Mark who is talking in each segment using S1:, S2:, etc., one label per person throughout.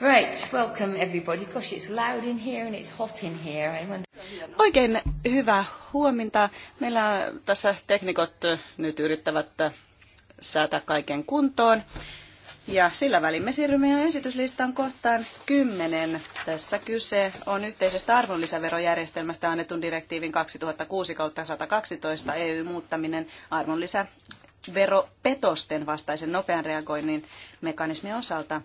S1: Right, welcome everybody. Gosh, it's loud in here and it's hot in here. I wonder... Oikein
S2: hyvää huomenta. Meillä tässä teknikot äh, nyt yrittävät äh, säätää kaiken kuntoon. Ja sillä välin me siirrymme jo esityslistan kohtaan 10. Tässä kyse on yhteisestä arvonlisäverojärjestelmästä annetun direktiivin 2006-112 EU-muuttaminen arvonlisä veropetosten vastaisen nopean reagoinnin mekanismin osalta.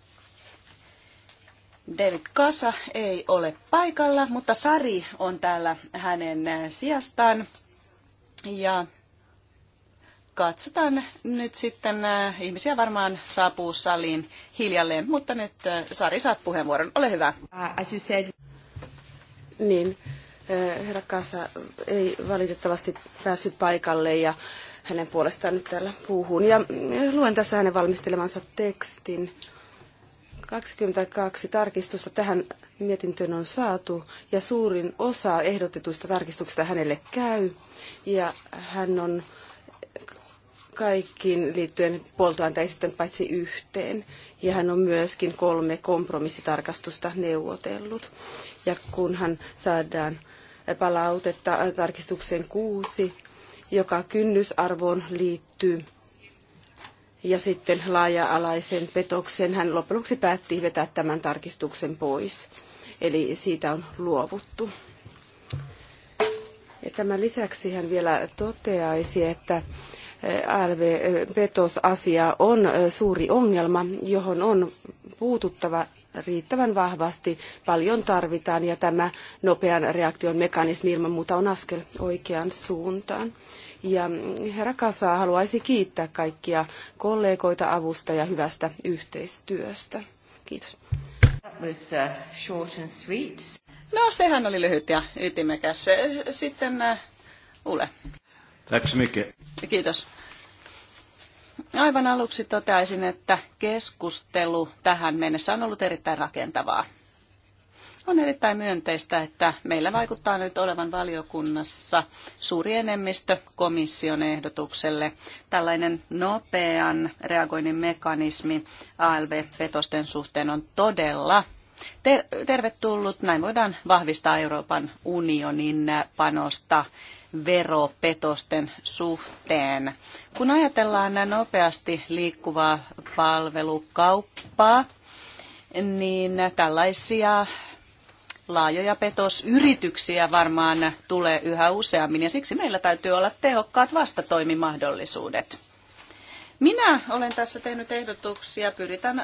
S2: David Kasa ei ole paikalla, mutta Sari on täällä hänen äh, sijastaan. Ja katsotaan nyt sitten, äh, ihmisiä varmaan saapuu saliin hiljalleen, mutta nyt äh, Sari saat
S3: puheenvuoron, ole hyvä. Uh, as you said. Niin, herra Kasa ei valitettavasti päässyt paikalle ja hänen puolestaan nyt täällä puhun. Ja luen tässä hänen valmistelemansa tekstin. 22 tarkistusta tähän mietintöön on saatu ja suurin osa ehdotetuista tarkistuksista hänelle käy ja hän on kaikkiin liittyen puoltoääntä sitten paitsi yhteen ja hän on myöskin kolme kompromissitarkastusta neuvotellut. Ja kunhan saadaan palautetta tarkistukseen kuusi, joka kynnysarvoon liittyy, ja sitten laaja-alaisen petoksen. Hän loppujen lopuksi päätti vetää tämän tarkistuksen pois. Eli siitä on luovuttu. Ja tämän lisäksi hän vielä toteaisi, että ALV-petosasia on suuri ongelma, johon on puututtava riittävän vahvasti. Paljon tarvitaan ja tämä nopean reaktion mekanismi ilman muuta on askel oikeaan suuntaan. Ja mm, herra Kasa haluaisi kiittää kaikkia kollegoita avusta ja hyvästä yhteistyöstä. Kiitos.
S2: Uh, no, sehän oli lyhyt ja ytimekäs. Sitten uh, Ule. Kiitos. Aivan aluksi toteaisin, että keskustelu tähän mennessä on ollut erittäin rakentavaa. On erittäin myönteistä, että meillä vaikuttaa nyt olevan valiokunnassa suuri enemmistö komission ehdotukselle. Tällainen nopean reagoinnin mekanismi ALV-petosten suhteen on todella ter- tervetullut. Näin voidaan vahvistaa Euroopan unionin panosta veropetosten suhteen. Kun ajatellaan nopeasti liikkuvaa palvelukauppaa, niin tällaisia laajoja petosyrityksiä varmaan tulee yhä useammin ja siksi meillä täytyy olla tehokkaat vastatoimimahdollisuudet. Minä olen tässä tehnyt ehdotuksia, pyritän,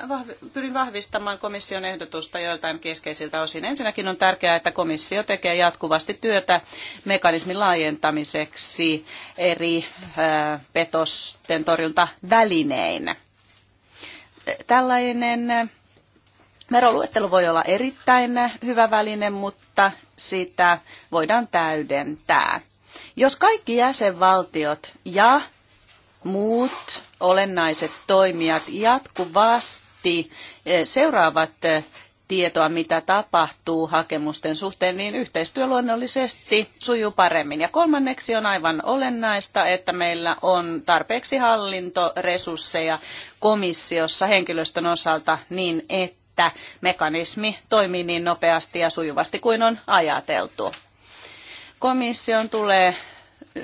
S2: pyrin vahvistamaan komission ehdotusta joiltain keskeisiltä osin. Ensinnäkin on tärkeää, että komissio tekee jatkuvasti työtä mekanismin laajentamiseksi eri petosten torjuntavälinein. Tällainen Veroluettelo voi olla erittäin hyvä väline, mutta sitä voidaan täydentää. Jos kaikki jäsenvaltiot ja muut olennaiset toimijat jatkuvasti eh, seuraavat eh, tietoa, mitä tapahtuu hakemusten suhteen, niin yhteistyö luonnollisesti sujuu paremmin. Ja kolmanneksi on aivan olennaista, että meillä on tarpeeksi hallintoresursseja komissiossa henkilöstön osalta niin, että että mekanismi toimii niin nopeasti ja sujuvasti kuin on ajateltu. Komission tulee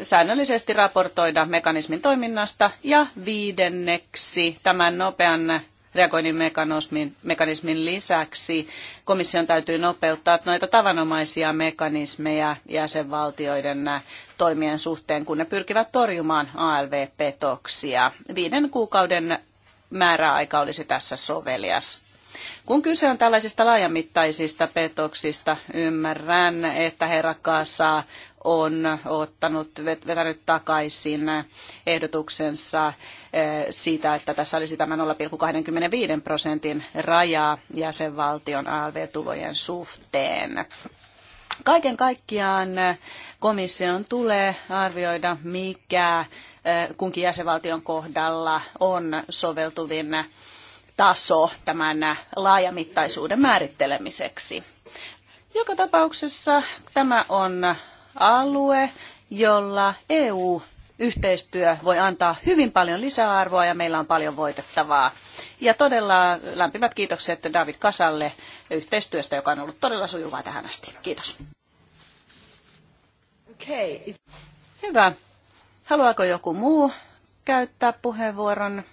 S2: säännöllisesti raportoida mekanismin toiminnasta ja viidenneksi tämän nopean reagoinnin mekanismin, mekanismin lisäksi komission täytyy nopeuttaa noita tavanomaisia mekanismeja jäsenvaltioiden toimien suhteen, kun ne pyrkivät torjumaan ALV-petoksia. Viiden kuukauden määräaika olisi tässä sovelias. Kun kyse on tällaisista laajamittaisista petoksista, ymmärrän, että herra Kasa on ottanut, vetänyt takaisin ehdotuksensa eh, siitä, että tässä olisi tämä 0,25 prosentin raja jäsenvaltion ALV-tulojen suhteen. Kaiken kaikkiaan komission tulee arvioida, mikä eh, kunkin jäsenvaltion kohdalla on soveltuvin taso tämän laajamittaisuuden määrittelemiseksi. Joka tapauksessa tämä on alue, jolla EU yhteistyö voi antaa hyvin paljon lisäarvoa ja meillä on paljon voitettavaa. Ja todella lämpimät kiitokset David Kasalle yhteistyöstä, joka on ollut todella sujuvaa tähän asti. Kiitos. Okay. Hyvä. Haluaako joku muu käyttää puheenvuoron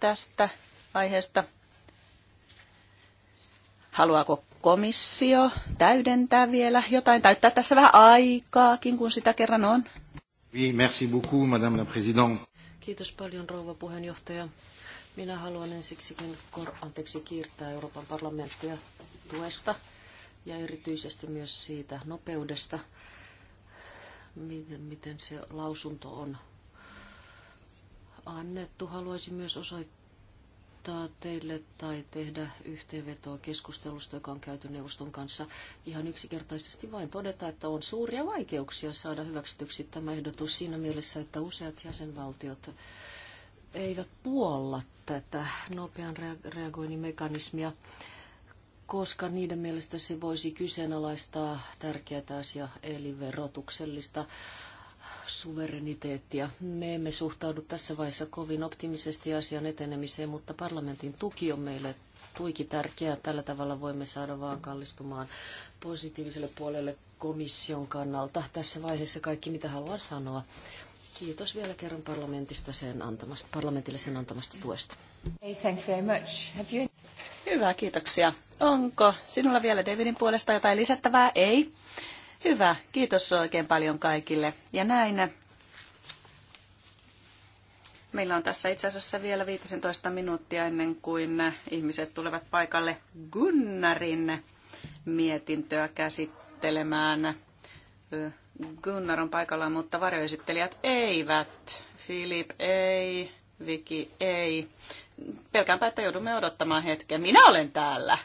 S2: tästä aiheesta. Haluaako komissio täydentää vielä jotain, täyttää tässä vähän aikaakin, kun sitä kerran on?
S1: Oui, merci beaucoup, madame la présidente.
S4: Kiitos paljon, rouva puheenjohtaja. Minä haluan ensiksikin anteeksi kiirtää Euroopan parlamenttia tuesta ja erityisesti myös siitä nopeudesta, miten, miten se lausunto on annettu. Haluaisin myös osoittaa antaa teille tai tehdä yhteenvetoa keskustelusta, joka on käyty neuvoston kanssa. Ihan yksinkertaisesti vain todeta, että on suuria vaikeuksia saada hyväksytyksi tämä ehdotus siinä mielessä, että useat jäsenvaltiot eivät puolla tätä nopean reagoinnin mekanismia, koska niiden mielestä se voisi kyseenalaistaa tärkeätä asiaa, eli verotuksellista suvereniteettia. Me emme suhtaudu tässä vaiheessa kovin optimisesti asian etenemiseen, mutta parlamentin tuki on meille tuiki tärkeää. Tällä tavalla voimme saada vaan kallistumaan positiiviselle puolelle komission kannalta. Tässä vaiheessa kaikki, mitä haluan sanoa. Kiitos vielä kerran parlamentista sen antamasta, parlamentille sen antamasta tuesta.
S2: Hey, thank you very much. Have you... Hyvä, kiitoksia. Onko sinulla vielä Davidin puolesta jotain lisättävää? Ei. Hyvä, kiitos oikein paljon kaikille. Ja näin. Meillä on tässä itse asiassa vielä 15 minuuttia ennen kuin ihmiset tulevat paikalle Gunnarin mietintöä käsittelemään. Gunnar on paikalla, mutta varjoesittelijät eivät. Filip ei, Viki ei. Pelkäänpä, että joudumme odottamaan hetken. Minä olen täällä.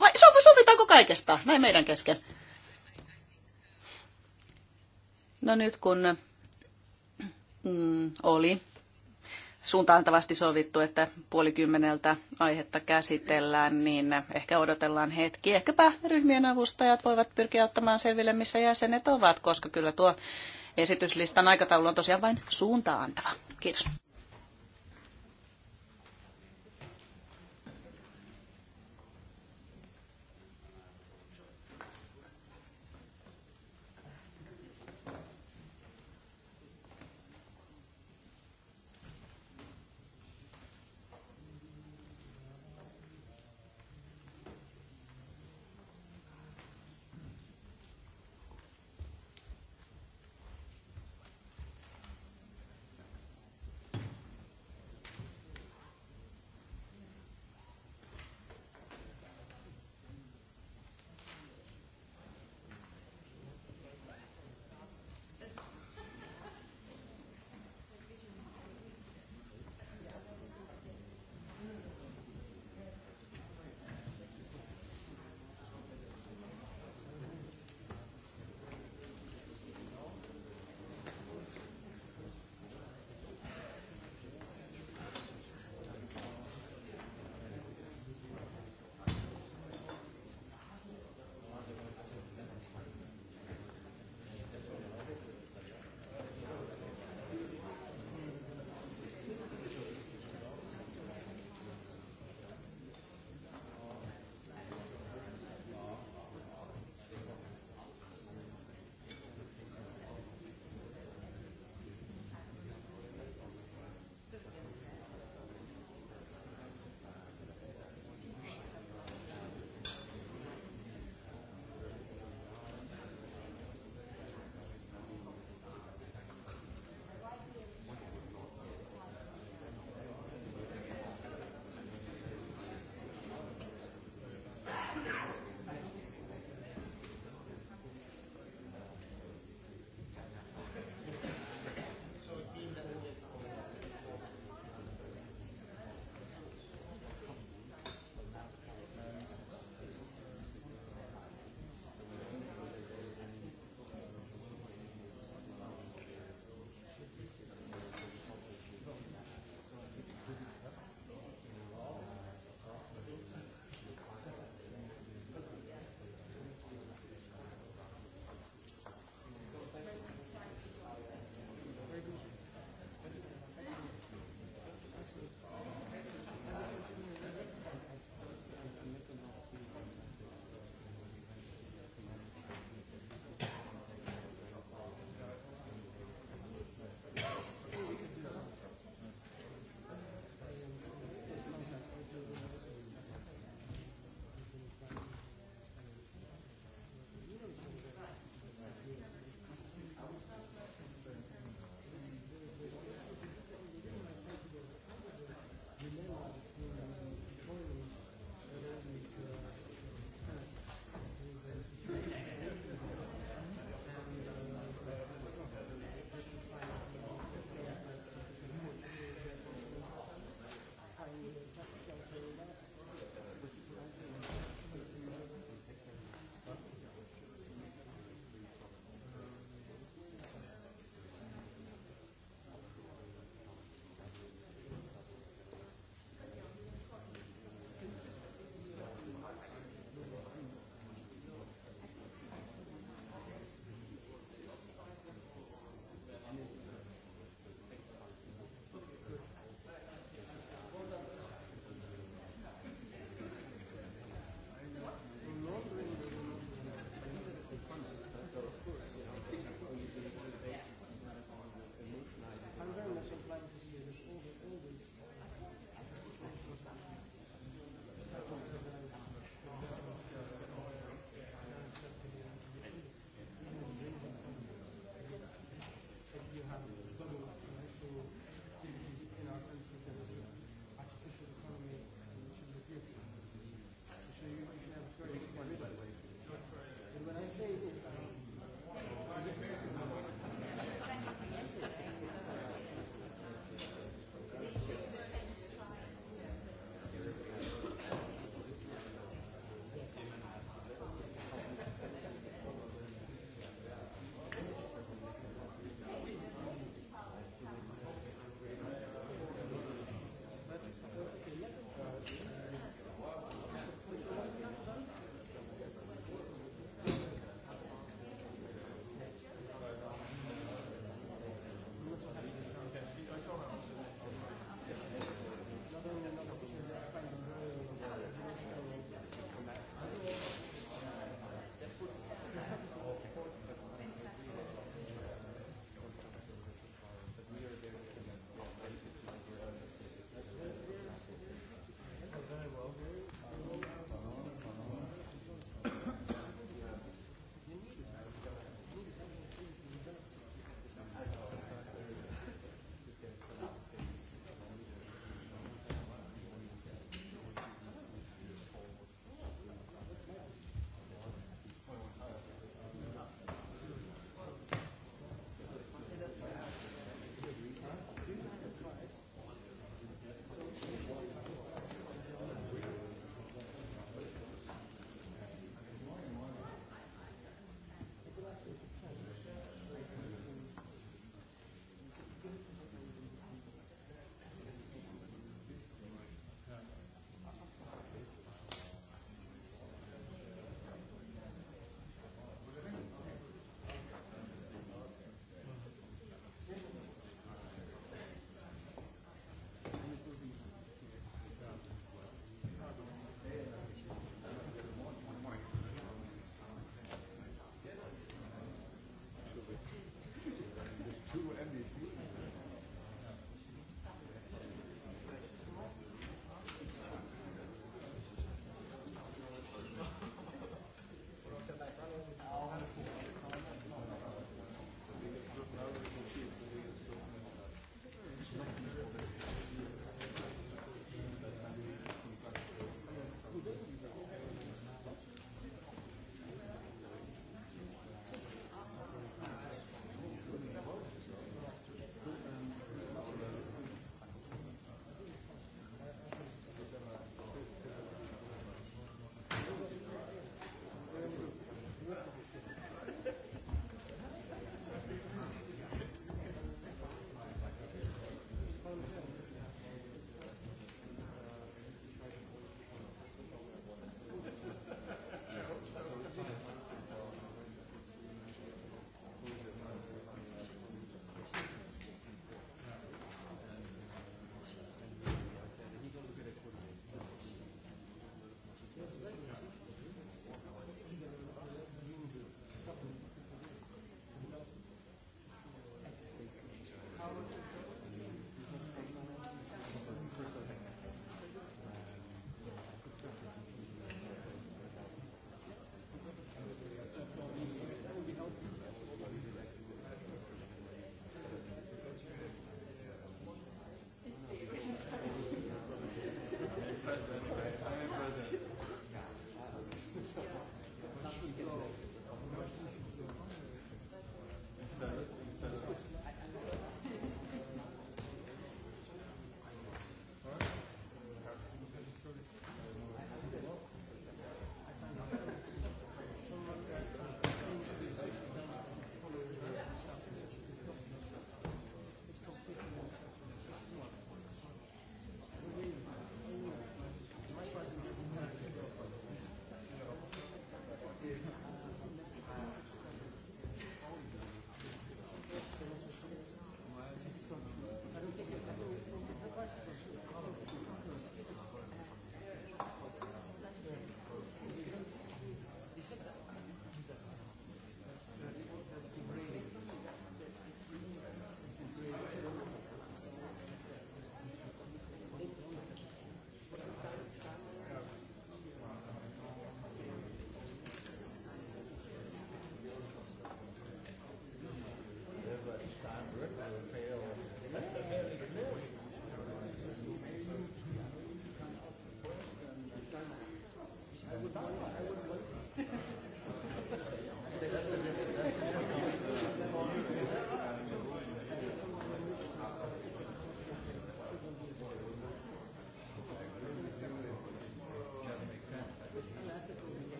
S2: Vai sovitaanko kaikesta? Näin meidän kesken. No nyt kun mm, oli suuntaantavasti sovittu, että puolikymmeneltä aihetta käsitellään, niin ehkä odotellaan hetki. Ehkäpä ryhmien avustajat voivat pyrkiä ottamaan selville, missä jäsenet ovat, koska kyllä tuo esityslistan aikataulu on tosiaan vain suuntaantava. Kiitos.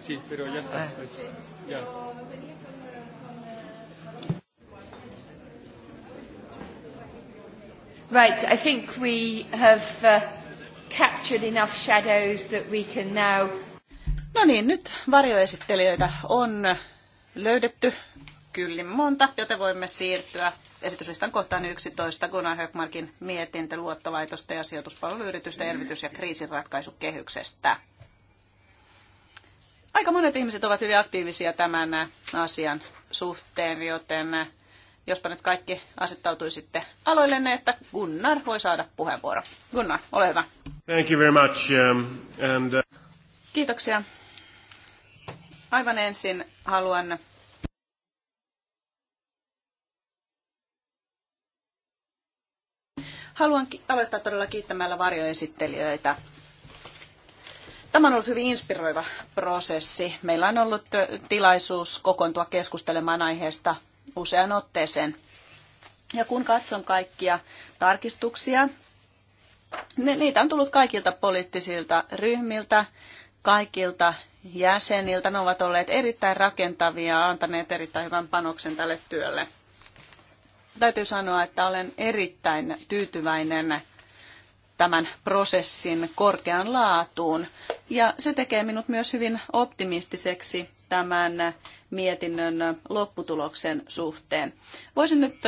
S1: Sí, pero ya está. Ah. Pues, ya.
S4: Right, I think we have uh, captured
S2: enough shadows that we can now... No niin, nyt varjoesittelijöitä on löydetty kyllin monta, joten voimme siirtyä esityslistan kohtaan 11 Gunnar Högmarkin mietintö luottolaitosta ja sijoituspalveluyritystä, elvytys- ja kriisinratkaisukehyksestä aika monet ihmiset ovat hyvin aktiivisia tämän asian suhteen, joten jospa nyt kaikki asettautuisitte aloillenne, että Gunnar voi saada puheenvuoro. Gunnar, ole hyvä.
S1: Thank you very much. Um, and, uh...
S2: Kiitoksia. Aivan ensin haluan Haluan aloittaa todella kiittämällä varjoesittelijöitä Tämä on ollut hyvin inspiroiva prosessi. Meillä on ollut tilaisuus kokoontua keskustelemaan aiheesta usean otteeseen. Ja kun katson kaikkia tarkistuksia, niin niitä on tullut kaikilta poliittisilta ryhmiltä, kaikilta jäseniltä. Ne ovat olleet erittäin rakentavia ja antaneet erittäin hyvän panoksen tälle työlle. Täytyy sanoa, että olen erittäin tyytyväinen tämän prosessin korkean laatuun. Ja se tekee minut myös hyvin optimistiseksi tämän mietinnön lopputuloksen suhteen. Voisin nyt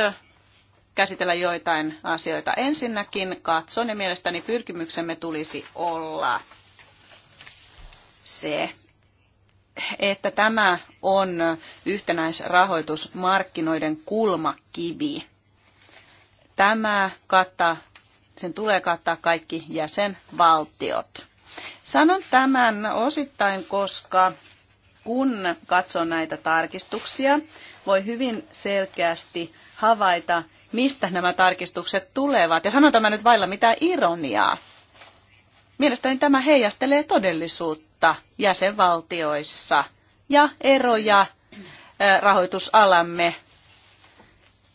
S2: käsitellä joitain asioita. Ensinnäkin katson ja mielestäni pyrkimyksemme tulisi olla se, että tämä on yhtenäisrahoitusmarkkinoiden kulmakivi. Tämä kattaa sen tulee kattaa kaikki jäsenvaltiot. Sanon tämän osittain, koska kun katson näitä tarkistuksia, voi hyvin selkeästi havaita, mistä nämä tarkistukset tulevat. Ja sanon tämä nyt vailla mitään ironiaa. Mielestäni tämä heijastelee todellisuutta jäsenvaltioissa ja eroja rahoitusalamme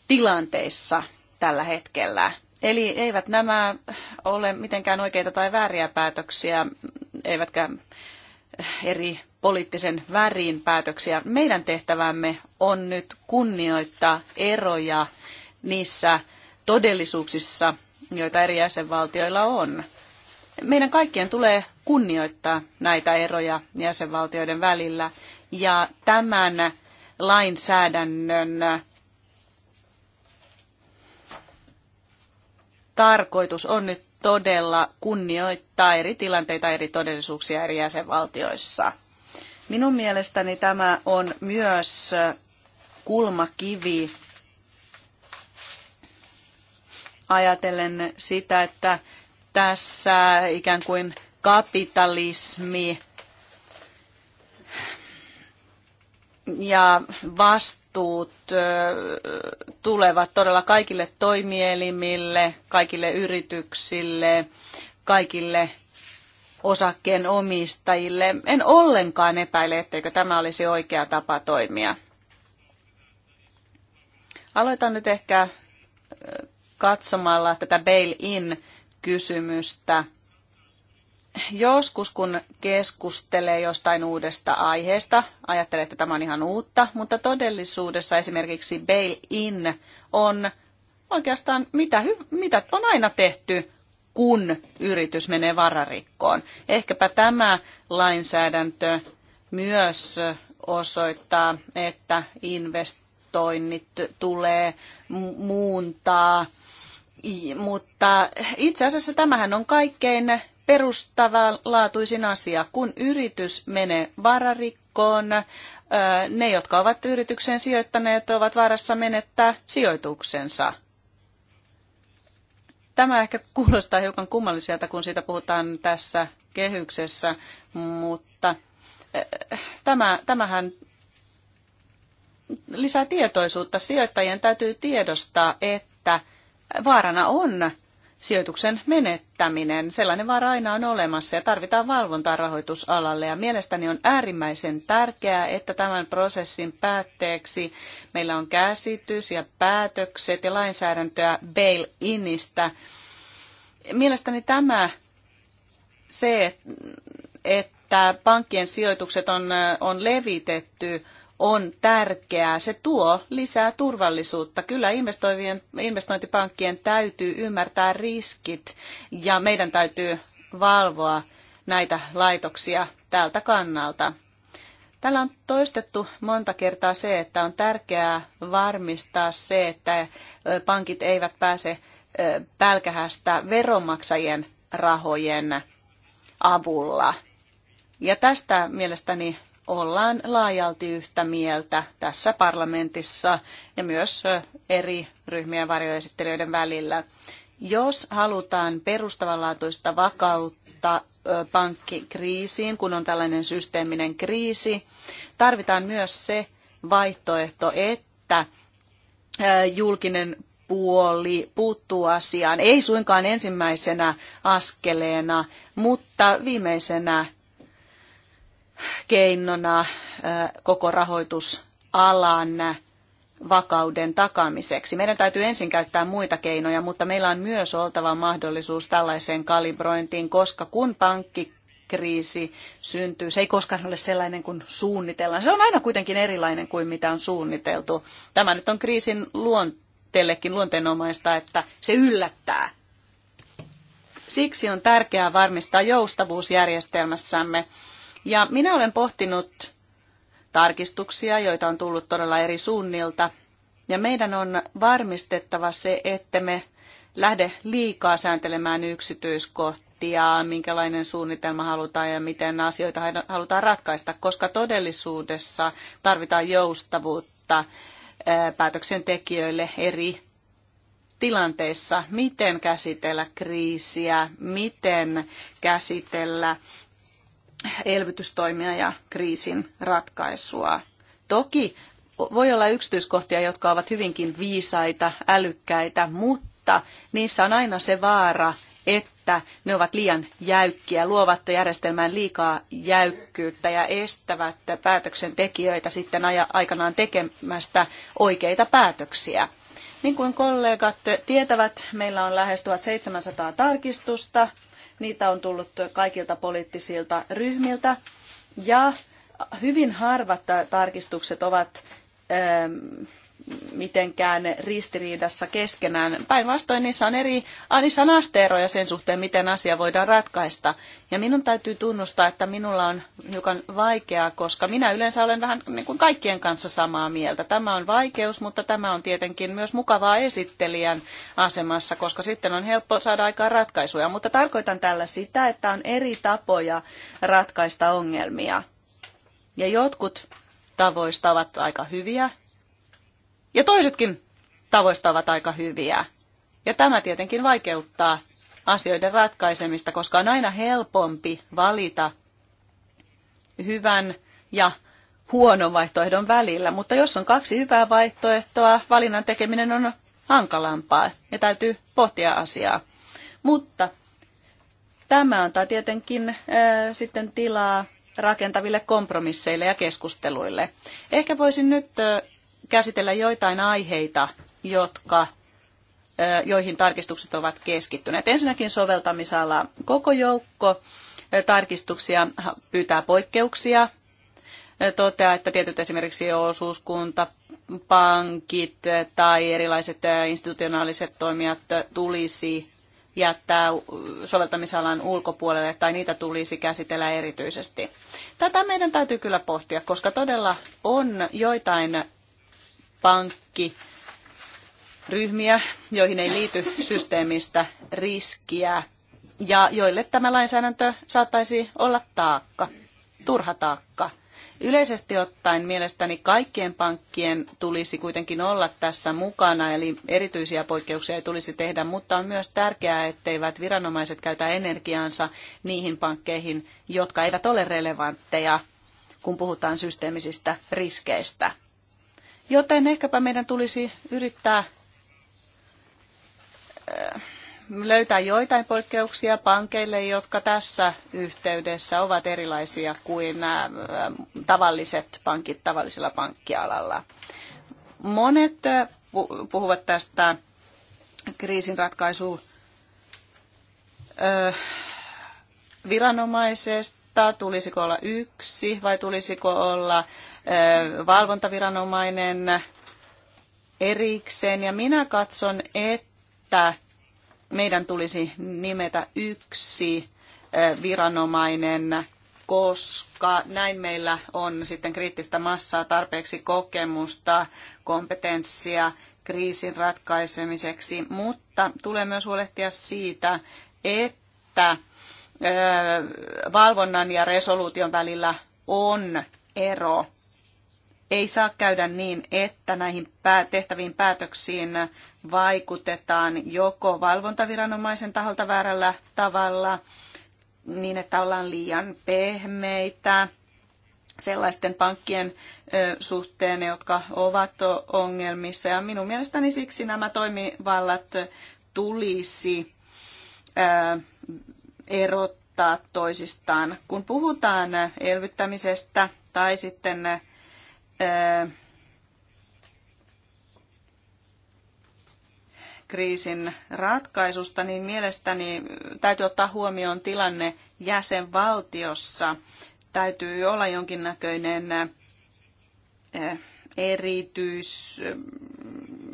S2: tilanteissa tällä hetkellä. Eli eivät nämä ole mitenkään oikeita tai vääriä päätöksiä, eivätkä eri poliittisen väriin päätöksiä. Meidän tehtävämme on nyt kunnioittaa eroja niissä todellisuuksissa, joita eri jäsenvaltioilla on. Meidän kaikkien tulee kunnioittaa näitä eroja jäsenvaltioiden välillä ja tämän lainsäädännön tarkoitus on nyt todella kunnioittaa eri tilanteita, eri todellisuuksia eri jäsenvaltioissa. Minun mielestäni tämä on myös kulmakivi ajatellen sitä, että tässä ikään kuin kapitalismi ja vast vastuut tulevat todella kaikille toimielimille, kaikille yrityksille, kaikille osakkeen omistajille. En ollenkaan epäile, etteikö tämä olisi oikea tapa toimia. Aloitan nyt ehkä katsomalla tätä bail-in kysymystä joskus kun keskustelee jostain uudesta aiheesta, ajattelee, että tämä on ihan uutta, mutta todellisuudessa esimerkiksi bail-in on oikeastaan mitä, mitä on aina tehty, kun yritys menee vararikkoon. Ehkäpä tämä lainsäädäntö myös osoittaa, että investoinnit tulee muuntaa mutta itse asiassa tämähän on kaikkein perustavanlaatuisin asia, kun yritys menee vararikkoon, ne, jotka ovat yritykseen sijoittaneet, ovat vaarassa menettää sijoituksensa. Tämä ehkä kuulostaa hiukan kummalliselta, kun siitä puhutaan tässä kehyksessä, mutta tämä, tämähän lisää tietoisuutta. Sijoittajien täytyy tiedostaa, että vaarana on sijoituksen menettäminen. Sellainen vaara aina on olemassa ja tarvitaan valvontaa rahoitusalalle. Ja mielestäni on äärimmäisen tärkeää, että tämän prosessin päätteeksi meillä on käsitys ja päätökset ja lainsäädäntöä bail-inistä. Mielestäni tämä se, että pankkien sijoitukset on, on levitetty on tärkeää. Se tuo lisää turvallisuutta. Kyllä investoivien, investointipankkien täytyy ymmärtää riskit ja meidän täytyy valvoa näitä laitoksia tältä kannalta. Täällä on toistettu monta kertaa se, että on tärkeää varmistaa se, että pankit eivät pääse pälkähästä veronmaksajien rahojen avulla. Ja tästä mielestäni ollaan laajalti yhtä mieltä tässä parlamentissa ja myös eri ryhmien varjoesittelijöiden välillä. Jos halutaan perustavanlaatuista vakautta pankkikriisiin, kun on tällainen systeeminen kriisi, tarvitaan myös se vaihtoehto, että julkinen puoli puuttuu asiaan, ei suinkaan ensimmäisenä askeleena, mutta viimeisenä keinona koko rahoitusalan vakauden takaamiseksi. Meidän täytyy ensin käyttää muita keinoja, mutta meillä on myös oltava mahdollisuus tällaiseen kalibrointiin, koska kun pankki kriisi syntyy. Se ei koskaan ole sellainen kuin suunnitellaan. Se on aina kuitenkin erilainen kuin mitä on suunniteltu. Tämä nyt on kriisin luonteellekin luonteenomaista, että se yllättää. Siksi on tärkeää varmistaa joustavuus järjestelmässämme ja minä olen pohtinut tarkistuksia, joita on tullut todella eri suunnilta. Ja meidän on varmistettava se, että me lähde liikaa sääntelemään yksityiskohtia, minkälainen suunnitelma halutaan ja miten asioita halutaan ratkaista, koska todellisuudessa tarvitaan joustavuutta päätöksentekijöille eri tilanteissa, miten käsitellä kriisiä, miten käsitellä elvytystoimia ja kriisin ratkaisua. Toki voi olla yksityiskohtia, jotka ovat hyvinkin viisaita, älykkäitä, mutta niissä on aina se vaara, että ne ovat liian jäykkiä, luovat järjestelmään liikaa jäykkyyttä ja estävät päätöksentekijöitä sitten aikanaan tekemästä oikeita päätöksiä. Niin kuin kollegat tietävät, meillä on lähes 1700 tarkistusta Niitä on tullut kaikilta poliittisilta ryhmiltä. Ja hyvin harvat tarkistukset ovat ähm, mitenkään ristiriidassa keskenään. Päinvastoin niissä on eri, ah, niissä on asteeroja sen suhteen, miten asia voidaan ratkaista. Ja minun täytyy tunnustaa, että minulla on hiukan vaikeaa, koska minä yleensä olen vähän niin kuin kaikkien kanssa samaa mieltä. Tämä on vaikeus, mutta tämä on tietenkin myös mukavaa esittelijän asemassa, koska sitten on helppo saada aikaan ratkaisuja. Mutta tarkoitan tällä sitä, että on eri tapoja ratkaista ongelmia. Ja jotkut tavoista ovat aika hyviä ja toisetkin tavoista ovat aika hyviä. Ja tämä tietenkin vaikeuttaa asioiden ratkaisemista, koska on aina helpompi valita hyvän ja huonon vaihtoehdon välillä. Mutta jos on kaksi hyvää vaihtoehtoa, valinnan tekeminen on hankalampaa ja täytyy pohtia asiaa. Mutta tämä antaa tietenkin äh, sitten tilaa rakentaville kompromisseille ja keskusteluille. Ehkä voisin nyt äh, käsitellä joitain aiheita, jotka joihin tarkistukset ovat keskittyneet. Ensinnäkin soveltamisala koko joukko tarkistuksia pyytää poikkeuksia, toteaa, että tietyt esimerkiksi osuuskunta, pankit tai erilaiset institutionaaliset toimijat tulisi jättää soveltamisalan ulkopuolelle tai niitä tulisi käsitellä erityisesti. Tätä meidän täytyy kyllä pohtia, koska todella on joitain pankki ryhmiä, joihin ei liity systeemistä riskiä ja joille tämä lainsäädäntö saattaisi olla taakka, turha taakka. Yleisesti ottaen mielestäni kaikkien pankkien tulisi kuitenkin olla tässä mukana, eli erityisiä poikkeuksia ei tulisi tehdä, mutta on myös tärkeää, etteivät viranomaiset käytä energiaansa niihin pankkeihin, jotka eivät ole relevantteja, kun puhutaan systeemisistä riskeistä. Joten ehkäpä meidän tulisi yrittää äh, löytää joitain poikkeuksia pankeille, jotka tässä yhteydessä ovat erilaisia kuin nämä äh, tavalliset pankit tavallisella pankkialalla. Monet äh, puhuvat tästä kriisinratkaisu viranomaisesta, tulisiko olla yksi vai tulisiko olla valvontaviranomainen erikseen. Ja minä katson, että meidän tulisi nimetä yksi viranomainen, koska näin meillä on sitten kriittistä massaa, tarpeeksi kokemusta, kompetenssia kriisin ratkaisemiseksi, mutta tulee myös huolehtia siitä, että valvonnan ja resoluution välillä on ero ei saa käydä niin, että näihin tehtäviin päätöksiin vaikutetaan joko valvontaviranomaisen taholta väärällä tavalla, niin että ollaan liian pehmeitä sellaisten pankkien suhteen, jotka ovat ongelmissa. Ja minun mielestäni siksi nämä toimivallat tulisi erottaa toisistaan. Kun puhutaan elvyttämisestä tai sitten kriisin ratkaisusta, niin mielestäni täytyy ottaa huomioon tilanne jäsenvaltiossa. Täytyy olla jonkinnäköinen erityis,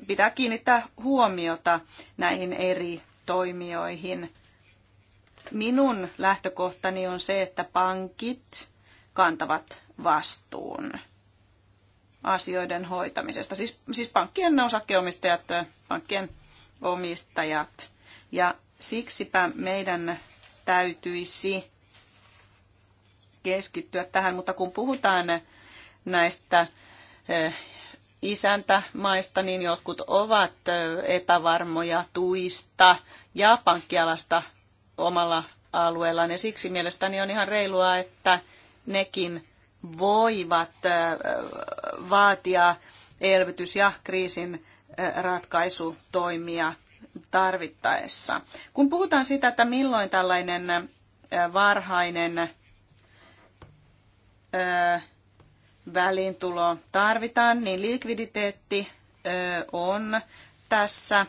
S2: pitää kiinnittää huomiota näihin eri toimijoihin. Minun lähtökohtani on se, että pankit kantavat vastuun asioiden hoitamisesta. Siis, siis pankkien osakkeenomistajat, pankkien omistajat. Ja siksipä meidän täytyisi keskittyä tähän, mutta kun puhutaan näistä eh, isäntämaista, niin jotkut ovat eh, epävarmoja tuista ja pankkialasta omalla alueellaan. Ja siksi mielestäni on ihan reilua, että nekin voivat vaatia elvytys- ja kriisin ratkaisutoimia tarvittaessa. Kun puhutaan sitä, että milloin tällainen varhainen välintulo tarvitaan, niin likviditeetti on tässä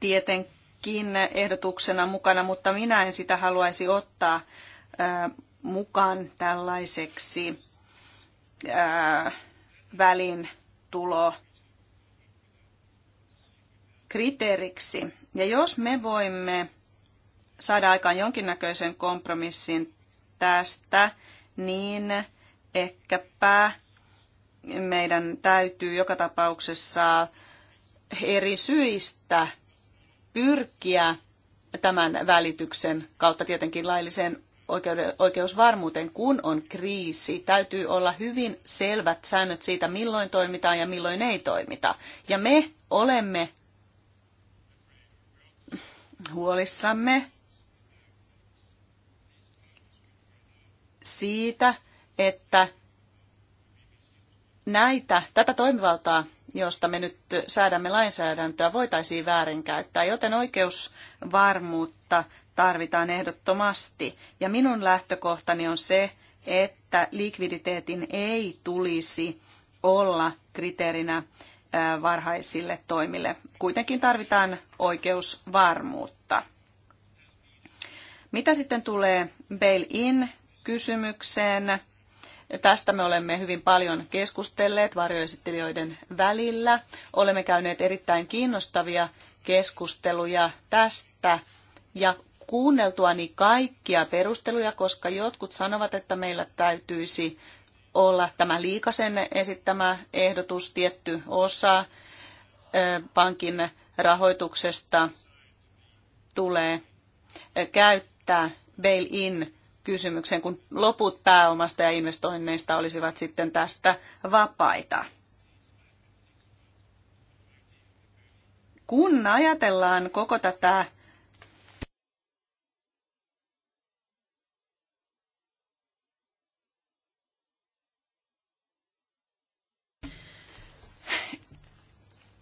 S2: tietenkin ehdotuksena mukana, mutta minä en sitä haluaisi ottaa mukaan tällaiseksi ää, välin tulo kriteeriksi. Ja jos me voimme saada aikaan jonkinnäköisen kompromissin tästä, niin ehkäpä meidän täytyy joka tapauksessa eri syistä pyrkiä tämän välityksen kautta tietenkin lailliseen oikeusvarmuuteen, kun on kriisi. Täytyy olla hyvin selvät säännöt siitä, milloin toimitaan ja milloin ei toimita. Ja me olemme huolissamme siitä, että näitä, tätä toimivaltaa, josta me nyt säädämme lainsäädäntöä, voitaisiin väärinkäyttää, joten oikeusvarmuutta tarvitaan ehdottomasti. Ja minun lähtökohtani on se, että likviditeetin ei tulisi olla kriteerinä varhaisille toimille. Kuitenkin tarvitaan oikeusvarmuutta. Mitä sitten tulee bail-in kysymykseen? Tästä me olemme hyvin paljon keskustelleet varjoesittelijöiden välillä. Olemme käyneet erittäin kiinnostavia keskusteluja tästä ja kuunneltuani kaikkia perusteluja, koska jotkut sanovat, että meillä täytyisi olla tämä liikasen esittämä ehdotus tietty osa pankin rahoituksesta tulee käyttää bail-in kysymyksen, kun loput pääomasta ja investoinneista olisivat sitten tästä vapaita. Kun ajatellaan koko tätä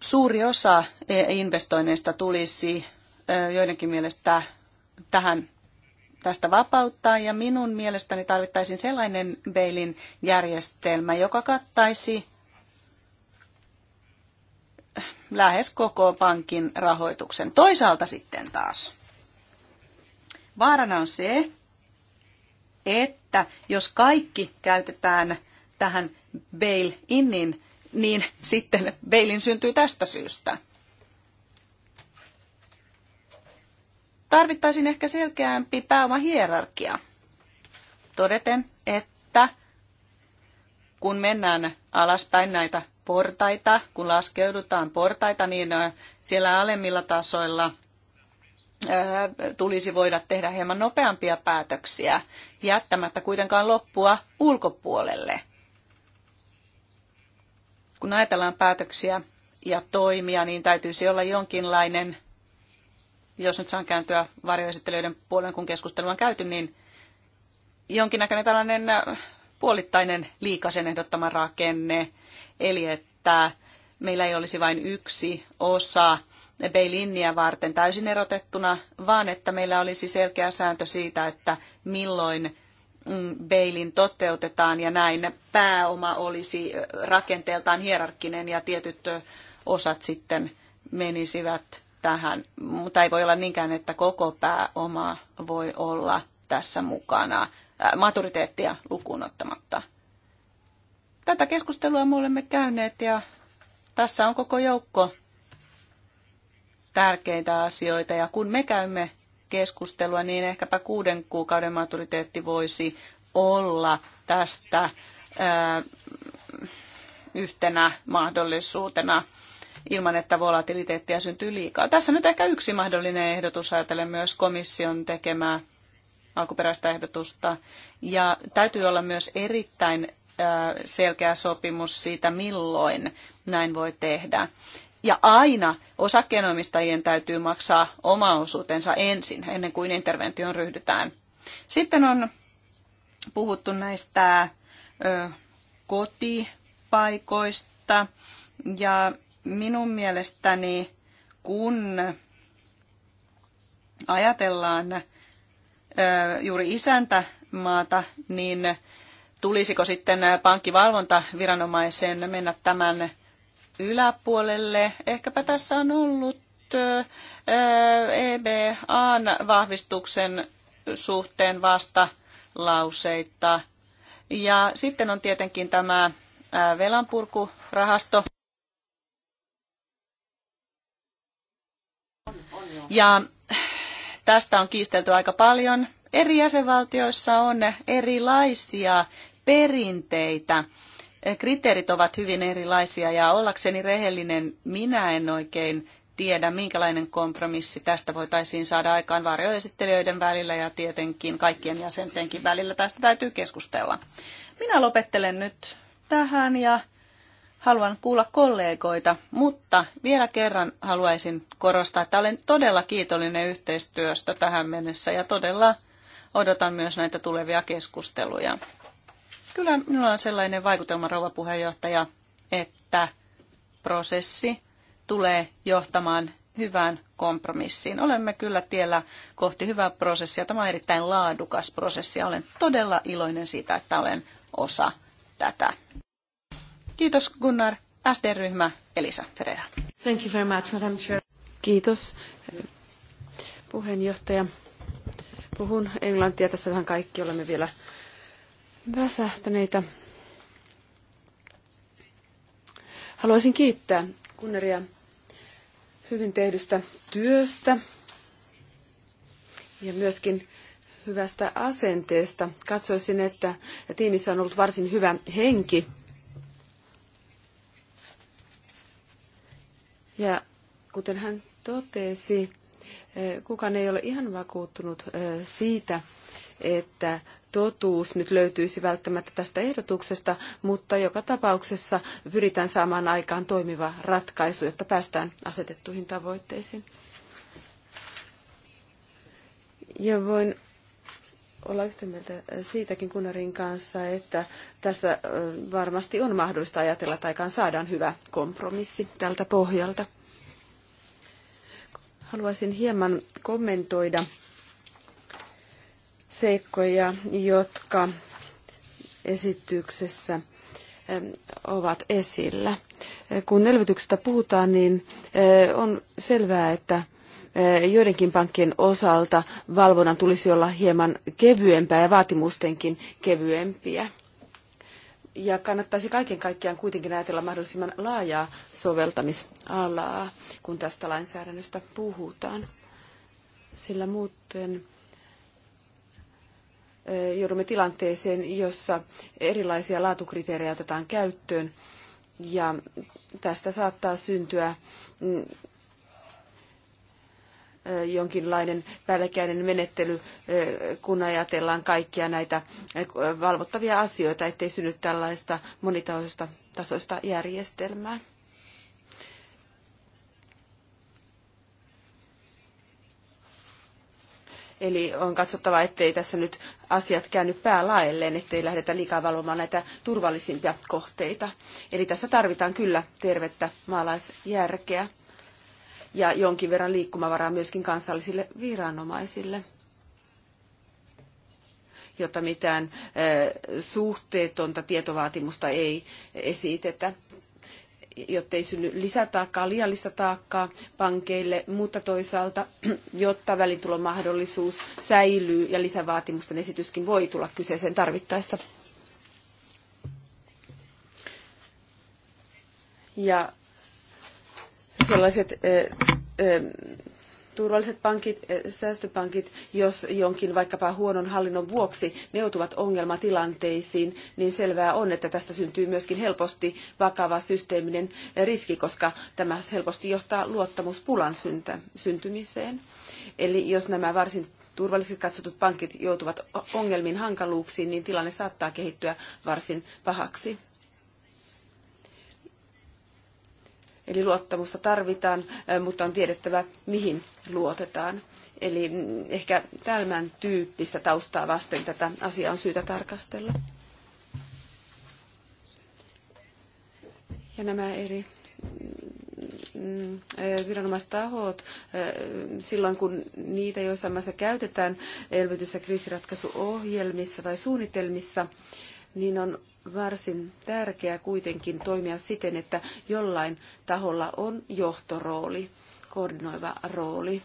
S2: Suuri osa investoinneista tulisi joidenkin mielestä tähän tästä vapauttaa ja minun mielestäni tarvittaisiin sellainen Beilin järjestelmä, joka kattaisi lähes koko pankin rahoituksen. Toisaalta sitten taas vaarana on se, että jos kaikki käytetään tähän bail-innin niin sitten Beilin syntyy tästä syystä. Tarvittaisiin ehkä selkeämpi pääomahierarkia, todeten, että kun mennään alaspäin näitä portaita, kun laskeudutaan portaita, niin siellä alemmilla tasoilla tulisi voida tehdä hieman nopeampia päätöksiä, jättämättä kuitenkaan loppua ulkopuolelle – kun ajatellaan päätöksiä ja toimia, niin täytyisi olla jonkinlainen, jos nyt saan kääntyä varjoesittelijöiden puolen, kun keskustelua on käyty, niin jonkinnäköinen tällainen äh, puolittainen liikasen ehdottama rakenne, eli että meillä ei olisi vain yksi osa Beilinniä varten täysin erotettuna, vaan että meillä olisi selkeä sääntö siitä, että milloin Mm, Beilin toteutetaan ja näin pääoma olisi rakenteeltaan hierarkkinen ja tietyt osat sitten menisivät tähän, mutta ei voi olla niinkään, että koko pääoma voi olla tässä mukana maturiteettia lukuun ottamatta. Tätä keskustelua me olemme käyneet ja tässä on koko joukko tärkeitä asioita ja kun me käymme keskustelua, niin ehkäpä kuuden kuukauden maturiteetti voisi olla tästä yhtenä mahdollisuutena ilman, että volatiliteettia syntyy liikaa. Tässä nyt ehkä yksi mahdollinen ehdotus ajatellen myös komission tekemää alkuperäistä ehdotusta. Ja täytyy olla myös erittäin selkeä sopimus siitä, milloin näin voi tehdä ja aina osakkeenomistajien täytyy maksaa oma osuutensa ensin, ennen kuin interventioon ryhdytään. Sitten on puhuttu näistä ö, kotipaikoista ja minun mielestäni kun ajatellaan ö, juuri isäntämaata, niin tulisiko sitten pankkivalvontaviranomaisen mennä tämän yläpuolelle. Ehkäpä tässä on ollut EBAn vahvistuksen suhteen vasta lauseita. Ja sitten on tietenkin tämä velanpurkurahasto. Ja tästä on kiistelty aika paljon. Eri jäsenvaltioissa on erilaisia perinteitä kriteerit ovat hyvin erilaisia ja ollakseni rehellinen minä en oikein tiedä, minkälainen kompromissi tästä voitaisiin saada aikaan varjoesittelijöiden välillä ja tietenkin kaikkien jäsentenkin välillä. Tästä täytyy keskustella. Minä lopettelen nyt tähän ja haluan kuulla kollegoita, mutta vielä kerran haluaisin korostaa, että olen todella kiitollinen yhteistyöstä tähän mennessä ja todella odotan myös näitä tulevia keskusteluja. Kyllä minulla on sellainen vaikutelma, rouva puheenjohtaja, että prosessi tulee johtamaan hyvään kompromissiin. Olemme kyllä tiellä kohti hyvää prosessia. Tämä on erittäin laadukas prosessi ja olen todella iloinen siitä, että olen osa tätä. Kiitos Gunnar. SD-ryhmä Elisa Ferreira.
S3: Thank you very much, Madam Chair. Kiitos puheenjohtaja. Puhun englantia. Tässähän kaikki olemme vielä väsähtäneitä. Haluaisin kiittää Kunneria hyvin tehdystä työstä ja myöskin hyvästä asenteesta. Katsoisin, että tiimissä on ollut varsin hyvä henki. Ja kuten hän totesi, eh, kukaan ei ole ihan vakuuttunut eh, siitä, että totuus nyt löytyisi välttämättä tästä ehdotuksesta, mutta joka tapauksessa pyritään saamaan aikaan toimiva ratkaisu, jotta päästään asetettuihin tavoitteisiin. Ja voin olla yhtä mieltä siitäkin Kunarin kanssa, että tässä varmasti on mahdollista ajatella, että aikaan saadaan hyvä kompromissi tältä pohjalta. Haluaisin hieman kommentoida seikkoja, jotka esityksessä ovat esillä. Kun elvytyksestä puhutaan, niin eh, on selvää, että eh, joidenkin pankkien osalta valvonnan tulisi olla hieman kevyempää ja vaatimustenkin kevyempiä. Ja kannattaisi kaiken kaikkiaan kuitenkin ajatella mahdollisimman laajaa soveltamisalaa, kun tästä lainsäädännöstä puhutaan. Sillä muuten joudumme tilanteeseen, jossa erilaisia laatukriteerejä otetaan käyttöön ja tästä saattaa syntyä mm, jonkinlainen päällekkäinen menettely, kun ajatellaan kaikkia näitä valvottavia asioita, ettei synny tällaista monitasoista järjestelmää. Eli on katsottava, ettei tässä nyt asiat käänny päälaelleen, ettei lähdetä liikaa valvomaan näitä turvallisimpia kohteita. Eli tässä tarvitaan kyllä tervettä maalaisjärkeä ja jonkin verran liikkumavaraa myöskin kansallisille viranomaisille jotta mitään suhteetonta tietovaatimusta ei esitetä jotta ei synny lisätaakkaa, liiallista taakkaa pankeille, mutta toisaalta, jotta välitulomahdollisuus säilyy ja lisävaatimusten esityskin voi tulla kyseeseen tarvittaessa. Ja sellaiset turvalliset pankit, eh, säästöpankit, jos jonkin vaikkapa huonon hallinnon vuoksi ne joutuvat ongelmatilanteisiin, niin selvää on, että tästä syntyy myöskin helposti vakava systeeminen riski, koska tämä helposti johtaa luottamuspulan syntymiseen. Eli jos nämä varsin turvallisiksi katsotut pankit joutuvat ongelmiin hankaluuksiin, niin tilanne saattaa kehittyä varsin pahaksi. Eli luottamusta tarvitaan, eh, mutta on tiedettävä, mihin luotetaan. Eli mm, ehkä tämän tyyppistä taustaa vasten tätä asiaa on syytä tarkastella. Ja nämä eri mm, mm, eh, viranomaistahot, eh, silloin kun niitä joissain maissa käytetään elvytys- ja kriisiratkaisuohjelmissa tai suunnitelmissa, niin on varsin tärkeää kuitenkin toimia siten, että jollain taholla on johtorooli, koordinoiva rooli.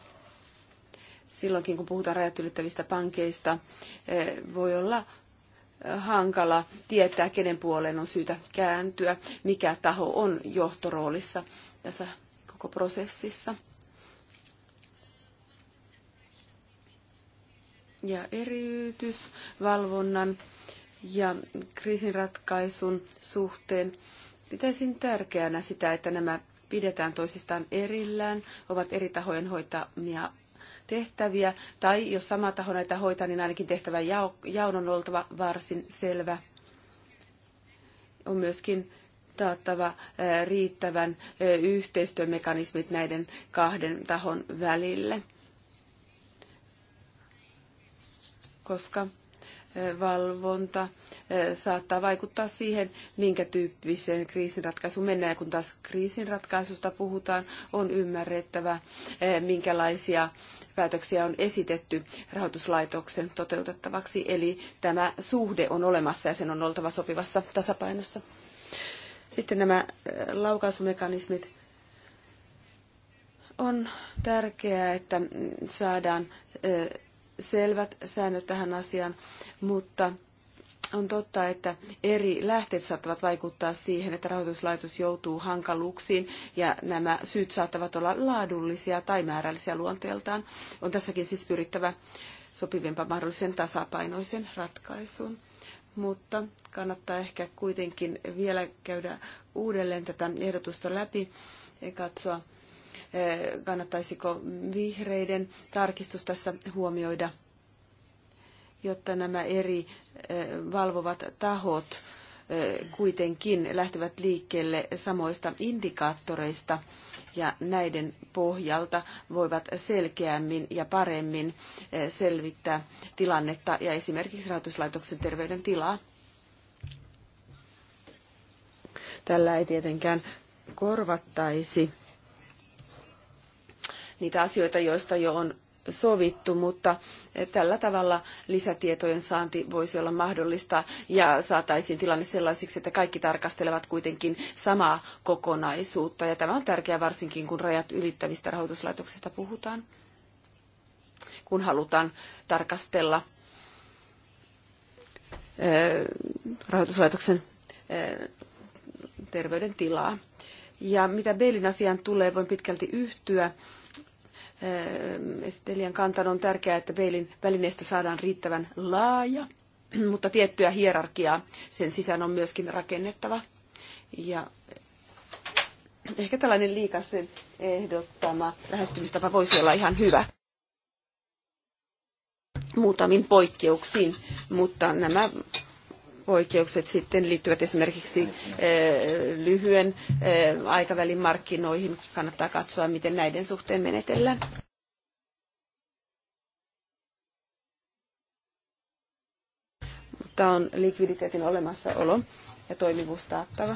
S3: Silloinkin, kun puhutaan rajat ylittävistä pankeista, eh, voi olla eh, hankala tietää, kenen puoleen on syytä kääntyä, mikä taho on johtoroolissa tässä koko prosessissa. Ja eriytysvalvonnan ja kriisinratkaisun suhteen pitäisin tärkeänä sitä, että nämä pidetään toisistaan erillään, ovat eri tahojen hoitamia tehtäviä, tai jos sama taho näitä hoitaa, niin ainakin tehtävän jaon on oltava varsin selvä. On myöskin taattava riittävän yhteistyömekanismit näiden kahden tahon välille, koska valvonta saattaa vaikuttaa siihen, minkä tyyppiseen kriisinratkaisuun mennään. Ja kun taas kriisinratkaisusta puhutaan, on ymmärrettävä, minkälaisia päätöksiä on esitetty rahoituslaitoksen toteutettavaksi. Eli tämä suhde on olemassa ja sen on oltava sopivassa tasapainossa. Sitten nämä laukausmekanismit on tärkeää, että mm, saadaan selvät säännöt tähän asiaan, mutta on totta, että eri lähteet saattavat vaikuttaa siihen, että rahoituslaitos joutuu hankaluuksiin ja nämä syyt saattavat olla laadullisia tai määrällisiä luonteeltaan. On tässäkin siis pyrittävä sopivimpaan mahdollisen tasapainoisen ratkaisuun. Mutta kannattaa ehkä kuitenkin vielä käydä uudelleen tätä ehdotusta läpi ja katsoa, kannattaisiko vihreiden tarkistus tässä huomioida, jotta nämä eri valvovat tahot kuitenkin lähtevät liikkeelle samoista indikaattoreista ja näiden pohjalta voivat selkeämmin ja paremmin selvittää tilannetta ja esimerkiksi rahoituslaitoksen terveydentilaa. Tällä ei tietenkään korvattaisi niitä asioita, joista jo on sovittu, mutta tällä tavalla lisätietojen saanti voisi olla mahdollista ja saataisiin tilanne sellaisiksi, että kaikki tarkastelevat kuitenkin samaa kokonaisuutta. Ja tämä on tärkeää varsinkin, kun rajat ylittävistä rahoituslaitoksista puhutaan, kun halutaan tarkastella rahoituslaitoksen terveydentilaa. Ja mitä Beilin asiaan tulee, voin pitkälti yhtyä esittelijän kantaan on tärkeää, että Beilin välineestä saadaan riittävän laaja, mutta tiettyä hierarkiaa sen sisään on myöskin rakennettava. Ja ehkä tällainen liikasen ehdottama lähestymistapa voisi olla ihan hyvä muutamin poikkeuksiin, mutta nämä oikeukset sitten liittyvät esimerkiksi eh, lyhyen eh, aikavälin markkinoihin. Kannattaa katsoa, miten näiden suhteen menetellään. Mutta on likviditeetin olemassaolo ja toimivuus taattava.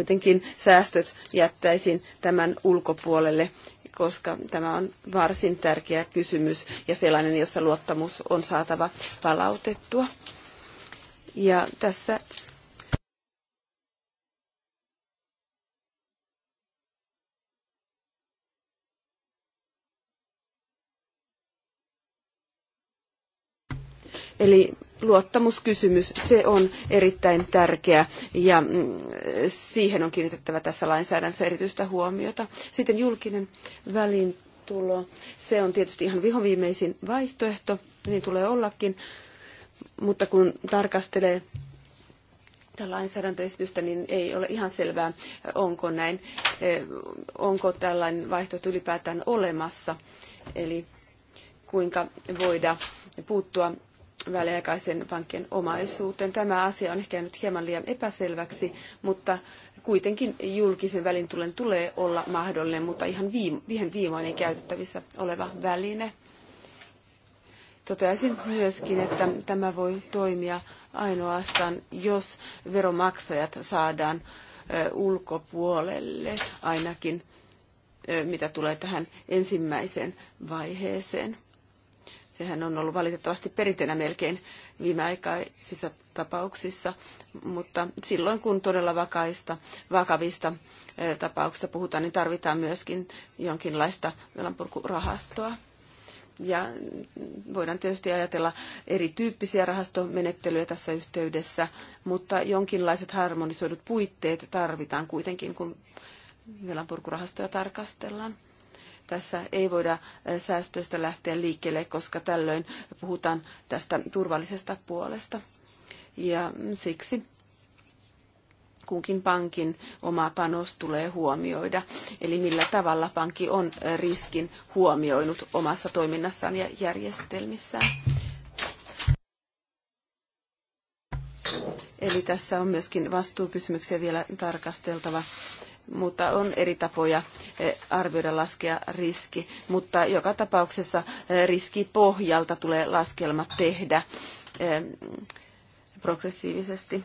S3: kuitenkin säästöt jättäisin tämän ulkopuolelle, koska tämä on varsin tärkeä kysymys ja sellainen, jossa luottamus on saatava palautettua. Ja tässä Eli luottamuskysymys, se on erittäin tärkeä ja mm, siihen on kiinnitettävä tässä lainsäädännössä erityistä huomiota. Sitten julkinen välintulo, se on tietysti ihan vihoviimeisin vaihtoehto, niin tulee ollakin, mutta kun tarkastelee tätä lainsäädäntöesitystä, niin ei ole ihan selvää, onko näin, eh, onko tällainen vaihtoehto ylipäätään olemassa. Eli kuinka voida puuttua väliaikaisen pankkien omaisuuteen. Tämä asia on ehkä jäänyt hieman liian epäselväksi, mutta kuitenkin julkisen välintulen tulee olla mahdollinen, mutta ihan viime, viimeinen käytettävissä oleva väline. Toteaisin myöskin, että tämä voi toimia ainoastaan, jos veromaksajat saadaan ulkopuolelle ainakin, mitä tulee tähän ensimmäiseen vaiheeseen. Sehän on ollut valitettavasti perinteenä melkein viimeaikaisissa tapauksissa, mutta silloin kun todella vakaista, vakavista eh, tapauksista puhutaan, niin tarvitaan myöskin jonkinlaista velanpurkurahastoa. Ja voidaan tietysti ajatella erityyppisiä rahastomenettelyjä tässä yhteydessä, mutta jonkinlaiset harmonisoidut puitteet tarvitaan kuitenkin, kun velanpurkurahastoja tarkastellaan. Tässä ei voida säästöistä lähteä liikkeelle, koska tällöin puhutaan tästä turvallisesta puolesta. Ja siksi kunkin pankin oma panos tulee huomioida, eli millä tavalla pankki on riskin huomioinut omassa toiminnassaan ja järjestelmissään. Eli tässä on myöskin vastuukysymyksiä vielä tarkasteltava mutta on eri tapoja eh, arvioida laskea riski. Mutta joka tapauksessa eh, riskipohjalta tulee laskelma tehdä eh, progressiivisesti.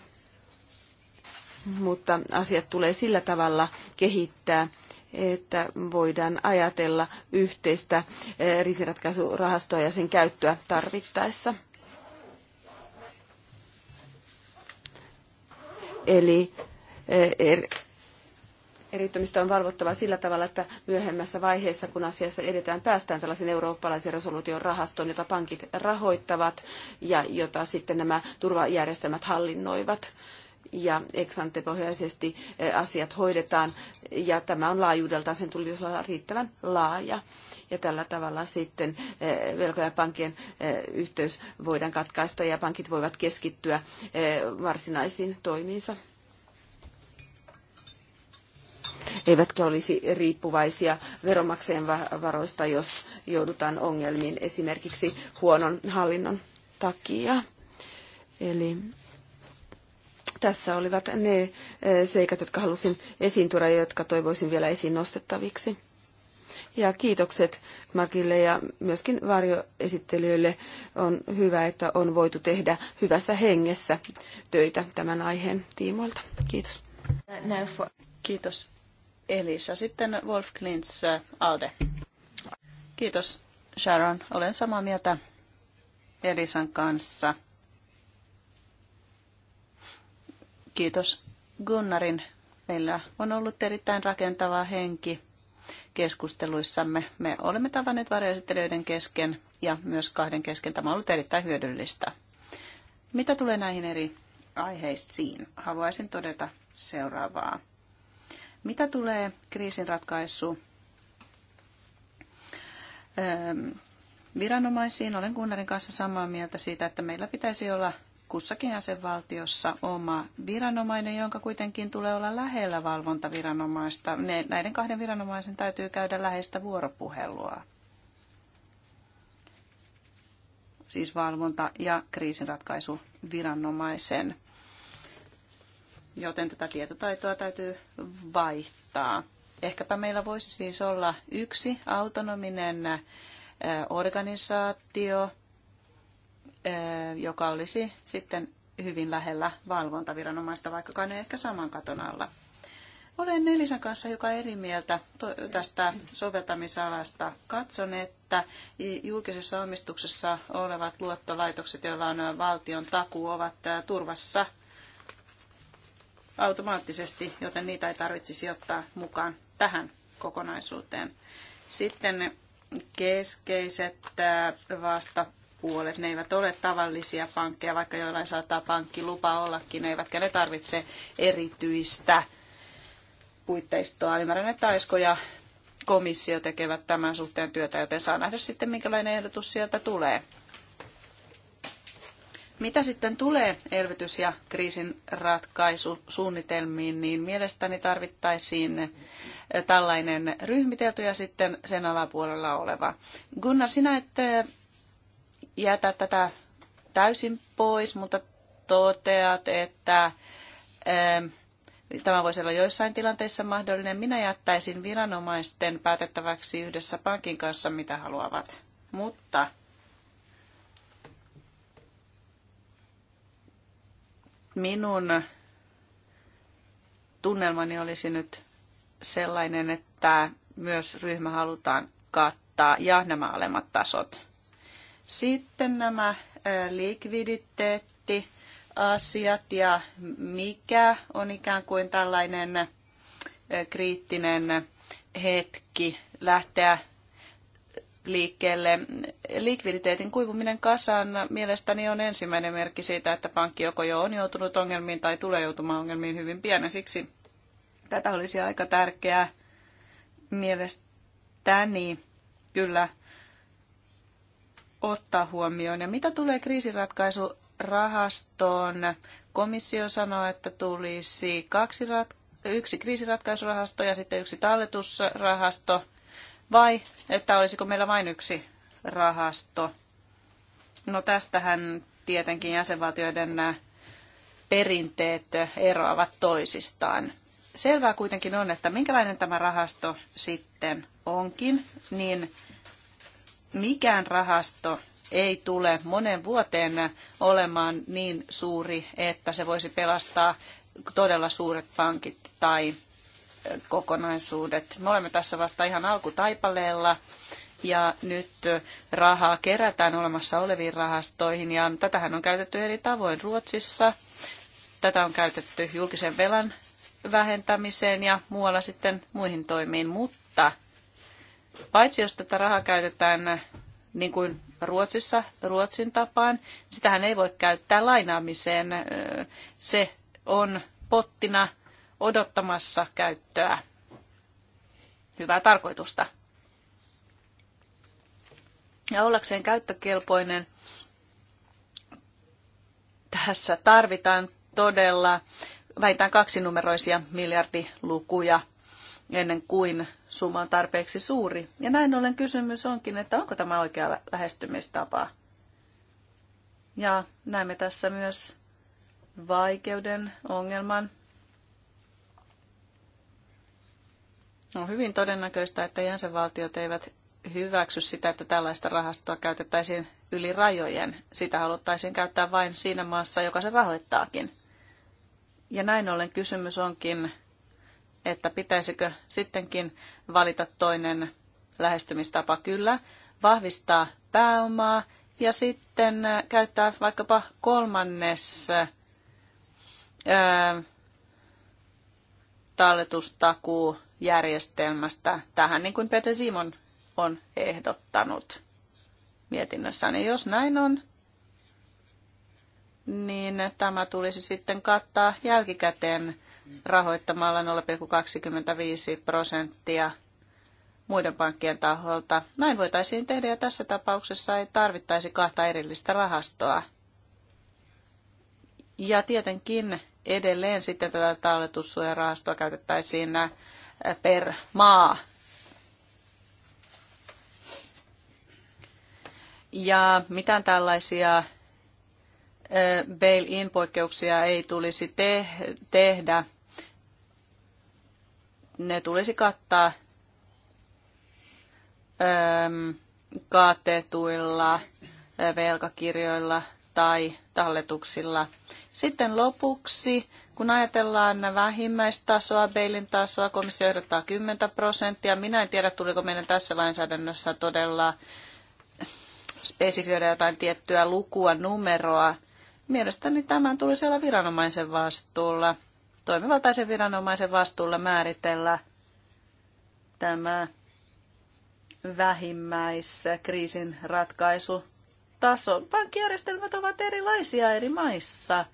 S3: Mutta asiat tulee sillä tavalla kehittää, että voidaan ajatella yhteistä riskiratkaisurahastoa ja sen käyttöä tarvittaessa. Eli er- eriyttämistä on valvottava sillä tavalla, että myöhemmässä vaiheessa, kun asiassa edetään, päästään tällaisen eurooppalaisen resoluution rahastoon, jota pankit rahoittavat ja jota sitten nämä turvajärjestelmät hallinnoivat ja eksantepohjaisesti eh, asiat hoidetaan, ja tämä on laajuudeltaan, sen tulisi olla riittävän laaja. Ja tällä tavalla sitten eh, velkoja pankkien eh, yhteys voidaan katkaista, ja pankit voivat keskittyä varsinaisiin toimiinsa eivätkä olisi riippuvaisia veronmaksajien varoista, jos joudutaan ongelmiin esimerkiksi huonon hallinnon takia. Eli tässä olivat ne eh, seikat, jotka halusin esiin tuoda ja jotka toivoisin vielä esiin nostettaviksi. Ja kiitokset Markille ja myöskin varjoesittelijöille. On hyvä, että on voitu tehdä hyvässä hengessä töitä tämän aiheen tiimoilta. Kiitos.
S2: Kiitos. Elisa. Sitten Wolf Klintz, Alde. Kiitos Sharon. Olen samaa mieltä Elisan kanssa. Kiitos Gunnarin. Meillä on ollut erittäin rakentava henki keskusteluissamme. Me olemme tavanneet varjoesittelijöiden kesken ja myös kahden kesken. Tämä on ollut erittäin hyödyllistä. Mitä tulee näihin eri aiheisiin, haluaisin todeta seuraavaa. Mitä tulee kriisinratkaisu ähm, viranomaisiin, olen kunnarin kanssa samaa mieltä siitä, että meillä pitäisi olla kussakin jäsenvaltiossa oma viranomainen, jonka kuitenkin tulee olla lähellä valvontaviranomaista. Ne, näiden kahden viranomaisen täytyy käydä läheistä vuoropuhelua. Siis valvonta- ja kriisinratkaisuviranomaisen joten tätä tietotaitoa täytyy vaihtaa. Ehkäpä meillä voisi siis olla yksi autonominen organisaatio, joka olisi sitten hyvin lähellä valvontaviranomaista, vaikkakaan ne ehkä saman katon alla. Olen Nelisan kanssa joka eri mieltä tästä soveltamisalasta. Katson, että julkisessa omistuksessa olevat luottolaitokset, joilla on valtion takuu, ovat turvassa automaattisesti, joten niitä ei tarvitsisi ottaa mukaan tähän kokonaisuuteen. Sitten ne keskeiset äh, vastapuolet, ne eivät ole tavallisia pankkeja, vaikka joillain saattaa pankkilupa ollakin, eivätkä ne tarvitse erityistä puitteistoa. Ymmärrän, että Aisko ja komissio tekevät tämän suhteen työtä, joten saa nähdä sitten, minkälainen ehdotus sieltä tulee. Mitä sitten tulee elvytys- ja kriisin ratkaisusuunnitelmiin, niin mielestäni tarvittaisiin eh, tällainen ryhmitelty ja sitten sen alapuolella oleva. Gunnar, sinä et eh, jätä tätä täysin pois, mutta toteat, että eh, tämä voisi olla joissain tilanteissa mahdollinen. Minä jättäisin viranomaisten päätettäväksi yhdessä pankin kanssa, mitä haluavat. Mutta Minun tunnelmani olisi nyt sellainen, että myös ryhmä halutaan kattaa ja nämä alemmat tasot. Sitten nämä likviditeettiasiat ja mikä on ikään kuin tällainen kriittinen hetki lähteä liikkeelle. Likviditeetin kuivuminen kasaan mielestäni on ensimmäinen merkki siitä, että pankki joko jo on joutunut ongelmiin tai tulee joutumaan ongelmiin hyvin pian. Siksi tätä olisi aika tärkeää mielestäni kyllä ottaa huomioon. Ja mitä tulee kriisiratkaisurahastoon? Komissio sanoi, että tulisi kaksi rat- yksi kriisiratkaisurahasto ja sitten yksi talletusrahasto – vai että olisiko meillä vain yksi rahasto. No tästähän tietenkin jäsenvaltioiden äh, perinteet eroavat toisistaan. Selvää kuitenkin on, että minkälainen tämä rahasto sitten onkin, niin mikään rahasto ei tule monen vuoteen olemaan niin suuri, että se voisi pelastaa todella suuret pankit tai kokonaisuudet. Me olemme tässä vasta ihan alkutaipaleella ja nyt rahaa kerätään olemassa oleviin rahastoihin ja tätähän on käytetty eri tavoin Ruotsissa. Tätä on käytetty julkisen velan vähentämiseen ja muualla sitten muihin toimiin, mutta paitsi jos tätä rahaa käytetään niin kuin Ruotsissa, Ruotsin tapaan, niin sitähän ei voi käyttää lainaamiseen. Se on pottina odottamassa käyttöä. Hyvää tarkoitusta. Ja ollakseen käyttökelpoinen tässä tarvitaan todella vähintään kaksinumeroisia miljardilukuja ennen kuin summa on tarpeeksi suuri. Ja näin ollen kysymys onkin, että onko tämä oikea lähestymistapa. Ja näemme tässä myös vaikeuden, ongelman, On no, hyvin todennäköistä, että jäsenvaltiot eivät hyväksy sitä, että tällaista rahastoa käytettäisiin yli rajojen. Sitä haluttaisiin käyttää vain siinä maassa, joka se rahoittaakin. Ja näin ollen kysymys onkin, että pitäisikö sittenkin valita toinen lähestymistapa kyllä, vahvistaa pääomaa ja sitten äh, käyttää vaikkapa kolmannes ää, äh, talletustakuu järjestelmästä tähän, niin kuin Peter Simon on ehdottanut mietinnössään. niin jos näin on, niin tämä tulisi sitten kattaa jälkikäteen rahoittamalla 0,25 prosenttia muiden pankkien taholta. Näin voitaisiin tehdä ja tässä tapauksessa ei tarvittaisi kahta erillistä rahastoa. Ja tietenkin edelleen sitten tätä talletussuojarahastoa käytettäisiin per maa. Ja mitään tällaisia bail-in-poikkeuksia ei tulisi te- tehdä. Ne tulisi kattaa öö, velkakirjoilla tai talletuksilla. Sitten lopuksi, kun ajatellaan vähimmäistasoa, Beilin tasoa, komissio ehdottaa 10 prosenttia. Minä en tiedä, tuliko meidän tässä lainsäädännössä todella spesifioida jotain tiettyä lukua, numeroa. Mielestäni tämän tulisi olla viranomaisen vastuulla, toimivaltaisen viranomaisen vastuulla määritellä tämä vähimmäiskriisin ratkaisu taso. Pankkijärjestelmät ovat erilaisia eri maissa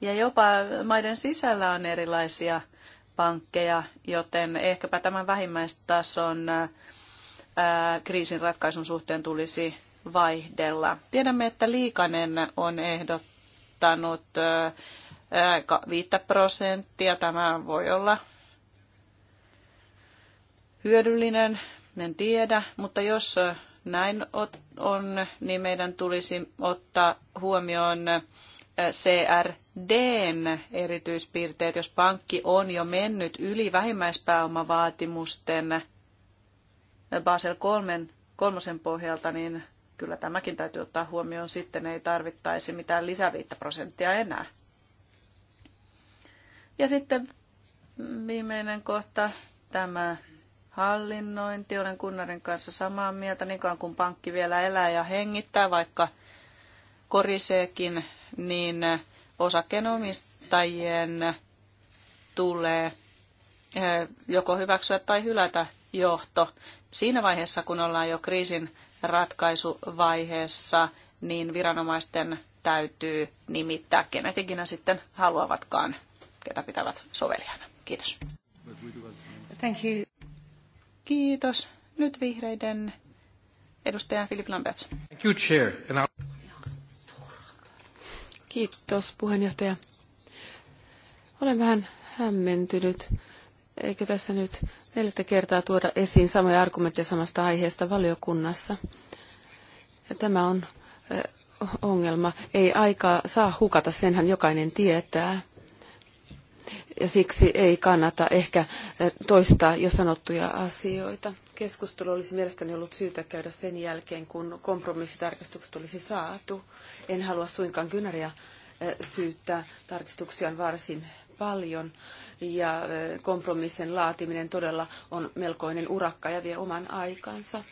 S2: ja jopa maiden sisällä on erilaisia pankkeja, joten ehkäpä tämän vähimmäistason kriisin ratkaisun suhteen tulisi vaihdella. Tiedämme, että Liikanen on ehdottanut 5 prosenttia. Tämä voi olla hyödyllinen, en tiedä, mutta jos näin ot- on, niin meidän tulisi ottaa huomioon äh, CRDn erityispiirteet, jos pankki on jo mennyt yli vähimmäispääomavaatimusten äh, Basel 3, kolmosen pohjalta, niin kyllä tämäkin täytyy ottaa huomioon. Sitten ei tarvittaisi mitään lisäviittä prosenttia enää. Ja sitten viimeinen kohta, tämä hallinnointi. Olen kunnarin kanssa samaa mieltä, niin kauan kun pankki vielä elää ja hengittää, vaikka koriseekin, niin osakenomistajien tulee eh, joko hyväksyä tai hylätä johto. Siinä vaiheessa, kun ollaan jo kriisin ratkaisuvaiheessa, niin viranomaisten täytyy nimittää kenet ikinä sitten haluavatkaan, ketä pitävät sovelijana. Kiitos. Thank you. Kiitos. Nyt vihreiden edustaja Filip Lamberts.
S3: Kiitos puheenjohtaja. Olen vähän hämmentynyt. Eikö tässä nyt neljättä kertaa tuoda esiin samoja argumentteja samasta aiheesta valiokunnassa? Ja tämä on ongelma. Ei aikaa saa hukata, senhän jokainen tietää ja siksi ei kannata ehkä eh, toistaa jo sanottuja asioita. Keskustelu olisi mielestäni ollut syytä käydä sen jälkeen, kun kompromissitarkastukset olisi saatu. En halua suinkaan kynäriä eh, syyttää. Tarkistuksia on varsin paljon ja eh, kompromissin laatiminen todella on melkoinen urakka ja vie oman aikansa.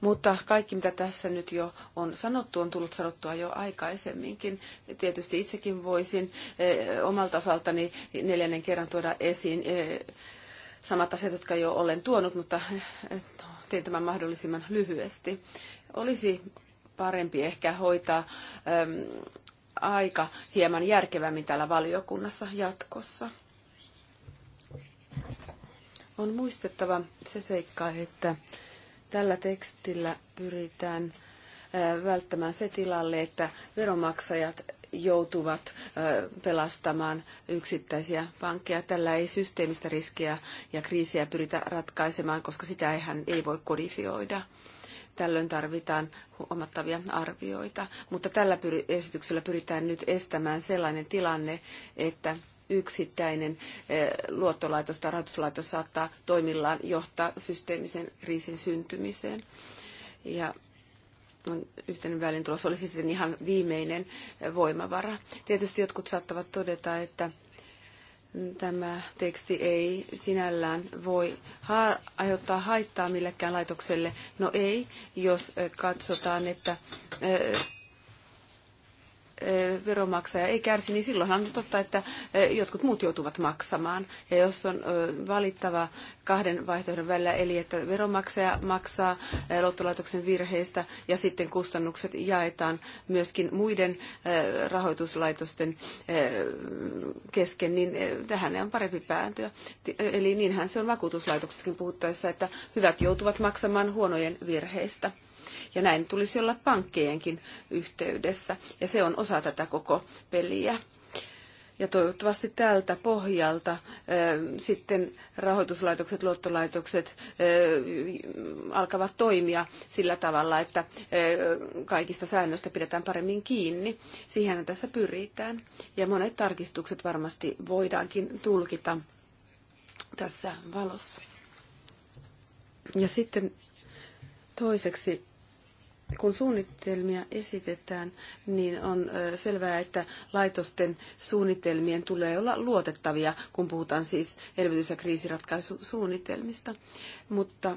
S3: Mutta kaikki, mitä tässä nyt jo on sanottu, on tullut sanottua jo aikaisemminkin. Tietysti itsekin voisin eh, omalta osaltani neljännen kerran tuoda esiin eh, samat asiat, jotka jo olen tuonut, mutta eh, tein tämän mahdollisimman lyhyesti. Olisi parempi ehkä hoitaa ehm, aika hieman järkevämmin täällä valiokunnassa jatkossa. On muistettava se seikka, että Tällä tekstillä pyritään välttämään se tilalle, että veronmaksajat joutuvat pelastamaan yksittäisiä pankkeja. Tällä ei systeemistä riskiä ja kriisiä pyritä ratkaisemaan, koska sitä eihän ei voi kodifioida. Tällöin tarvitaan huomattavia arvioita, mutta tällä esityksellä pyritään nyt estämään sellainen tilanne, että yksittäinen eh, luottolaitos tai rahoituslaitos saattaa toimillaan johtaa systeemisen kriisin syntymiseen. Ja yhteinen väliin olisi sitten ihan viimeinen eh, voimavara. Tietysti jotkut saattavat todeta, että Tämä teksti ei sinällään voi ha- aiheuttaa haittaa millekään laitokselle. No ei, jos katsotaan, että Eh, veromaksaja ei kärsi, niin silloinhan on totta, että eh, jotkut muut joutuvat maksamaan. Ja jos on valittava kahden vaihtoehdon välillä, eli että veromaksaja maksaa eh, luottolaitoksen virheistä ja sitten kustannukset jaetaan myöskin muiden rahoituslaitosten kesken, niin tähän on parempi pääntyä. Eli niinhän se on vakuutuslaitoksetkin puhuttaessa, että hyvät joutuvat maksamaan huonojen virheistä ja näin tulisi olla pankkienkin yhteydessä, ja se on osa tätä koko peliä. Ja toivottavasti tältä pohjalta sitten rahoituslaitokset, luottolaitokset alkavat toimia sillä tavalla, että kaikista säännöistä pidetään paremmin kiinni. Siihen tässä pyritään. Ja monet tarkistukset varmasti voidaankin tulkita tässä valossa. Ja sitten toiseksi kun suunnitelmia esitetään, niin on selvää, että laitosten suunnitelmien tulee olla luotettavia, kun puhutaan siis elvytys- ja kriisiratkaisusuunnitelmista. Mutta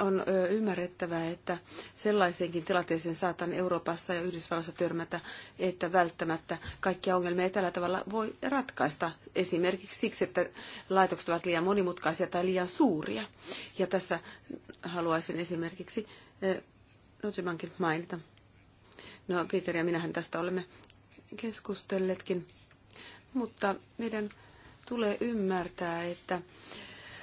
S3: on ymmärrettävää, että sellaisenkin tilanteeseen saatan Euroopassa ja Yhdysvalloissa törmätä, että välttämättä kaikkia ongelmia ei tällä tavalla voi ratkaista. Esimerkiksi siksi, että laitokset ovat liian monimutkaisia tai liian suuria. Ja tässä haluaisin esimerkiksi Notsibankin mainita. No, Peter ja minähän tästä olemme keskustelleetkin. Mutta meidän tulee ymmärtää, että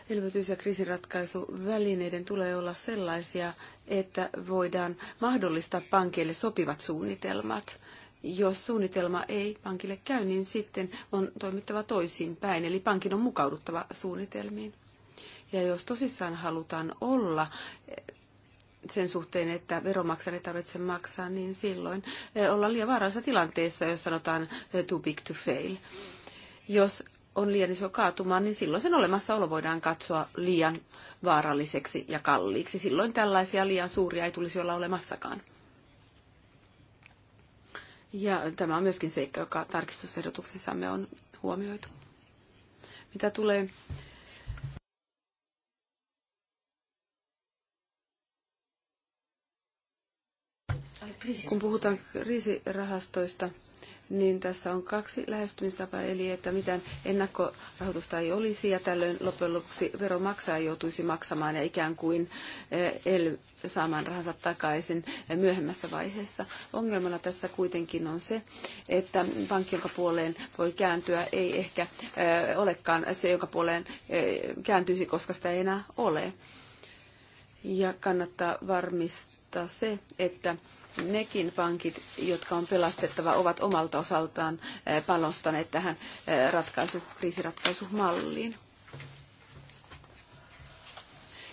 S3: elvytys- ja kriisinratkaisuvälineiden tulee olla sellaisia, että voidaan mahdollistaa pankeille sopivat suunnitelmat. Jos suunnitelma ei pankille käy, niin sitten on toimittava toisinpäin, eli pankin on mukauduttava suunnitelmiin. Ja jos tosissaan halutaan olla sen suhteen, että veromaksajat tarvitse maksaa, niin silloin eh, ollaan liian vaarallisessa tilanteessa, jos sanotaan eh, too big to fail. Jos on liian iso kaatuma, niin silloin sen olemassaolo voidaan katsoa liian vaaralliseksi ja kalliiksi. Silloin tällaisia liian suuria ei tulisi olla olemassakaan. Ja tämä on myöskin seikka, joka tarkistusehdotuksessamme on huomioitu. Mitä tulee kun puhutaan kriisirahastoista, niin tässä on kaksi lähestymistapaa, eli että mitään ennakkorahoitusta ei olisi ja tällöin loppujen lopuksi veronmaksaja joutuisi maksamaan ja ikään kuin el- eh, saamaan rahansa takaisin myöhemmässä vaiheessa. Ongelmana tässä kuitenkin on se, että pankki, jonka puoleen voi kääntyä, ei ehkä eh, olekaan se, jonka puoleen eh, kääntyisi, koska sitä ei enää ole. Ja kannattaa varmistaa, huolettaa se, että nekin pankit, jotka on pelastettava, ovat omalta osaltaan panostaneet tähän ratkaisu, kriisiratkaisumalliin.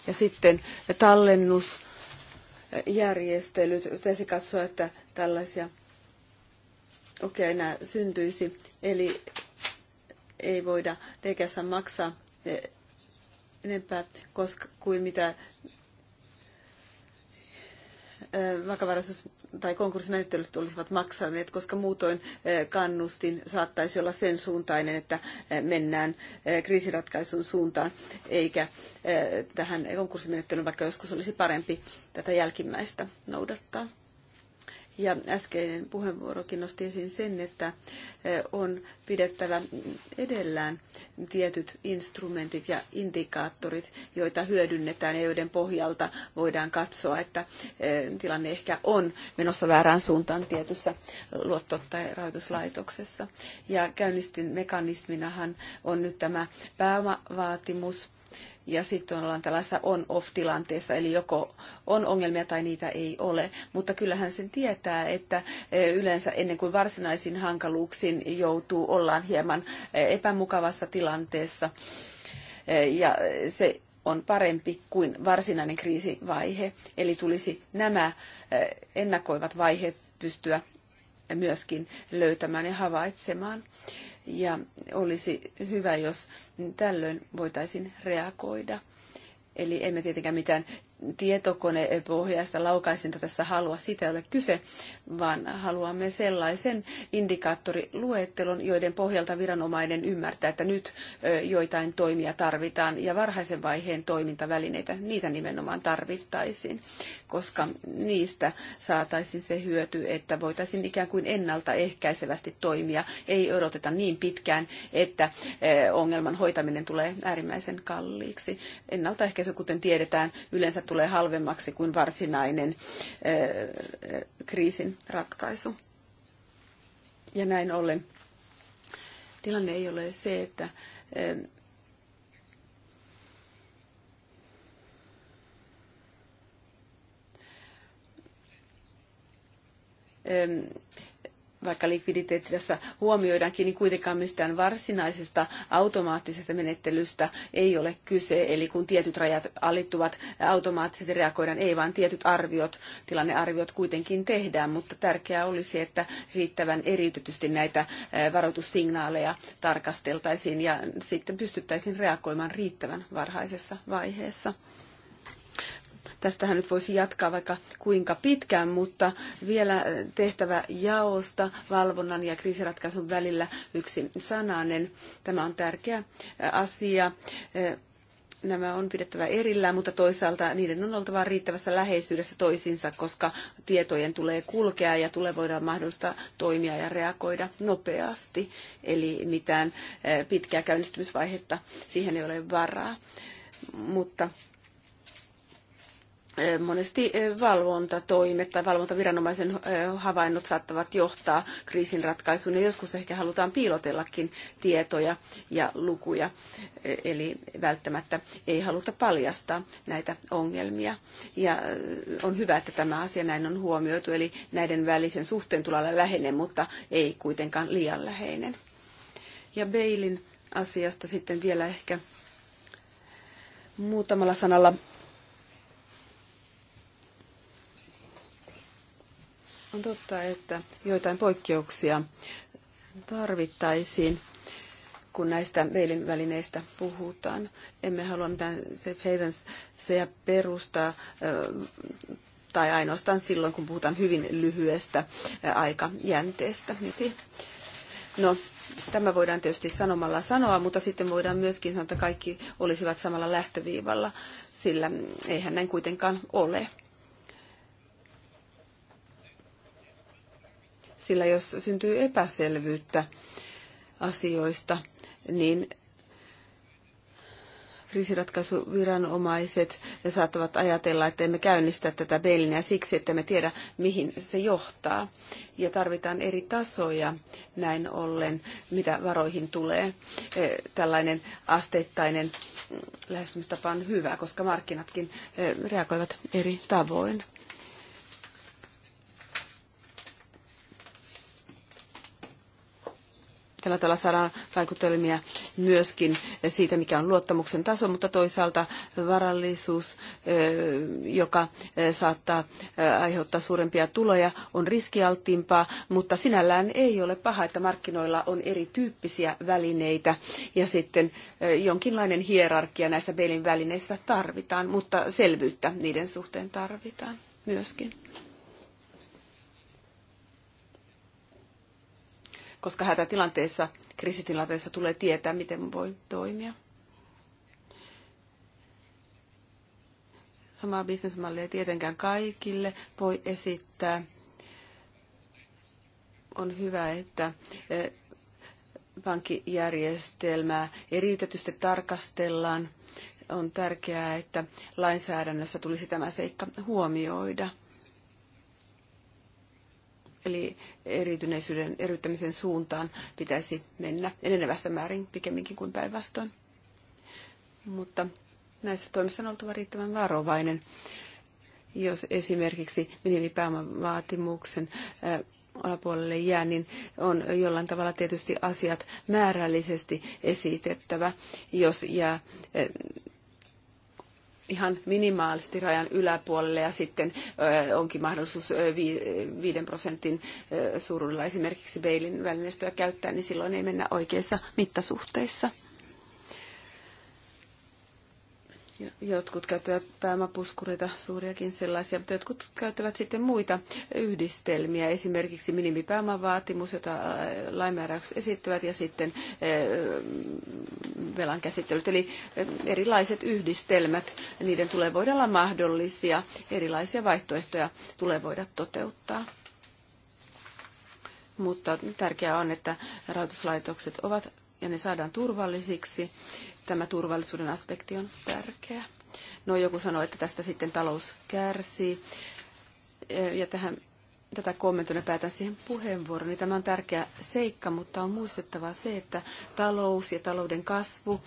S3: Ja sitten tallennusjärjestelyt. Pitäisi katsoa, että tällaisia okei, okay, nämä syntyisi. Eli ei voida DGS maksaa enempää koska, kuin mitä vakavaraisuus- tai konkurssimenettelyt olisivat maksaneet, koska muutoin kannustin saattaisi olla sen suuntainen, että mennään kriisiratkaisun suuntaan, eikä tähän konkurssimenettelyyn, vaikka joskus olisi parempi tätä jälkimmäistä noudattaa. Ja äskeinen puheenvuorokin nosti esiin sen, että eh, on pidettävä edellään tietyt instrumentit ja indikaattorit, joita hyödynnetään ja joiden pohjalta voidaan katsoa, että eh, tilanne ehkä on menossa väärään suuntaan tietyssä luotto- tai rahoituslaitoksessa. Ja käynnistin mekanisminahan on nyt tämä pääomavaatimus, ja sitten ollaan tällaisessa on-off-tilanteessa, eli joko on ongelmia tai niitä ei ole. Mutta kyllähän sen tietää, että e, yleensä ennen kuin varsinaisiin hankaluuksiin joutuu, ollaan hieman e, epämukavassa tilanteessa. E, ja se on parempi kuin varsinainen kriisivaihe. Eli tulisi nämä ennakoivat vaiheet pystyä myöskin löytämään ja havaitsemaan ja olisi hyvä, jos tällöin voitaisiin reagoida. Eli emme tietenkään mitään tietokonepohjaista laukaisinta tässä halua, siitä ei ole kyse, vaan haluamme sellaisen indikaattoriluettelon, joiden pohjalta viranomainen ymmärtää, että nyt joitain toimia tarvitaan ja varhaisen vaiheen toimintavälineitä, niitä nimenomaan tarvittaisiin, koska niistä saataisiin se hyöty, että voitaisiin ikään kuin ennaltaehkäisevästi toimia, ei odoteta niin pitkään, että ongelman hoitaminen tulee äärimmäisen kalliiksi. Ennaltaehkäisy, kuten tiedetään, yleensä tulee halvemmaksi kuin varsinainen eh, eh, kriisin ratkaisu. Ja näin ollen tilanne ei ole se, että eh, vaikka likviditeetti tässä huomioidaankin, niin kuitenkaan mistään varsinaisesta automaattisesta menettelystä ei ole kyse. Eli kun tietyt rajat alittuvat, automaattisesti reagoidaan, ei vaan tietyt arviot, tilannearviot kuitenkin tehdään, mutta tärkeää olisi, että riittävän eriytetysti näitä varoitussignaaleja tarkasteltaisiin ja sitten pystyttäisiin reagoimaan riittävän varhaisessa vaiheessa. Tästähän nyt voisi jatkaa vaikka kuinka pitkään, mutta vielä tehtävä jaosta valvonnan ja kriisiratkaisun välillä yksi sananen. Tämä on tärkeä asia nämä on pidettävä erillään, mutta toisaalta niiden on oltava riittävässä läheisyydessä toisiinsa, koska tietojen tulee kulkea ja tulee voida mahdollista toimia ja reagoida nopeasti. Eli mitään pitkää käynnistymisvaihetta siihen ei ole varaa. Mutta monesti valvontatoimet tai valvontaviranomaisen havainnot saattavat johtaa kriisinratkaisuun ja joskus ehkä halutaan piilotellakin tietoja ja lukuja, eli välttämättä ei haluta paljastaa näitä ongelmia. Ja on hyvä, että tämä asia näin on huomioitu, eli näiden välisen suhteen tulee olla läheinen, mutta ei kuitenkaan liian läheinen. Ja Beilin asiasta sitten vielä ehkä muutamalla sanalla On totta, että joitain poikkeuksia tarvittaisiin, kun näistä meilin välineistä puhutaan. Emme halua mitään safe havens se perustaa tai ainoastaan silloin, kun puhutaan hyvin lyhyestä aikajänteestä. Niin no, tämä voidaan tietysti sanomalla sanoa, mutta sitten voidaan myöskin sanoa, että kaikki olisivat samalla lähtöviivalla, sillä eihän näin kuitenkaan ole. sillä jos syntyy epäselvyyttä asioista, niin kriisiratkaisuviranomaiset saattavat ajatella, että emme käynnistä tätä Berliiniä siksi, että me tiedä, mihin se johtaa. Ja tarvitaan eri tasoja näin ollen, mitä varoihin tulee. Eh, tällainen asteittainen lähestymistapa on hyvä, koska markkinatkin eh, reagoivat eri tavoin. Tällä tavalla saadaan vaikutelmia myöskin siitä, mikä on luottamuksen taso, mutta toisaalta varallisuus, joka saattaa aiheuttaa suurempia tuloja, on riskialttiimpaa, mutta sinällään ei ole paha, että markkinoilla on erityyppisiä välineitä ja sitten jonkinlainen hierarkia näissä pelin välineissä tarvitaan, mutta selvyyttä niiden suhteen tarvitaan myöskin. koska hätätilanteessa, kriisitilanteessa tulee tietää, miten voi toimia. Samaa bisnesmallia ei tietenkään kaikille voi esittää. On hyvä, että e, pankkijärjestelmää eriytetysti tarkastellaan. On tärkeää, että lainsäädännössä tulisi tämä seikka huomioida – Eli eriytyneisyyden eriyttämisen suuntaan pitäisi mennä enenevässä määrin pikemminkin kuin päinvastoin. Mutta näissä toimissa on oltava riittävän varovainen. Jos esimerkiksi minimipääoman vaatimuksen äh, alapuolelle jää, niin on jollain tavalla tietysti asiat määrällisesti esitettävä, jos jää äh, ihan minimaalisesti rajan yläpuolelle ja sitten onkin mahdollisuus viiden prosentin suuruudella esimerkiksi beilin välineistöä käyttää, niin silloin ei mennä oikeissa mittasuhteissa. Jotkut käyttävät pääomapuskureita, suuriakin sellaisia, mutta jotkut käyttävät sitten muita yhdistelmiä, esimerkiksi minimipääomavaatimus, jota äh, lainmääräykset esittävät, ja sitten äh, velan käsittelyt. Eli äh, erilaiset yhdistelmät, niiden tulee voida olla mahdollisia, erilaisia vaihtoehtoja tulee voida toteuttaa mutta tärkeää on, että rahoituslaitokset ovat ja ne saadaan turvallisiksi tämä turvallisuuden aspekti on tärkeä. No joku sanoi, että tästä sitten talous kärsii. E, ja tähän, tätä kommentoin ja päätän siihen puheenvuoroon. Niin tämä on tärkeä seikka, mutta on muistettava se, että talous ja talouden kasvu,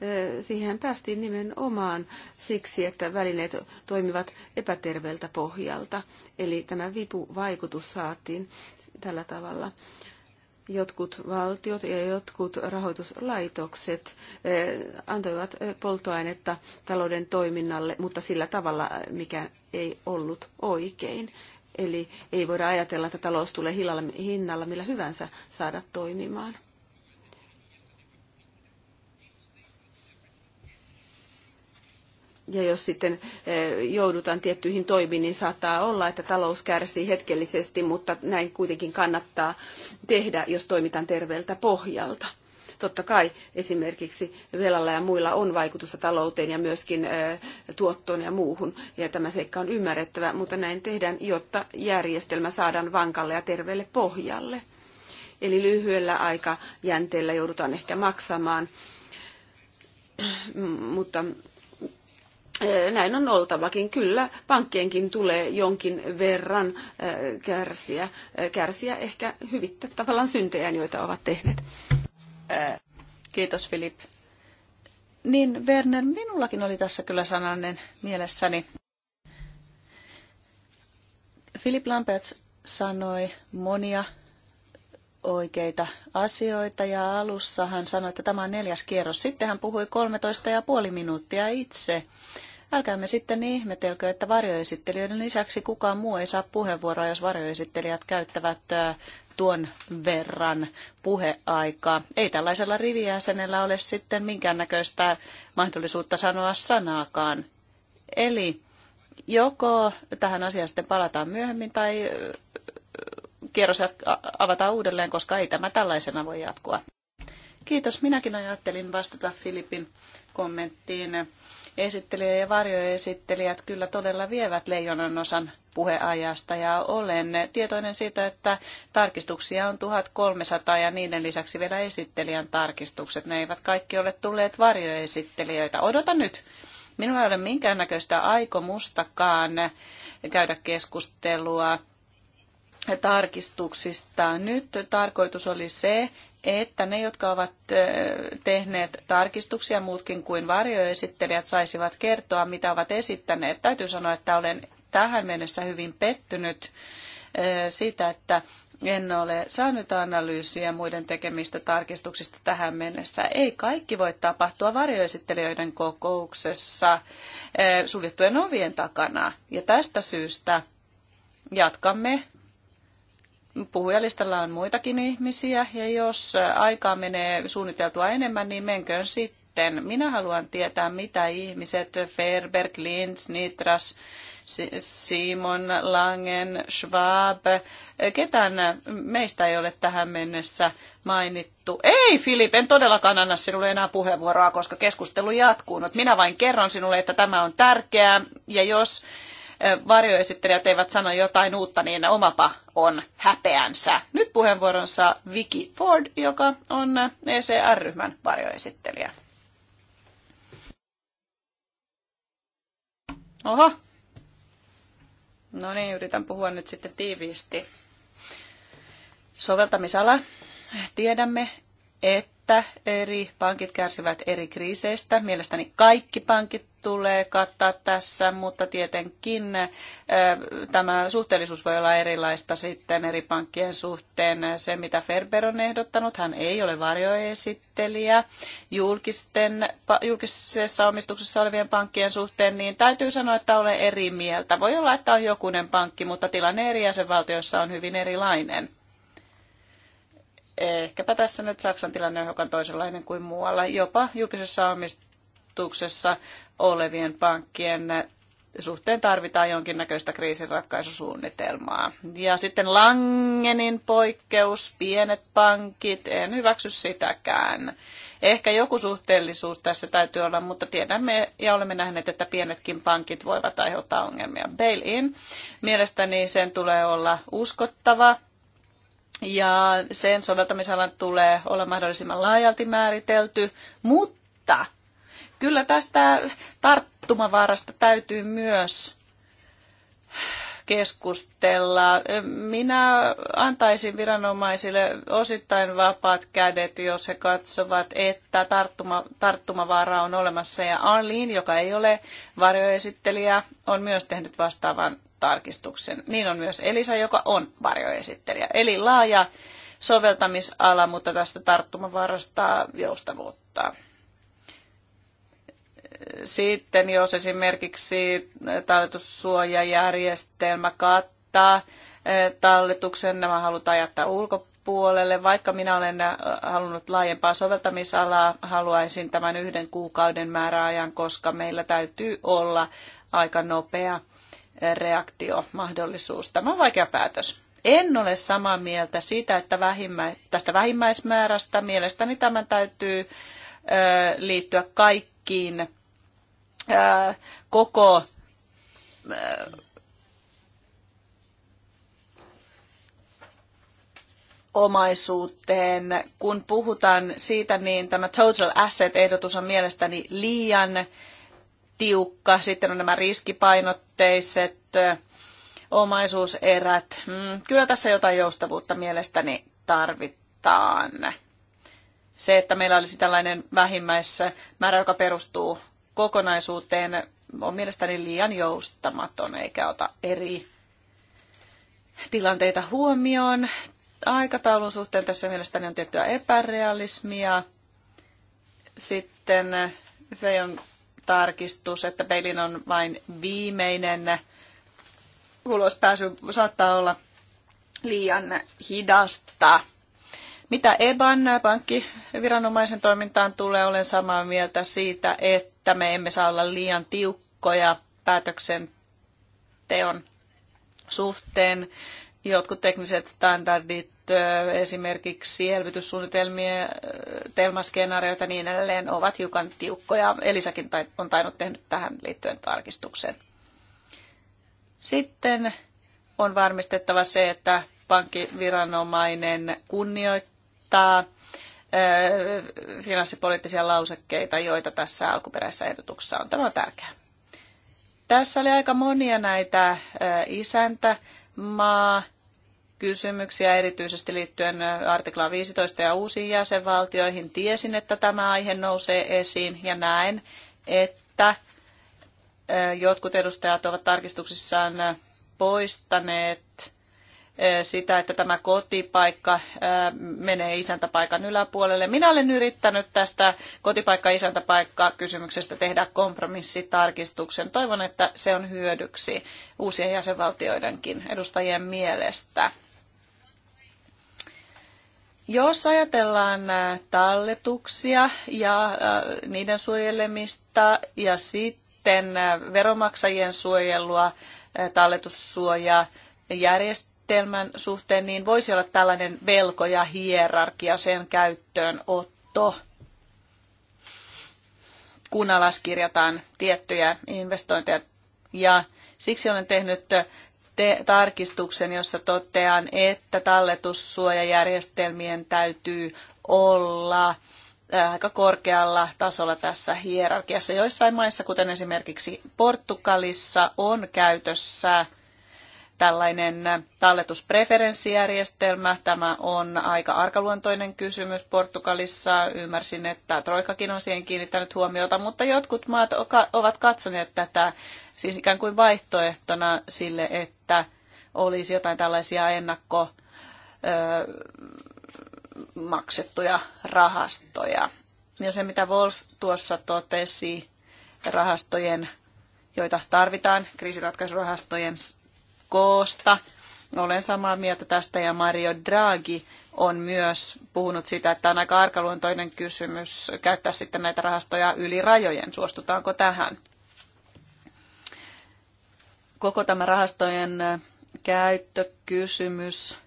S3: e, siihen päästiin nimenomaan siksi, että välineet toimivat epäterveeltä pohjalta. Eli tämä vipuvaikutus saatiin tällä tavalla jotkut valtiot ja jotkut rahoituslaitokset eh, antoivat eh, polttoainetta talouden toiminnalle, mutta sillä tavalla, eh, mikä ei ollut oikein. Eli ei voida ajatella, että talous tulee hinnalla millä hyvänsä saada toimimaan. Ja jos sitten eh, joudutaan tiettyihin toimiin, niin saattaa olla, että talous kärsii hetkellisesti, mutta näin kuitenkin kannattaa tehdä, jos toimitaan terveeltä pohjalta. Totta kai esimerkiksi velalla ja muilla on vaikutusta talouteen ja myöskin eh, tuottoon ja muuhun, ja tämä seikka on ymmärrettävä, mutta näin tehdään, jotta järjestelmä saadaan vankalle ja terveelle pohjalle. Eli lyhyellä aikajänteellä joudutaan ehkä maksamaan, mutta Eh, näin on oltavakin. Kyllä, pankkienkin tulee jonkin verran eh, kärsiä, eh, kärsiä ehkä hyvittä tavallaan syntejä, joita ovat tehneet.
S2: Kiitos Filip. Niin Werner, minullakin oli tässä kyllä sananen mielessäni. Filip Lampert sanoi monia oikeita asioita ja alussa hän sanoi, että tämä on neljäs kierros. Sitten hän puhui 13,5 minuuttia itse. Älkäämme sitten ihmetelkö, että varjoesittelijöiden lisäksi kukaan muu ei saa puheenvuoroa, jos varjoesittelijät käyttävät tuon verran puheaikaa. Ei tällaisella rivijäsenellä ole sitten minkäännäköistä mahdollisuutta sanoa sanaakaan. Eli joko tähän asiaan sitten palataan myöhemmin tai kierros avataan uudelleen, koska ei tämä tällaisena voi jatkua. Kiitos. Minäkin ajattelin vastata Filipin kommenttiin esittelijä ja varjoesittelijät kyllä todella vievät leijonan osan puheajasta ja olen tietoinen siitä, että tarkistuksia on 1300 ja niiden lisäksi vielä esittelijän tarkistukset. Ne eivät kaikki ole tulleet varjoesittelijöitä. Odota nyt. Minulla ei ole minkäännäköistä aikomustakaan käydä keskustelua tarkistuksista. Nyt tarkoitus oli se, että ne, jotka ovat tehneet tarkistuksia muutkin kuin varjoesittelijät, saisivat kertoa, mitä ovat esittäneet. Täytyy sanoa, että olen tähän mennessä hyvin pettynyt siitä, että en ole saanut analyysiä muiden tekemistä tarkistuksista tähän mennessä. Ei kaikki voi tapahtua varjoesittelijöiden kokouksessa suljettujen ovien takana. Ja tästä syystä jatkamme Puhujalistalla on muitakin ihmisiä ja jos aikaa menee suunniteltua enemmän, niin menköön sitten. Minä haluan tietää, mitä ihmiset Ferberg, Linz, Nitras, Simon, Langen, Schwab, ketään meistä ei ole tähän mennessä mainittu. Ei, Filip, en todellakaan anna sinulle enää puheenvuoroa, koska keskustelu jatkuu. Minä vain kerron sinulle, että tämä on tärkeää ja jos varjoesittelijät eivät sano jotain uutta, niin omapa on häpeänsä. Nyt puheenvuoronsa Vicky Ford, joka on ECR-ryhmän varjoesittelijä. Oho. No niin, yritän puhua nyt sitten tiiviisti. Soveltamisala. Tiedämme, että eri pankit kärsivät eri kriiseistä. Mielestäni kaikki pankit tulee kattaa tässä, mutta tietenkin tämä suhteellisuus voi olla erilaista sitten eri pankkien suhteen. Se, mitä Ferber on ehdottanut, hän ei ole varjoesittelijä julkisten, julkisessa omistuksessa olevien pankkien suhteen, niin täytyy sanoa, että olen eri mieltä. Voi olla, että on jokunen pankki, mutta tilanne eri jäsenvaltioissa on hyvin erilainen ehkäpä tässä nyt Saksan tilanne on hiukan toisenlainen kuin muualla. Jopa julkisessa omistuksessa olevien pankkien suhteen tarvitaan jonkinnäköistä kriisinratkaisusuunnitelmaa. Ja sitten Langenin poikkeus, pienet pankit, en hyväksy sitäkään. Ehkä joku suhteellisuus tässä täytyy olla, mutta tiedämme ja olemme nähneet, että pienetkin pankit voivat aiheuttaa ongelmia. Bail-in, mielestäni sen tulee olla uskottava ja sen soveltamisalan tulee olla mahdollisimman laajalti määritelty, mutta kyllä tästä tarttumavaarasta täytyy myös keskustella. Minä antaisin viranomaisille osittain vapaat kädet, jos he katsovat, että tarttuma, tarttumavaara on olemassa. Ja Arlene, joka ei ole varjoesittelijä, on myös tehnyt vastaavan tarkistuksen. Niin on myös Elisa, joka on varjoesittelijä. Eli laaja soveltamisala, mutta tästä tarttumavarasta joustavuutta. Sitten jos esimerkiksi talletussuojajärjestelmä kattaa eh, talletuksen, nämä halutaan jättää ulkopuolelle. Vaikka minä olen eh, halunnut laajempaa soveltamisalaa, haluaisin tämän yhden kuukauden määräajan, koska meillä täytyy olla aika nopea reaktiomahdollisuus. Tämä on vaikea päätös. En ole samaa mieltä siitä, että vähimmä, tästä vähimmäismäärästä mielestäni tämän täytyy liittyä kaikkiin koko omaisuuteen. Kun puhutaan siitä, niin tämä total asset-ehdotus on mielestäni liian tiukka. Sitten on nämä riskipainotteiset omaisuuserät. Mm, kyllä tässä jotain joustavuutta mielestäni tarvitaan. Se, että meillä olisi tällainen vähimmäismäärä, joka perustuu kokonaisuuteen, on mielestäni liian joustamaton eikä ota eri tilanteita huomioon. Aikataulun suhteen tässä mielestäni on tiettyä epärealismia. Sitten Feijon tarkistus, että pelin on vain viimeinen ulospääsy saattaa olla liian hidasta. Mitä EBAN pankkiviranomaisen toimintaan tulee, olen samaa mieltä siitä, että me emme saa olla liian tiukkoja päätöksenteon suhteen. Jotkut tekniset standardit Äh, esimerkiksi elvytyssuunnitelmien äh, telmaskenaarioita ja niin edelleen ovat hiukan tiukkoja. Elisakin on tainnut tehnyt tähän liittyen tarkistuksen. Sitten on varmistettava se, että pankkiviranomainen kunnioittaa äh, finanssipoliittisia lausekkeita, joita tässä alkuperäisessä ehdotuksessa on. Tämä on tärkeää. Tässä oli aika monia näitä isäntä, kysymyksiä erityisesti liittyen artikla 15 ja uusiin jäsenvaltioihin. Tiesin, että tämä aihe nousee esiin ja näen, että jotkut edustajat ovat tarkistuksissaan poistaneet sitä, että tämä kotipaikka menee isäntäpaikan yläpuolelle. Minä olen yrittänyt tästä kotipaikka-isäntäpaikka-kysymyksestä tehdä kompromissitarkistuksen. Toivon, että se on hyödyksi uusien jäsenvaltioidenkin edustajien mielestä. Jos ajatellaan äh, talletuksia ja äh, niiden suojelemista ja sitten äh, veromaksajien suojelua, talletussuojaa järjestelmän suhteen, niin voisi olla tällainen velko ja hierarkia sen käyttöönotto, kun alaskirjataan tiettyjä investointeja. Ja siksi olen tehnyt te- tarkistuksen, jossa totean, että talletussuojajärjestelmien täytyy olla äh, aika korkealla tasolla tässä hierarkiassa. Joissain maissa, kuten esimerkiksi Portugalissa, on käytössä tällainen talletuspreferenssijärjestelmä. Tämä on aika arkaluontoinen kysymys Portugalissa. Ymmärsin, että Troikakin on siihen kiinnittänyt huomiota, mutta jotkut maat ovat katsoneet tätä siis ikään kuin vaihtoehtona sille, että että olisi jotain tällaisia ennakko maksettuja rahastoja. Ja se, mitä Wolf tuossa totesi rahastojen, joita tarvitaan, kriisiratkaisurahastojen koosta, olen samaa mieltä tästä ja Mario Draghi on myös puhunut siitä, että on aika arkaluontoinen kysymys käyttää sitten näitä rahastoja yli rajojen. Suostutaanko tähän? koko tämä rahastojen äh, käyttökysymys.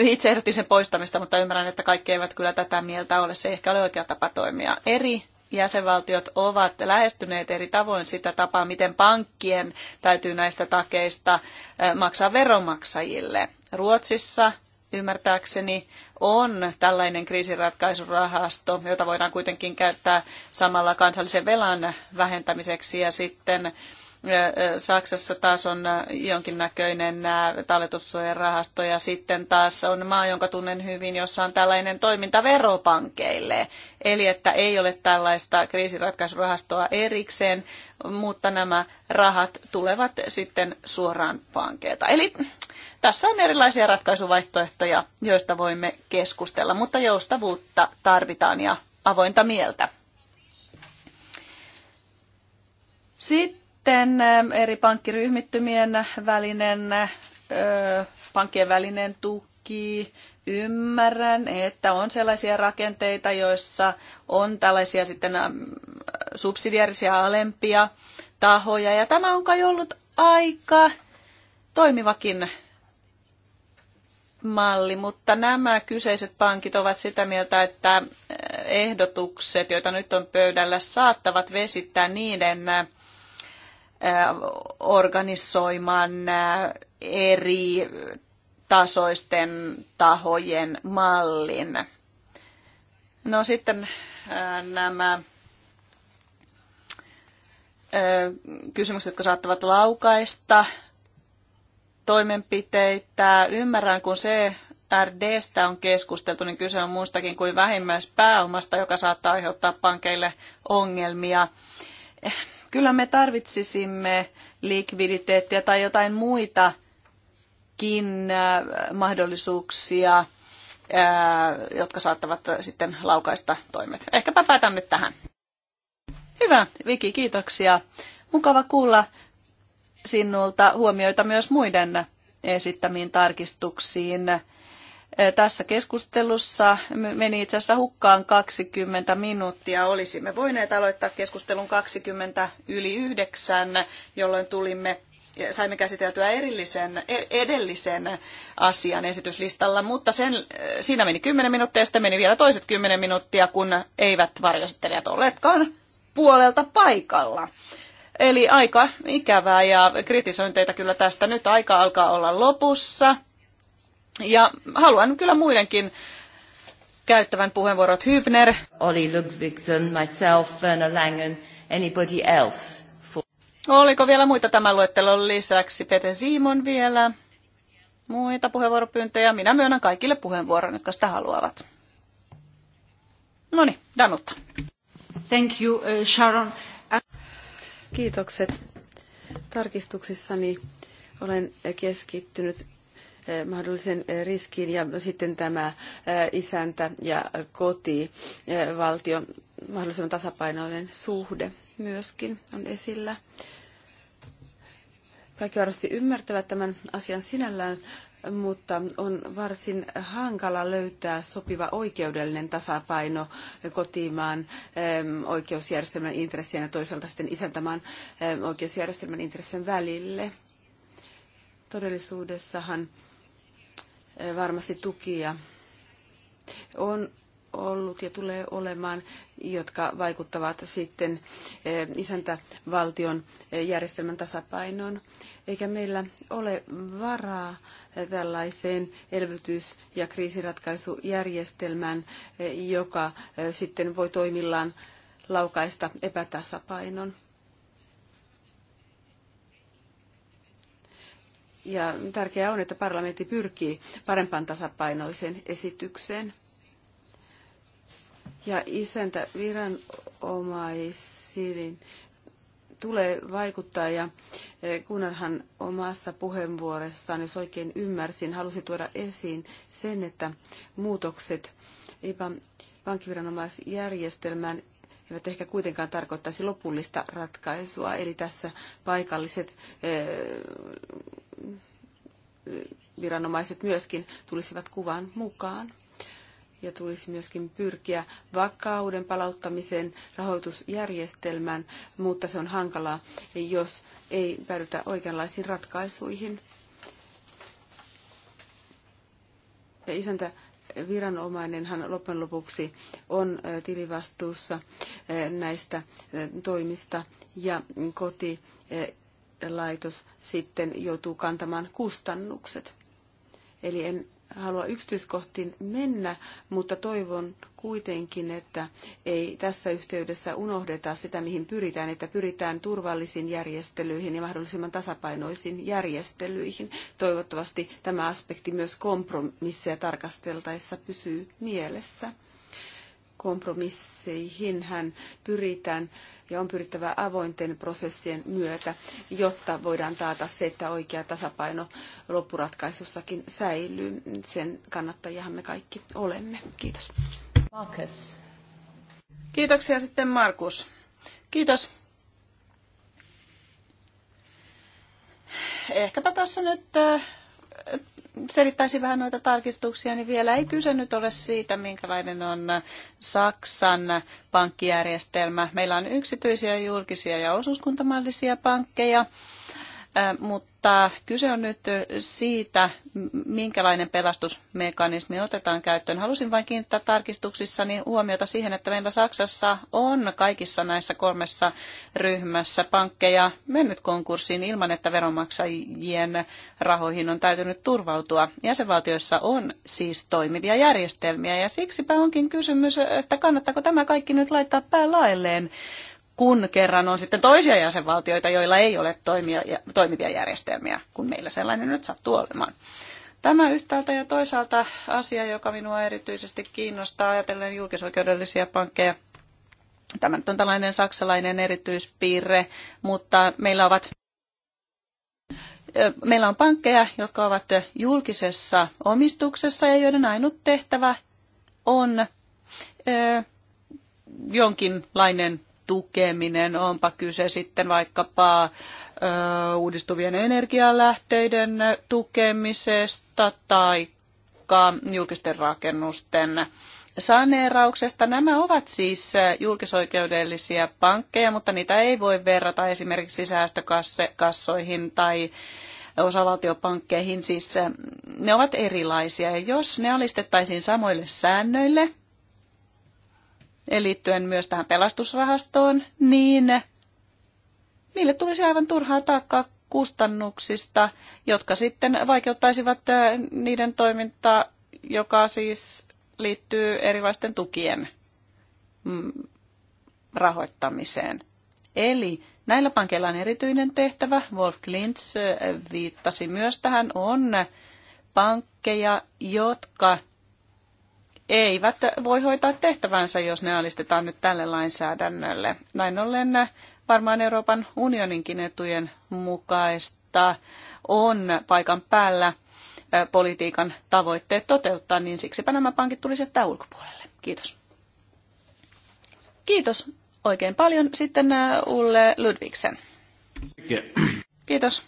S2: Itse ehdotin sen poistamista, mutta ymmärrän, että kaikki eivät kyllä tätä mieltä ole. Se ei ehkä ole oikea tapa toimia. Eri jäsenvaltiot ovat lähestyneet eri tavoin sitä tapaa, miten pankkien täytyy näistä takeista äh, maksaa veronmaksajille. Ruotsissa ymmärtääkseni on tällainen kriisiratkaisurahasto, jota voidaan kuitenkin käyttää samalla kansallisen velan vähentämiseksi ja sitten Saksassa taas on jonkinnäköinen talletussuojan rahasto ja sitten taas on maa, jonka tunnen hyvin, jossa on tällainen toiminta veropankeille. Eli että ei ole tällaista kriisiratkaisurahastoa erikseen, mutta nämä rahat tulevat sitten suoraan pankeilta. Eli tässä on erilaisia ratkaisuvaihtoehtoja, joista voimme keskustella, mutta joustavuutta tarvitaan ja avointa mieltä. Sitten sitten ähm, eri pankkiryhmittymien välinen, pankkien välinen tuki, ymmärrän, että on sellaisia rakenteita, joissa on tällaisia sitten ähm, subsidiarisia alempia tahoja. Ja tämä on kai ollut aika toimivakin malli, mutta nämä kyseiset pankit ovat sitä mieltä, että äh, ehdotukset, joita nyt on pöydällä, saattavat vesittää niiden äh, organisoiman eri tasoisten tahojen mallin. No sitten nämä kysymykset, jotka saattavat laukaista toimenpiteitä. Ymmärrän, kun se RDstä on keskusteltu, niin kyse on muustakin kuin vähimmäispääomasta, joka saattaa aiheuttaa pankeille ongelmia. Kyllä me tarvitsisimme likviditeettiä tai jotain muitakin äh, mahdollisuuksia, äh, jotka saattavat sitten laukaista toimet. Ehkäpä päätän nyt tähän. Hyvä, Viki, kiitoksia. Mukava kuulla sinulta huomioita myös muiden esittämiin tarkistuksiin tässä keskustelussa meni itse asiassa hukkaan 20 minuuttia. Olisimme voineet aloittaa keskustelun 20 yli 9, jolloin tulimme saimme käsiteltyä erillisen, e- edellisen asian esityslistalla, mutta sen, siinä meni 10 minuuttia ja sitten meni vielä toiset 10 minuuttia, kun eivät varjostelijat olleetkaan puolelta paikalla. Eli aika ikävää ja kritisoin teitä kyllä tästä. Nyt aika alkaa olla lopussa. Ja haluan kyllä muidenkin käyttävän puheenvuorot Hübner. Oli
S4: Ludwigsen, myself, Werner Langen, anybody else? For...
S2: Oliko vielä muita tämän luettelon lisäksi? Pete Simon vielä. Muita puheenvuoropyyntöjä. Minä myönnän kaikille puheenvuoron, jotka sitä haluavat. No niin, Danutta.
S3: Thank you, uh, Sharon. Uh, Kiitokset. Tarkistuksissani olen keskittynyt Eh, mahdollisen eh, riskin ja sitten tämä eh, isäntä ja koti, valtio, mahdollisimman tasapainoinen suhde myöskin on esillä. Kaikki varmasti ymmärtävät tämän asian sinällään, mutta on varsin hankala löytää sopiva oikeudellinen tasapaino kotimaan oikeusjärjestelmän intressien ja toisaalta sitten isäntämaan oikeusjärjestelmän intressien välille. Todellisuudessahan Eh, varmasti tukia on ollut ja tulee olemaan, jotka vaikuttavat sitten eh, isäntävaltion eh, järjestelmän tasapainoon. Eikä meillä ole varaa tällaiseen elvytys- ja kriisiratkaisujärjestelmään, joka sitten voi toimillaan laukaista epätasapainon. Ja tärkeää on, että parlamentti pyrkii parempaan tasapainoiseen esitykseen. Ja isäntä viranomaisiin tulee vaikuttaa ja eh, kunhan omassa puheenvuorossaan, jos oikein ymmärsin, halusi tuoda esiin sen, että muutokset EIPA pankkiviranomaisjärjestelmään eivät ehkä kuitenkaan tarkoittaisi lopullista ratkaisua. Eli tässä paikalliset eh, viranomaiset myöskin tulisivat kuvan mukaan. Ja tulisi myöskin pyrkiä vakauden palauttamiseen rahoitusjärjestelmään, mutta se on hankalaa, jos ei päädytä oikeanlaisiin ratkaisuihin. Ja isäntä viranomainenhan loppujen lopuksi on tilivastuussa näistä toimista ja koti laitos sitten joutuu kantamaan kustannukset. Eli en halua yksityiskohtiin mennä, mutta toivon kuitenkin, että ei tässä yhteydessä unohdeta sitä, mihin pyritään, että pyritään turvallisiin järjestelyihin ja mahdollisimman tasapainoisiin järjestelyihin. Toivottavasti tämä aspekti myös kompromisseja tarkasteltaessa pysyy mielessä kompromisseihin hän pyritään ja on pyrittävä avointen prosessien myötä, jotta voidaan taata se, että oikea tasapaino loppuratkaisussakin säilyy. Sen kannattajahan me kaikki olemme. Kiitos. Markus. Kiitoksia sitten Markus. Kiitos.
S2: Ehkäpä tässä nyt äh, selittäisin vähän noita tarkistuksia, niin vielä ei kyse nyt ole siitä, minkälainen on Saksan pankkijärjestelmä. Meillä on yksityisiä, julkisia ja osuuskuntamallisia pankkeja, mutta mutta kyse on nyt siitä, minkälainen pelastusmekanismi otetaan käyttöön. Halusin vain kiinnittää tarkistuksissani huomiota siihen, että meillä Saksassa on kaikissa näissä kolmessa ryhmässä pankkeja mennyt konkurssiin ilman, että veronmaksajien rahoihin on täytynyt turvautua. Jäsenvaltioissa on siis toimivia järjestelmiä ja siksipä onkin kysymys, että kannattaako tämä kaikki nyt laittaa päälaelleen kun kerran on sitten toisia jäsenvaltioita, joilla ei ole toimia, toimivia järjestelmiä, kun meillä sellainen nyt sattuu olemaan. Tämä yhtäältä ja toisaalta asia, joka minua erityisesti kiinnostaa ajatellen julkisoikeudellisia pankkeja. Tämä nyt on tällainen saksalainen erityispiirre, mutta meillä ovat Meillä on pankkeja, jotka ovat julkisessa omistuksessa ja joiden ainut tehtävä on jonkinlainen tukeminen, onpa kyse sitten vaikkapa uudistuvien energialähteiden tukemisesta tai julkisten rakennusten saneerauksesta. Nämä ovat siis julkisoikeudellisia pankkeja, mutta niitä ei voi verrata esimerkiksi säästökassoihin tai osavaltiopankkeihin. Siis ne ovat erilaisia ja jos ne alistettaisiin samoille säännöille, liittyen myös tähän pelastusrahastoon, niin niille tulisi aivan turhaa taakkaa kustannuksista, jotka sitten vaikeuttaisivat niiden toimintaa, joka siis liittyy erilaisten tukien mm, rahoittamiseen. Eli näillä pankeilla on erityinen tehtävä. Wolf Klintz viittasi myös tähän, on pankkeja, jotka eivät voi hoitaa tehtävänsä, jos ne alistetaan nyt tälle lainsäädännölle. Näin ollen varmaan Euroopan unioninkin etujen mukaista on paikan päällä politiikan tavoitteet toteuttaa, niin siksipä nämä pankit tulisi jättää ulkopuolelle. Kiitos. Kiitos oikein paljon. Sitten Ulle Ludvigsen. Kiitos.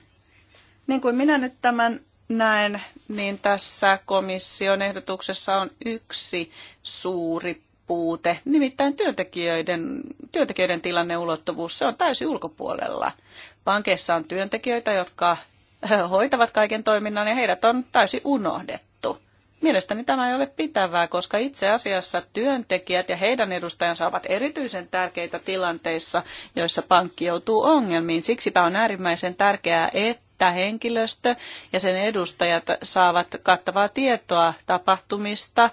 S2: Niin kuin minä nyt tämän näen, niin tässä komission ehdotuksessa on yksi suuri puute, nimittäin työntekijöiden, työntekijöiden tilanneulottuvuus, se on täysin ulkopuolella. Pankeissa on työntekijöitä, jotka eh, hoitavat kaiken toiminnan ja heidät on täysin unohdettu. Mielestäni tämä ei ole pitävää, koska itse asiassa työntekijät ja heidän edustajansa ovat erityisen tärkeitä tilanteissa, joissa pankki joutuu ongelmiin. Siksipä on äärimmäisen tärkeää, että että henkilöstö ja sen edustajat saavat kattavaa tietoa tapahtumista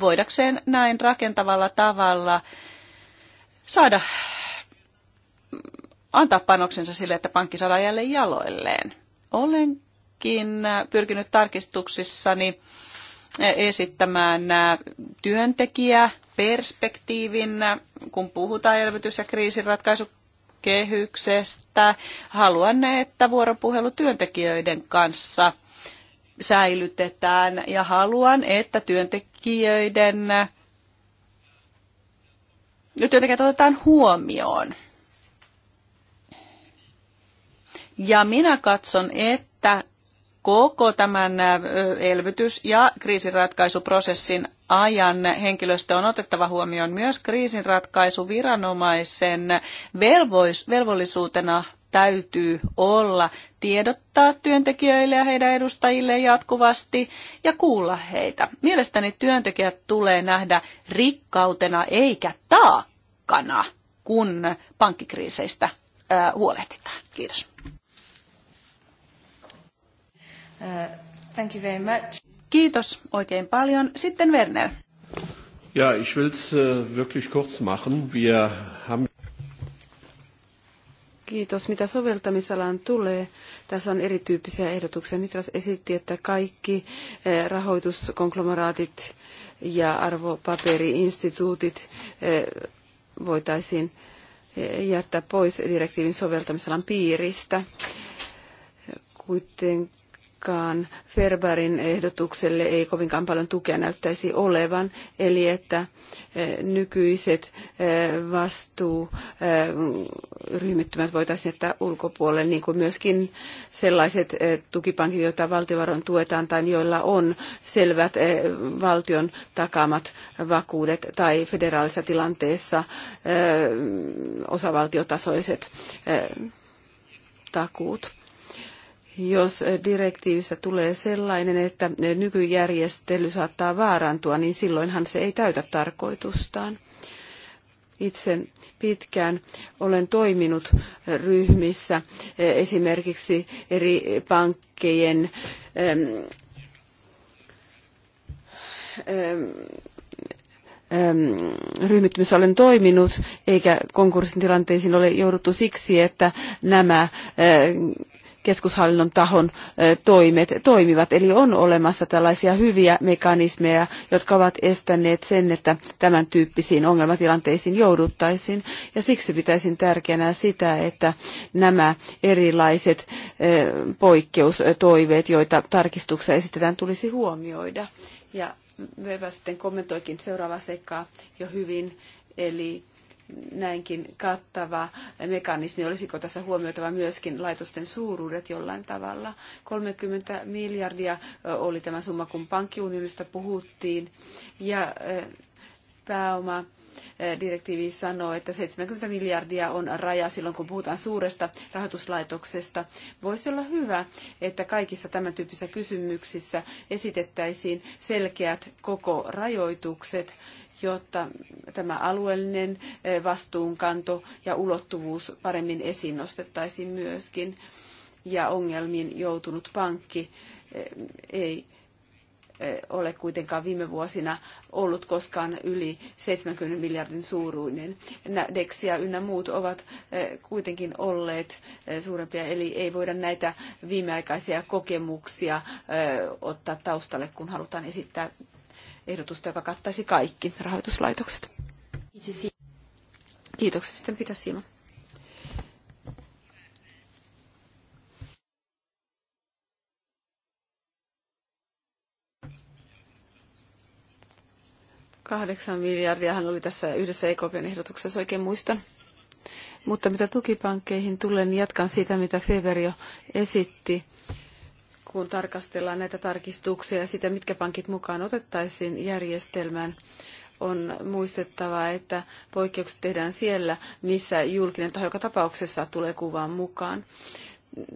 S2: voidakseen näin rakentavalla tavalla saada antaa panoksensa sille, että pankki saadaan jälleen jaloilleen. Olenkin pyrkinyt tarkistuksissani esittämään työntekijäperspektiivin, kun puhutaan elvytys- ja kriisinratkaisu kehyksestä. Haluan, että vuoropuhelu työntekijöiden kanssa säilytetään ja haluan, että työntekijöiden työntekijät otetaan huomioon. Ja minä katson, että koko tämän elvytys- ja kriisinratkaisuprosessin ajan henkilöstö on otettava huomioon myös kriisinratkaisuviranomaisen velvois, velvollisuutena täytyy olla tiedottaa työntekijöille ja heidän edustajille jatkuvasti ja kuulla heitä. Mielestäni työntekijät tulee nähdä rikkautena eikä taakkana, kun pankkikriiseistä huolehditaan. Kiitos. Uh, thank you very much. Kiitos oikein paljon. Sitten Werner.
S3: Ja, ich will's äh, wirklich kurz machen. Wir haben Kiitos. Mitä soveltamisalaan tulee? Tässä on erityyppisiä ehdotuksia. Nitras esitti, että kaikki äh, rahoituskonglomeraatit ja arvopaperiinstituutit äh, voitaisiin jättää pois direktiivin soveltamisalan piiristä. Kuitenkin kuitenkaan Ferberin ehdotukselle ei kovinkaan paljon tukea näyttäisi olevan, eli että eh, nykyiset eh, vastuuryhmittymät voitaisiin jättää ulkopuolelle, niin kuin myöskin sellaiset eh, tukipankit, joita valtiovaroin tuetaan tai joilla on selvät valtion takaamat vakuudet tai federaalisessa tilanteessa osavaltiotasoiset takuut jos direktiivissä tulee sellainen, että nykyjärjestely saattaa vaarantua, niin silloinhan se ei täytä tarkoitustaan. Itse pitkään olen toiminut ryhmissä esimerkiksi eri pankkejen ryhmittymissä olen toiminut, eikä konkurssin tilanteisiin ole jouduttu siksi, että nämä keskushallinnon tahon toimet toimivat. Eli on olemassa tällaisia hyviä mekanismeja, jotka ovat estäneet sen, että tämän tyyppisiin ongelmatilanteisiin jouduttaisiin. Ja siksi pitäisin tärkeänä sitä, että nämä erilaiset poikkeustoiveet, joita tarkistuksessa esitetään, tulisi huomioida. Ja Verva sitten kommentoikin seuraavaa seikkaa jo hyvin, eli näinkin kattava mekanismi. Olisiko tässä huomioitava myöskin laitosten suuruudet jollain tavalla? 30 miljardia oli tämä summa, kun pankkiunionista puhuttiin. Ja pääoma direktiivi sanoo, että 70 miljardia on raja silloin, kun puhutaan suuresta rahoituslaitoksesta. Voisi olla hyvä, että kaikissa tämän tyyppisissä kysymyksissä esitettäisiin selkeät koko rajoitukset jotta tämä alueellinen eh, vastuunkanto ja ulottuvuus paremmin esiin nostettaisiin myöskin. Ja ongelmiin joutunut pankki eh, ei eh, ole kuitenkaan viime vuosina ollut koskaan yli 70 miljardin suuruinen. Dexia ynnä muut ovat kuitenkin olleet suurempia, eli ei voida näitä viimeaikaisia kokemuksia ottaa taustalle, kun halutaan esittää ehdotusta, joka kattaisi kaikki rahoituslaitokset. Kiitoksia sitten Pitä Siima. Kahdeksan miljardiahan oli tässä yhdessä EKPn ehdotuksessa, oikein muistan. Mutta mitä tukipankkeihin tulee, niin jatkan siitä, mitä Feber jo esitti kun tarkastellaan näitä tarkistuksia ja sitä, mitkä pankit mukaan otettaisiin järjestelmään, on muistettava, että poikkeukset tehdään siellä, missä julkinen taho joka tapauksessa tulee kuvaan mukaan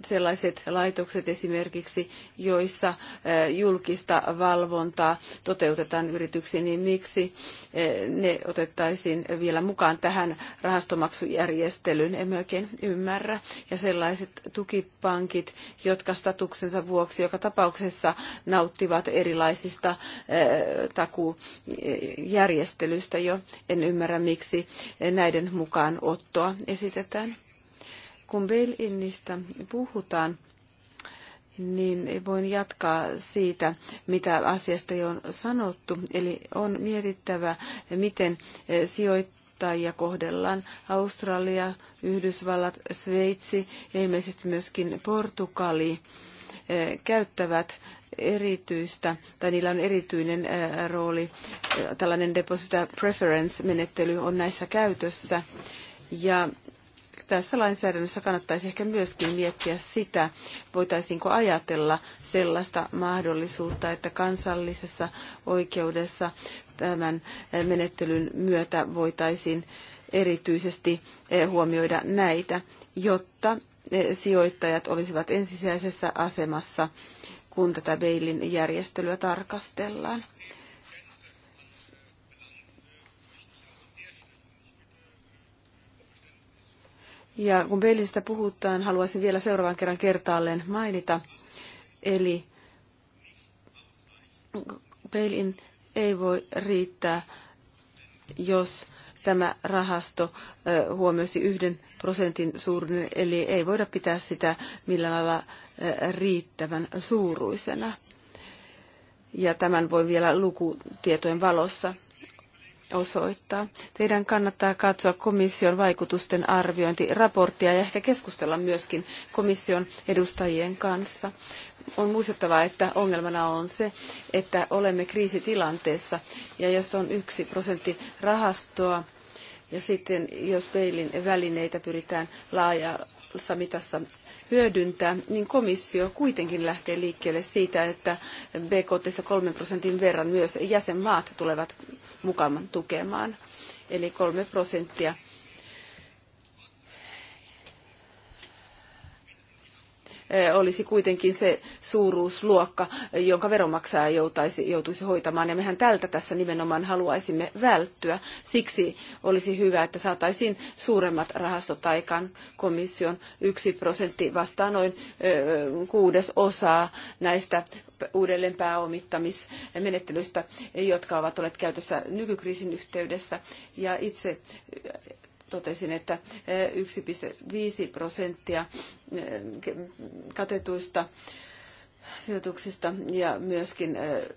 S3: sellaiset laitokset esimerkiksi, joissa julkista valvontaa toteutetaan yrityksiin, niin miksi ne otettaisiin vielä mukaan tähän rahastomaksujärjestelyyn, En oikein ymmärrä. Ja sellaiset tukipankit, jotka statuksensa vuoksi joka tapauksessa nauttivat erilaisista takujärjestelyistä jo, en ymmärrä miksi näiden mukaan ottoa esitetään. Kun bail-innistä puhutaan, niin voin jatkaa siitä, mitä asiasta jo on sanottu. Eli on mietittävä, miten eh, sijoittajia kohdellaan. Australia, Yhdysvallat, Sveitsi ja ilmeisesti myöskin Portugali eh, käyttävät erityistä, tai niillä on erityinen eh, rooli. Tällainen deposit preference-menettely on näissä käytössä. Ja tässä lainsäädännössä kannattaisi ehkä myöskin miettiä sitä, voitaisiinko ajatella sellaista mahdollisuutta, että kansallisessa oikeudessa tämän menettelyn myötä voitaisiin erityisesti eh, huomioida näitä, jotta eh, sijoittajat olisivat ensisijaisessa asemassa, kun tätä Beilin järjestelyä tarkastellaan. Ja kun Belistä puhutaan, haluaisin vielä seuraavan kerran kertaalleen mainita. Eli peilin ei voi riittää, jos tämä rahasto huomioisi yhden prosentin suuruinen, eli ei voida pitää sitä millään lailla riittävän suuruisena. Ja tämän voi vielä lukutietojen valossa osoittaa. Teidän kannattaa katsoa komission vaikutusten arviointiraporttia ja ehkä keskustella myöskin komission edustajien kanssa. On muistettava, että ongelmana on se, että olemme kriisitilanteessa ja jos on yksi prosentti rahastoa ja sitten jos peilin välineitä pyritään laajassa mitassa hyödyntää, niin komissio kuitenkin lähtee liikkeelle siitä, että BKT 3 prosentin verran myös jäsenmaat tulevat mukaan tukemaan. Eli kolme prosenttia olisi kuitenkin se suuruusluokka, jonka veronmaksaja joutaisi, joutuisi hoitamaan. Ja mehän tältä tässä nimenomaan haluaisimme välttyä. Siksi olisi hyvä, että saataisiin suuremmat rahastot aikaan komission yksi prosentti vastaan noin kuudes osaa näistä uudelleen pääomittamismenettelyistä, jotka ovat olleet käytössä nykykriisin yhteydessä. Ja itse totesin, että 1,5 eh, prosenttia eh, katetuista sijoituksista ja myöskin eh,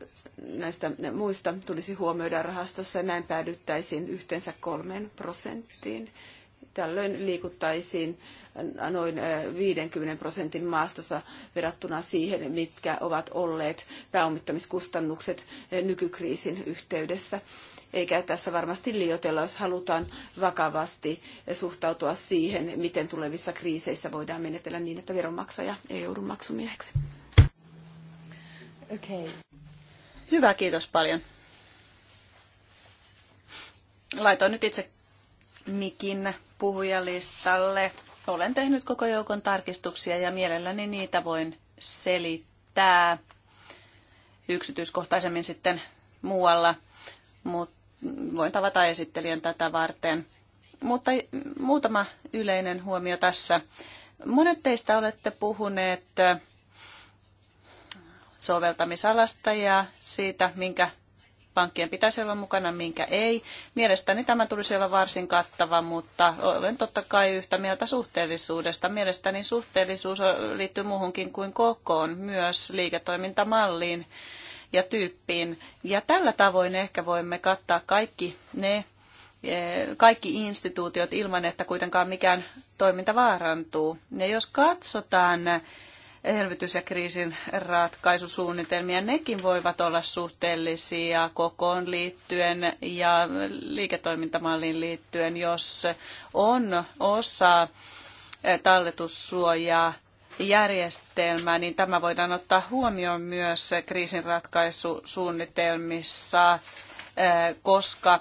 S3: näistä muista tulisi huomioida rahastossa ja näin päädyttäisiin yhteensä kolmeen prosenttiin. Tällöin liikuttaisiin noin 50 prosentin maastossa verrattuna siihen, mitkä ovat olleet pääomittamiskustannukset nykykriisin yhteydessä eikä tässä varmasti liioitella, jos halutaan vakavasti suhtautua siihen, miten tulevissa kriiseissä voidaan menetellä niin, että veronmaksaja ei joudu maksumieheksi.
S2: Okay. Hyvä, kiitos paljon. Laitoin nyt itse mikin puhujalistalle. Olen tehnyt koko joukon tarkistuksia ja mielelläni niitä voin selittää yksityiskohtaisemmin sitten muualla. Mutta voin tavata esittelijän tätä varten. Mutta muutama yleinen huomio tässä. Monet teistä olette puhuneet soveltamisalasta ja siitä, minkä pankkien pitäisi olla mukana, minkä ei. Mielestäni tämä tulisi olla varsin kattava, mutta olen totta kai yhtä mieltä suhteellisuudesta. Mielestäni suhteellisuus liittyy muuhunkin kuin kokoon, myös liiketoimintamalliin ja tyyppiin. Ja tällä tavoin ehkä voimme kattaa kaikki ne eh, kaikki instituutiot ilman, että kuitenkaan mikään toiminta vaarantuu. Ja jos katsotaan eh, elvytys- ja kriisin ratkaisusuunnitelmia, nekin voivat olla suhteellisia kokoon liittyen ja liiketoimintamalliin liittyen, jos on osa eh, talletussuojaa järjestelmää, niin tämä voidaan ottaa huomioon myös kriisinratkaisusuunnitelmissa, koska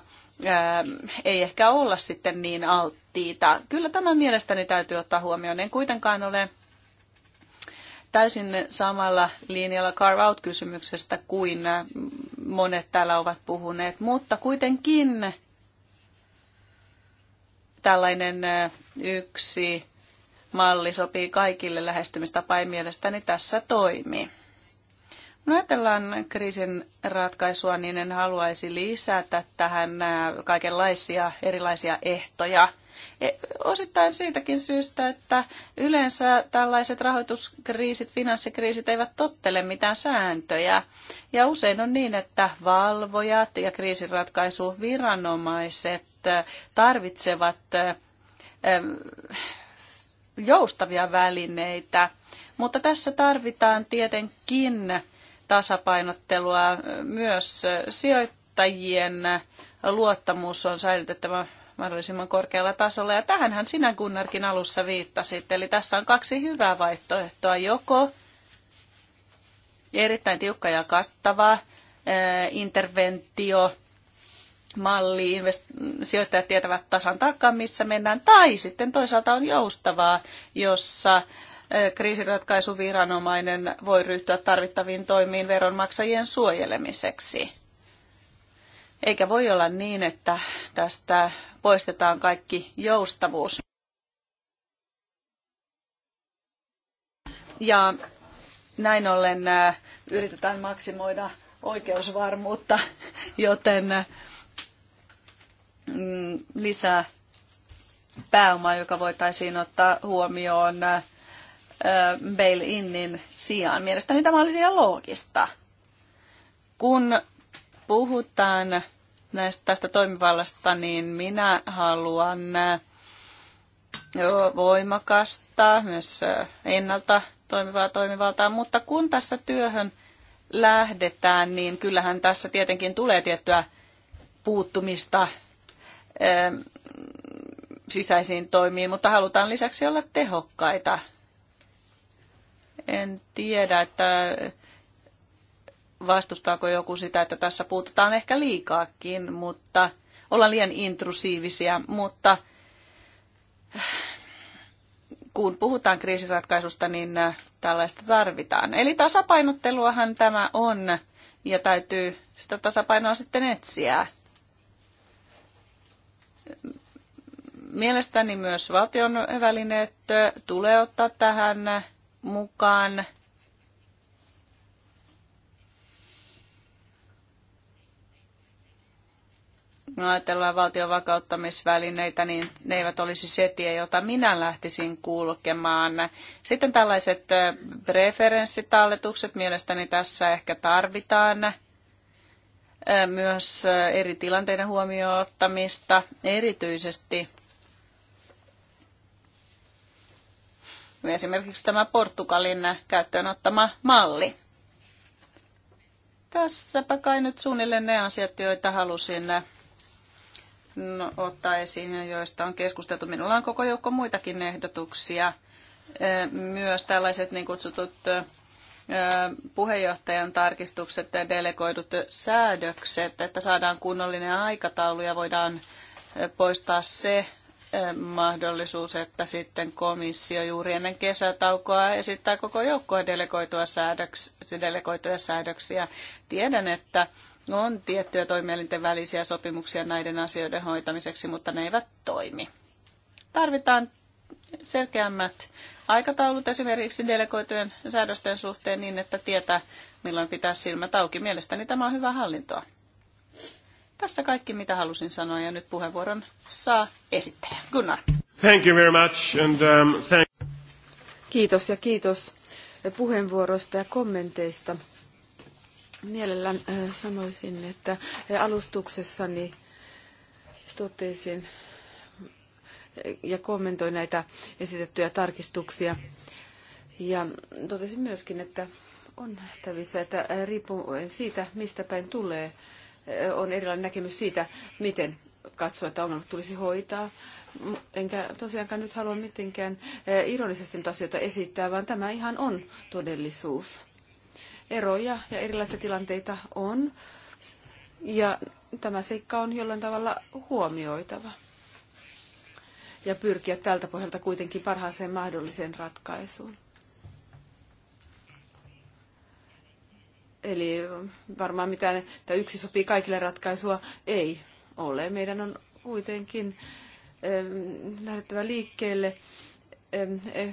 S2: ei ehkä olla sitten niin alttiita. Kyllä tämä mielestäni täytyy ottaa huomioon. En kuitenkaan ole täysin samalla linjalla carve out-kysymyksestä kuin monet täällä ovat puhuneet, mutta kuitenkin tällainen yksi malli sopii kaikille lähestymistapa ei mielestäni tässä toimii. No ajatellaan kriisin ratkaisua, niin en haluaisi lisätä tähän kaikenlaisia erilaisia ehtoja. E, osittain siitäkin syystä, että yleensä tällaiset rahoituskriisit, finanssikriisit eivät tottele mitään sääntöjä. Ja usein on niin, että valvojat ja kriisinratkaisuviranomaiset tarvitsevat joustavia välineitä, mutta tässä tarvitaan tietenkin tasapainottelua myös sijoittajien luottamus on säilytettävä mahdollisimman korkealla tasolla. Ja tähänhän sinä Gunnarkin alussa viittasit. Eli tässä on kaksi hyvää vaihtoehtoa. Joko erittäin tiukka ja kattava eh, interventio malli, invest- sijoittajat tietävät tasan tarkkaan, missä mennään, tai sitten toisaalta on joustavaa, jossa kriisiratkaisuviranomainen voi ryhtyä tarvittaviin toimiin veronmaksajien suojelemiseksi. Eikä voi olla niin, että tästä poistetaan kaikki joustavuus. Ja näin ollen yritetään maksimoida oikeusvarmuutta, joten Mm, lisää pääomaa, joka voitaisiin ottaa huomioon äh, bail-innin sijaan. Mielestäni tämä olisi ihan loogista. Kun puhutaan näistä, tästä toimivallasta, niin minä haluan äh, voimakasta, myös äh, ennalta toimivaa toimivaltaa, mutta kun tässä työhön lähdetään, niin kyllähän tässä tietenkin tulee tiettyä puuttumista sisäisiin toimiin, mutta halutaan lisäksi olla tehokkaita. En tiedä, että vastustaako joku sitä, että tässä puututaan ehkä liikaakin, mutta olla liian intrusiivisia, mutta kun puhutaan kriisiratkaisusta, niin tällaista tarvitaan. Eli tasapainotteluahan tämä on ja täytyy sitä tasapainoa sitten etsiä. Mielestäni myös valtion välineet tulee ottaa tähän mukaan. kun no, ajatellaan valtion vakauttamisvälineitä, niin ne eivät olisi se tie, jota minä lähtisin kulkemaan. Sitten tällaiset eh, preferenssitalletukset mielestäni tässä ehkä tarvitaan myös eri tilanteiden huomioon ottamista, erityisesti esimerkiksi tämä Portugalin käyttöön ottama malli. Tässäpä kai nyt suunnilleen ne asiat, joita halusin no, ottaa esiin ja joista on keskusteltu. Minulla on koko joukko muitakin ehdotuksia, myös tällaiset niin kutsutut puheenjohtajan tarkistukset ja delegoidut säädökset, että saadaan kunnollinen aikataulu ja voidaan poistaa se mahdollisuus, että sitten komissio juuri ennen kesätaukoa esittää koko joukkoa delegoitua säädöksiä, delegoituja säädöksiä. Tiedän, että on tiettyjä toimielinten välisiä sopimuksia näiden asioiden hoitamiseksi, mutta ne eivät toimi. Tarvitaan selkeämmät aikataulut esimerkiksi delegoitujen säädösten suhteen niin, että tietää, milloin pitää silmät auki. Mielestäni tämä on hyvä hallintoa. Tässä kaikki, mitä halusin sanoa, ja nyt puheenvuoron saa esittää.
S3: Gunnar.
S1: Thank you very much, and, um, thank...
S3: Kiitos ja kiitos puheenvuorosta ja kommenteista. Mielellään äh, sanoisin, että alustuksessani totesin, ja kommentoi näitä esitettyjä tarkistuksia. Ja totesin myöskin, että on nähtävissä, että riippuen siitä, mistä päin tulee, on erilainen näkemys siitä, miten katsoa, että ongelmat tulisi hoitaa. Enkä tosiaankaan nyt halua mitenkään eh, ironisesti nyt asioita esittää, vaan tämä ihan on todellisuus. Eroja ja erilaisia tilanteita on, ja tämä seikka on jollain tavalla huomioitava ja pyrkiä tältä pohjalta kuitenkin parhaaseen mahdolliseen ratkaisuun. Eli varmaan mitään, että yksi sopii kaikille ratkaisua, ei ole. Meidän on kuitenkin lähdettävä liikkeelle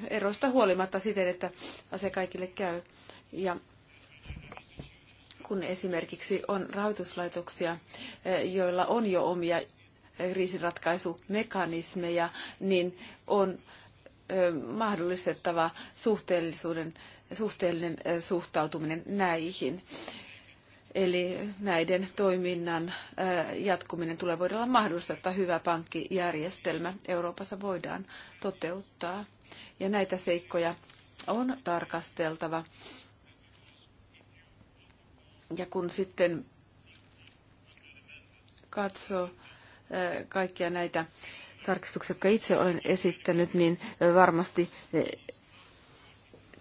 S3: eroista huolimatta siten, että se kaikille käy. Ja kun esimerkiksi on rahoituslaitoksia, eh, joilla on jo omia kriisinratkaisumekanismeja, niin on mahdollistettava suhteellisuuden, suhteellinen suhtautuminen näihin. Eli näiden toiminnan jatkuminen tulee voida olla mahdollista, että hyvä pankkijärjestelmä Euroopassa voidaan toteuttaa. Ja näitä seikkoja on tarkasteltava. Ja kun sitten katsoo kaikkia näitä tarkistuksia, jotka itse olen esittänyt, niin varmasti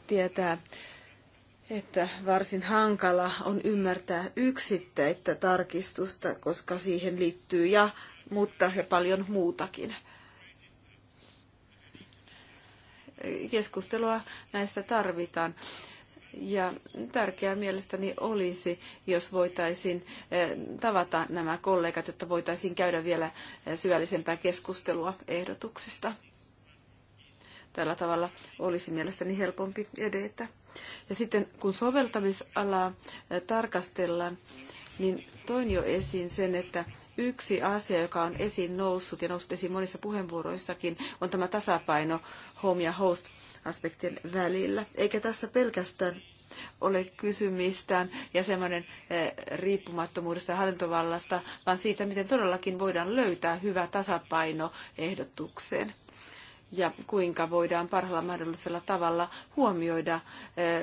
S3: tietää, että varsin hankala on ymmärtää yksittäistä tarkistusta, koska siihen liittyy ja mutta ja paljon muutakin. Keskustelua näistä tarvitaan ja tärkeää mielestäni olisi, jos voitaisiin eh, tavata nämä kollegat, jotta voitaisiin käydä vielä eh, syvällisempää keskustelua ehdotuksista. Tällä tavalla olisi mielestäni helpompi edetä. Ja sitten kun soveltamisalaa eh, tarkastellaan, niin toin jo esiin sen, että Yksi asia, joka on esiin noussut ja noussut esiin monissa puheenvuoroissakin, on tämä tasapaino home ja host aspektien välillä. Eikä tässä pelkästään ole kysymistään jäsenmaiden eh, riippumattomuudesta ja hallintovallasta, vaan siitä, miten todellakin voidaan löytää hyvä tasapaino ehdotukseen ja kuinka voidaan parhaalla mahdollisella tavalla huomioida eh,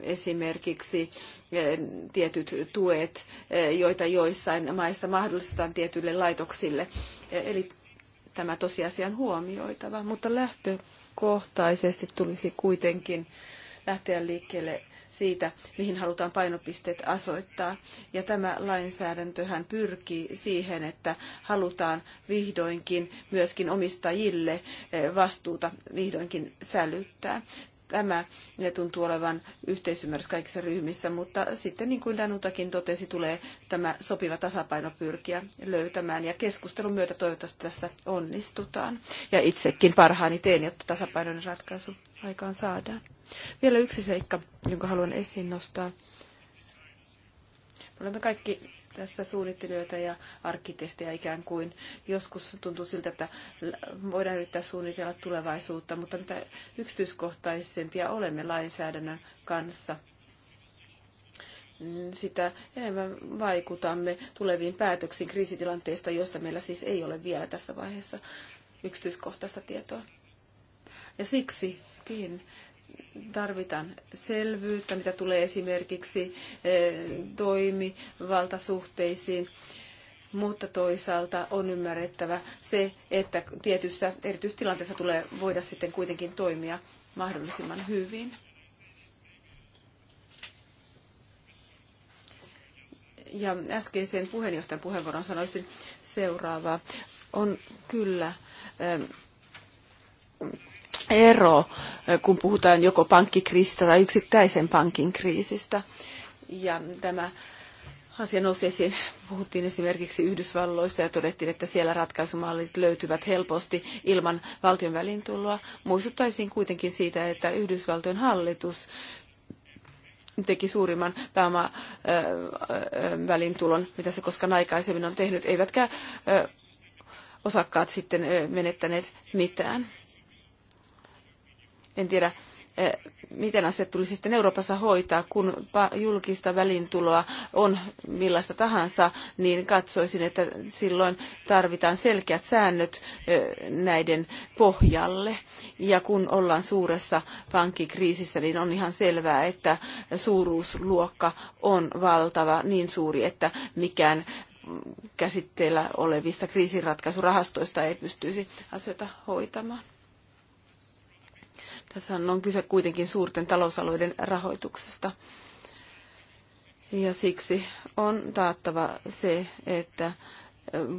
S3: esimerkiksi eh, tietyt tuet, eh, joita joissain maissa mahdollistetaan tietyille laitoksille. Eli tämä tosiasia on huomioitava, mutta lähtökohtaisesti tulisi kuitenkin lähteä liikkeelle siitä, mihin halutaan painopisteet asoittaa. Ja tämä lainsäädäntöhän pyrkii siihen, että halutaan vihdoinkin myöskin omistajille eh, vastuuta vihdoinkin sälyttää tämä tuntuu olevan yhteisymmärrys kaikissa ryhmissä, mutta sitten niin kuin Danutakin totesi, tulee tämä sopiva tasapaino pyrkiä löytämään ja keskustelun myötä toivottavasti tässä onnistutaan. Ja itsekin parhaani teen, jotta tasapainoinen ratkaisu aikaan saadaan. Vielä yksi seikka, jonka haluan esiin nostaa. Olemme kaikki tässä suunnittelijoita ja arkkitehtejä ikään kuin. Joskus tuntuu siltä, että voidaan yrittää suunnitella tulevaisuutta, mutta mitä yksityiskohtaisempia olemme lainsäädännön kanssa, sitä enemmän vaikutamme tuleviin päätöksiin kriisitilanteista, joista meillä siis ei ole vielä tässä vaiheessa yksityiskohtaista tietoa. Ja siksikin tarvitaan selvyyttä, mitä tulee esimerkiksi eh, toimivaltasuhteisiin mutta toisaalta on ymmärrettävä se, että tietyssä erityistilanteessa tulee voida sitten kuitenkin toimia mahdollisimman hyvin. Ja äskeiseen puheenjohtajan puheenvuoron sanoisin seuraavaa. On kyllä eh, ero, eh, kun puhutaan joko pankkikriisistä tai yksittäisen pankin kriisistä. Ja tämä asia nousi esiin. Puhuttiin esimerkiksi Yhdysvalloissa ja todettiin, että siellä ratkaisumallit löytyvät helposti ilman valtion välintuloa. Muistuttaisin kuitenkin siitä, että Yhdysvaltojen hallitus teki suurimman pääomavälintulon, eh, eh, mitä se koskaan aikaisemmin on tehnyt, eivätkä osakkaat sitten menettäneet mitään. En tiedä, eh, miten asiat tulisi sitten Euroopassa hoitaa, kun julkista välintuloa on millaista tahansa, niin katsoisin, että silloin tarvitaan selkeät säännöt eh, näiden pohjalle. Ja kun ollaan suuressa pankkikriisissä, niin on ihan selvää, että suuruusluokka on valtava, niin suuri, että mikään käsitteellä olevista kriisinratkaisurahastoista ei pystyisi asioita hoitamaan. Tässä on kyse kuitenkin suurten talousalueiden rahoituksesta. Ja siksi on taattava se, että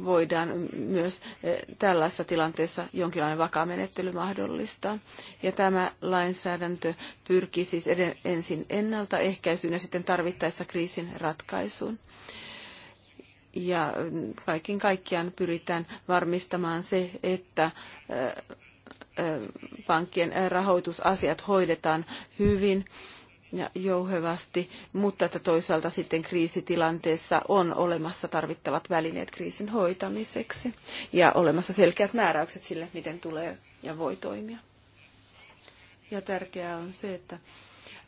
S3: voidaan myös e, tällaisessa tilanteessa jonkinlainen vakaa menettely mahdollistaa. Ja tämä lainsäädäntö pyrkii siis ensin ennaltaehkäisyyn ja sitten tarvittaessa kriisin ratkaisuun. Ja kaiken kaikkiaan pyritään varmistamaan se, että e, pankkien rahoitusasiat hoidetaan hyvin ja jouhevasti, mutta että toisaalta sitten kriisitilanteessa on olemassa tarvittavat välineet kriisin hoitamiseksi ja olemassa selkeät määräykset sille, miten tulee ja voi toimia. Ja tärkeää on se, että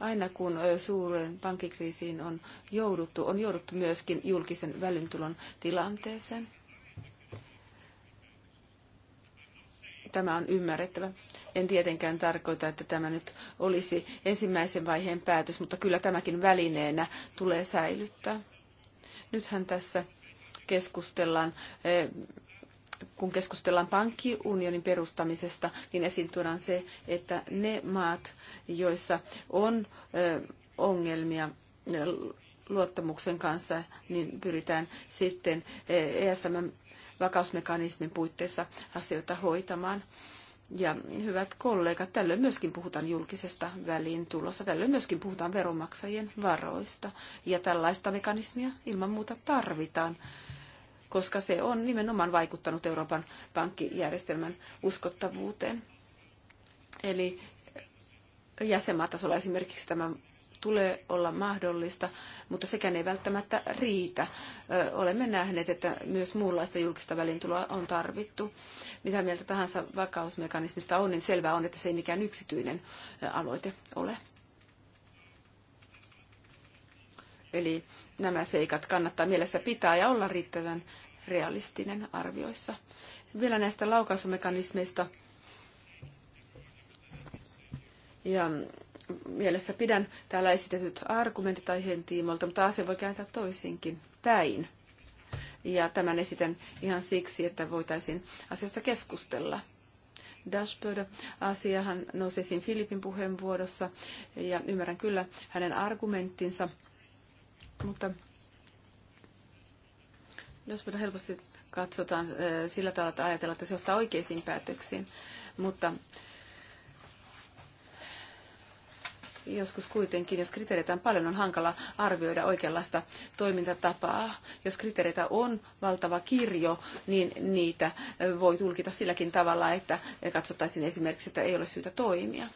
S3: aina kun suuren pankkikriisiin on jouduttu, on jouduttu myöskin julkisen välintulon tilanteeseen. Tämä on ymmärrettävä. En tietenkään tarkoita, että tämä nyt olisi ensimmäisen vaiheen päätös, mutta kyllä tämäkin välineenä tulee säilyttää. Nythän tässä keskustellaan eh, kun keskustellaan pankkiunionin perustamisesta, niin esiin tuodaan se, että ne maat, joissa on eh, ongelmia eh, luottamuksen kanssa, niin pyritään sitten ESM e vakausmekanismin puitteissa asioita hoitamaan. Ja hyvät kollegat, tällöin myöskin puhutaan julkisesta tulossa, tällöin myöskin puhutaan veronmaksajien varoista. Ja tällaista mekanismia ilman muuta tarvitaan, koska se on nimenomaan vaikuttanut Euroopan pankkijärjestelmän uskottavuuteen. Eli jäsenmaatasolla esimerkiksi tämä tulee olla mahdollista, mutta sekään ei välttämättä riitä. Olemme nähneet, että myös muunlaista julkista välintuloa on tarvittu. Mitä mieltä tahansa vakausmekanismista on, niin selvää on, että se ei mikään yksityinen aloite ole. Eli nämä seikat kannattaa mielessä pitää ja olla riittävän realistinen arvioissa. Vielä näistä laukaisumekanismeista ja mielessä pidän täällä esitetyt argumentit aiheen tiimoilta, mutta asia voi kääntää toisinkin päin. Ja tämän esitän ihan siksi, että voitaisiin asiasta keskustella. Dashboard-asiahan nousi esiin Filipin puheenvuorossa ja ymmärrän kyllä hänen argumenttinsa, mutta Dashboard helposti katsotaan sillä tavalla, että ajatellaan, että se ottaa oikeisiin päätöksiin, mutta joskus kuitenkin, jos kriteereitä on paljon, on hankala arvioida oikeanlaista toimintatapaa. Jos kriteereitä on valtava kirjo, niin niitä voi tulkita silläkin tavalla, että katsottaisiin esimerkiksi, että ei ole syytä toimia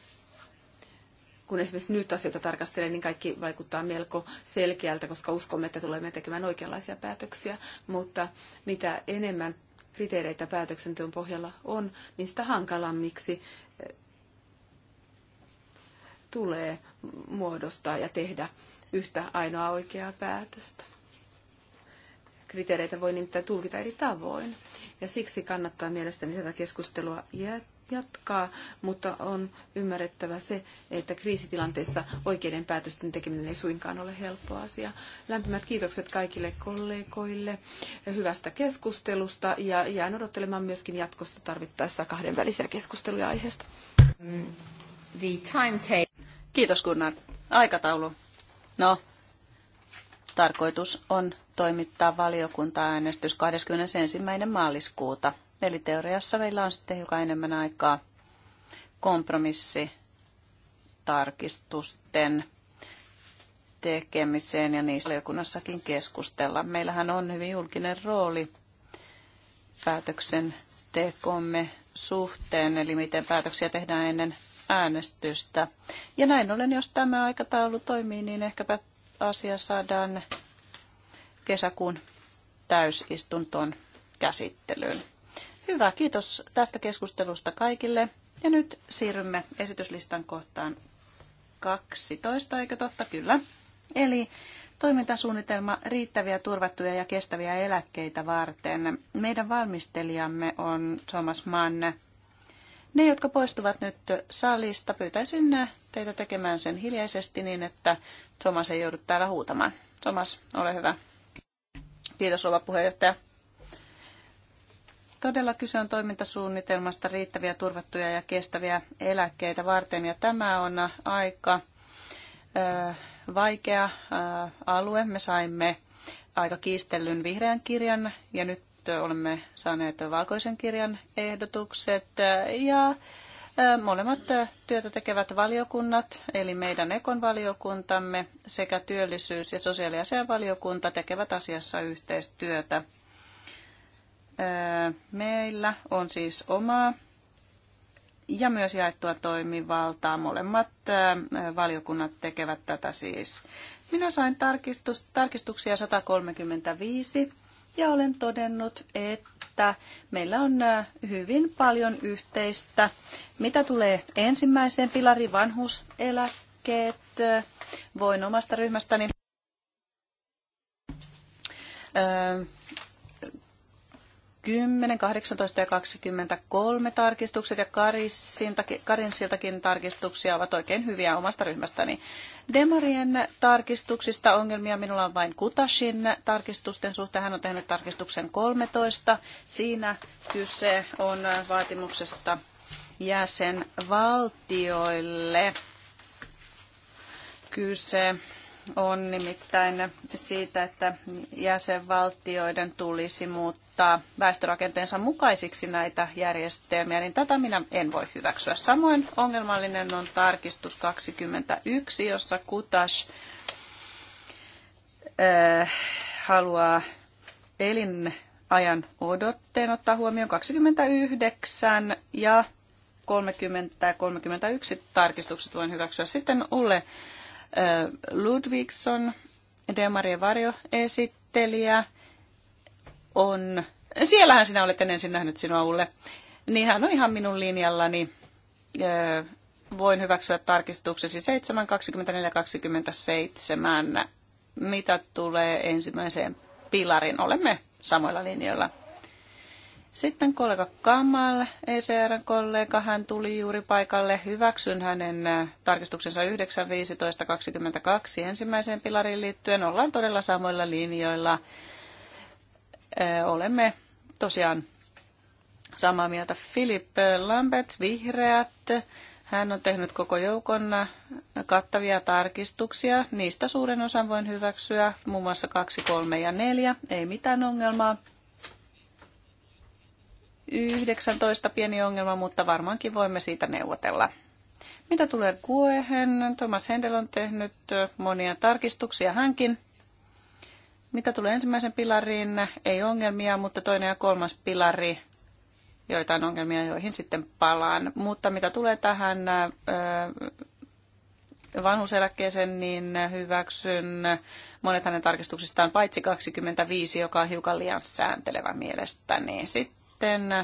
S3: kun esimerkiksi nyt asioita tarkastelee, niin kaikki vaikuttaa melko selkeältä, koska uskomme, että tulemme tekemään oikeanlaisia päätöksiä. Mutta mitä enemmän kriteereitä päätöksenteon pohjalla on, niin sitä hankalammiksi tulee muodostaa ja tehdä yhtä ainoa oikeaa päätöstä. Kriteereitä voi nimittäin tulkita eri tavoin. Ja siksi kannattaa mielestäni tätä keskustelua jatkaa, mutta on ymmärrettävä se, että kriisitilanteessa oikeiden päätösten tekeminen ei suinkaan ole helppo asia. Lämpimät kiitokset kaikille kollegoille hyvästä keskustelusta ja jään odottelemaan myöskin jatkossa tarvittaessa kahdenvälisiä keskusteluja aiheesta. The time Kiitos Gunnar.
S2: Aikataulu. No, tarkoitus on toimittaa valiokunta-äänestys 21. maaliskuuta. Eli teoriassa meillä on sitten hiukan enemmän aikaa kompromissitarkistusten tekemiseen ja niissä valiokunnassakin keskustella. Meillähän on hyvin julkinen rooli päätöksen tekomme suhteen, eli miten päätöksiä tehdään ennen äänestystä. Ja näin ollen, jos tämä aikataulu toimii, niin ehkäpä asia saadaan kesäkuun täysistuntoon käsittelyyn. Hyvä, kiitos tästä keskustelusta kaikille. Ja nyt siirrymme esityslistan kohtaan 12, eikö totta? Kyllä. Eli toimintasuunnitelma riittäviä, turvattuja ja kestäviä eläkkeitä varten. Meidän valmistelijamme on Thomas Mann. Ne, jotka poistuvat nyt salista, pyytäisin teitä tekemään sen hiljaisesti niin, että Thomas ei joudu täällä huutamaan. Thomas, ole hyvä. Kiitos, rouva puheenjohtaja. Todella kyse on toimintasuunnitelmasta riittäviä, turvattuja ja kestäviä eläkkeitä varten. Ja tämä on aika vaikea alue. Me saimme aika kiistellyn vihreän kirjan ja nyt olemme saaneet valkoisen kirjan ehdotukset ja Molemmat työtä tekevät valiokunnat, eli meidän ekon valiokuntamme sekä työllisyys- ja sosiaaliasianvaliokunta tekevät asiassa yhteistyötä. Meillä on siis omaa ja myös jaettua toimivaltaa. Molemmat valiokunnat tekevät tätä siis. Minä sain tarkistuksia 135 ja olen todennut, että meillä on äh, hyvin paljon yhteistä. Mitä tulee ensimmäiseen pilari vanhuseläkkeet. Äh, voin omasta ryhmästäni äh, 10, 18 ja 23 tarkistukset ja Karinsiltakin tarkistuksia ovat oikein hyviä omasta ryhmästäni. Demarien tarkistuksista ongelmia minulla on vain Kutashin tarkistusten suhteen. Hän on tehnyt tarkistuksen 13. Siinä kyse on vaatimuksesta jäsenvaltioille. Kyse on nimittäin siitä, että jäsenvaltioiden tulisi muuttaa muuttaa väestörakenteensa mukaisiksi näitä järjestelmiä, niin tätä minä en voi hyväksyä. Samoin ongelmallinen on tarkistus 21, jossa Kutas äh, haluaa elinajan odotteen ottaa huomioon 29 ja 30 ja 31 tarkistukset voin hyväksyä. Sitten Ulle äh, Ludvigsson, Demarien varjoesittelijä, on, siellähän sinä olet ensin nähnyt sinua Ulle, niin hän on ihan minun linjallani. Voin hyväksyä tarkistuksesi 7.24.27. Mitä tulee ensimmäiseen pilarin, olemme samoilla linjoilla. Sitten kollega Kamal, ECR-kollega, hän tuli juuri paikalle. Hyväksyn hänen tarkistuksensa 9.15.22 ensimmäiseen pilariin liittyen. Ollaan todella samoilla linjoilla olemme tosiaan samaa mieltä. Philip Lambert, vihreät, hän on tehnyt koko joukon kattavia tarkistuksia. Niistä suuren osan voin hyväksyä, muun muassa kaksi, kolme ja neljä. Ei mitään ongelmaa. 19 pieni ongelma, mutta varmaankin voimme siitä neuvotella. Mitä tulee Kuehen, Thomas Hendel on tehnyt monia tarkistuksia hänkin. Mitä tulee ensimmäisen pilariin, ei ongelmia, mutta toinen ja kolmas pilari, joita on ongelmia, joihin sitten palaan. Mutta mitä tulee tähän vanhuseläkkeeseen, niin hyväksyn monet hänen tarkistuksistaan, paitsi 25, joka on hiukan liian sääntelevä mielestäni. Sitten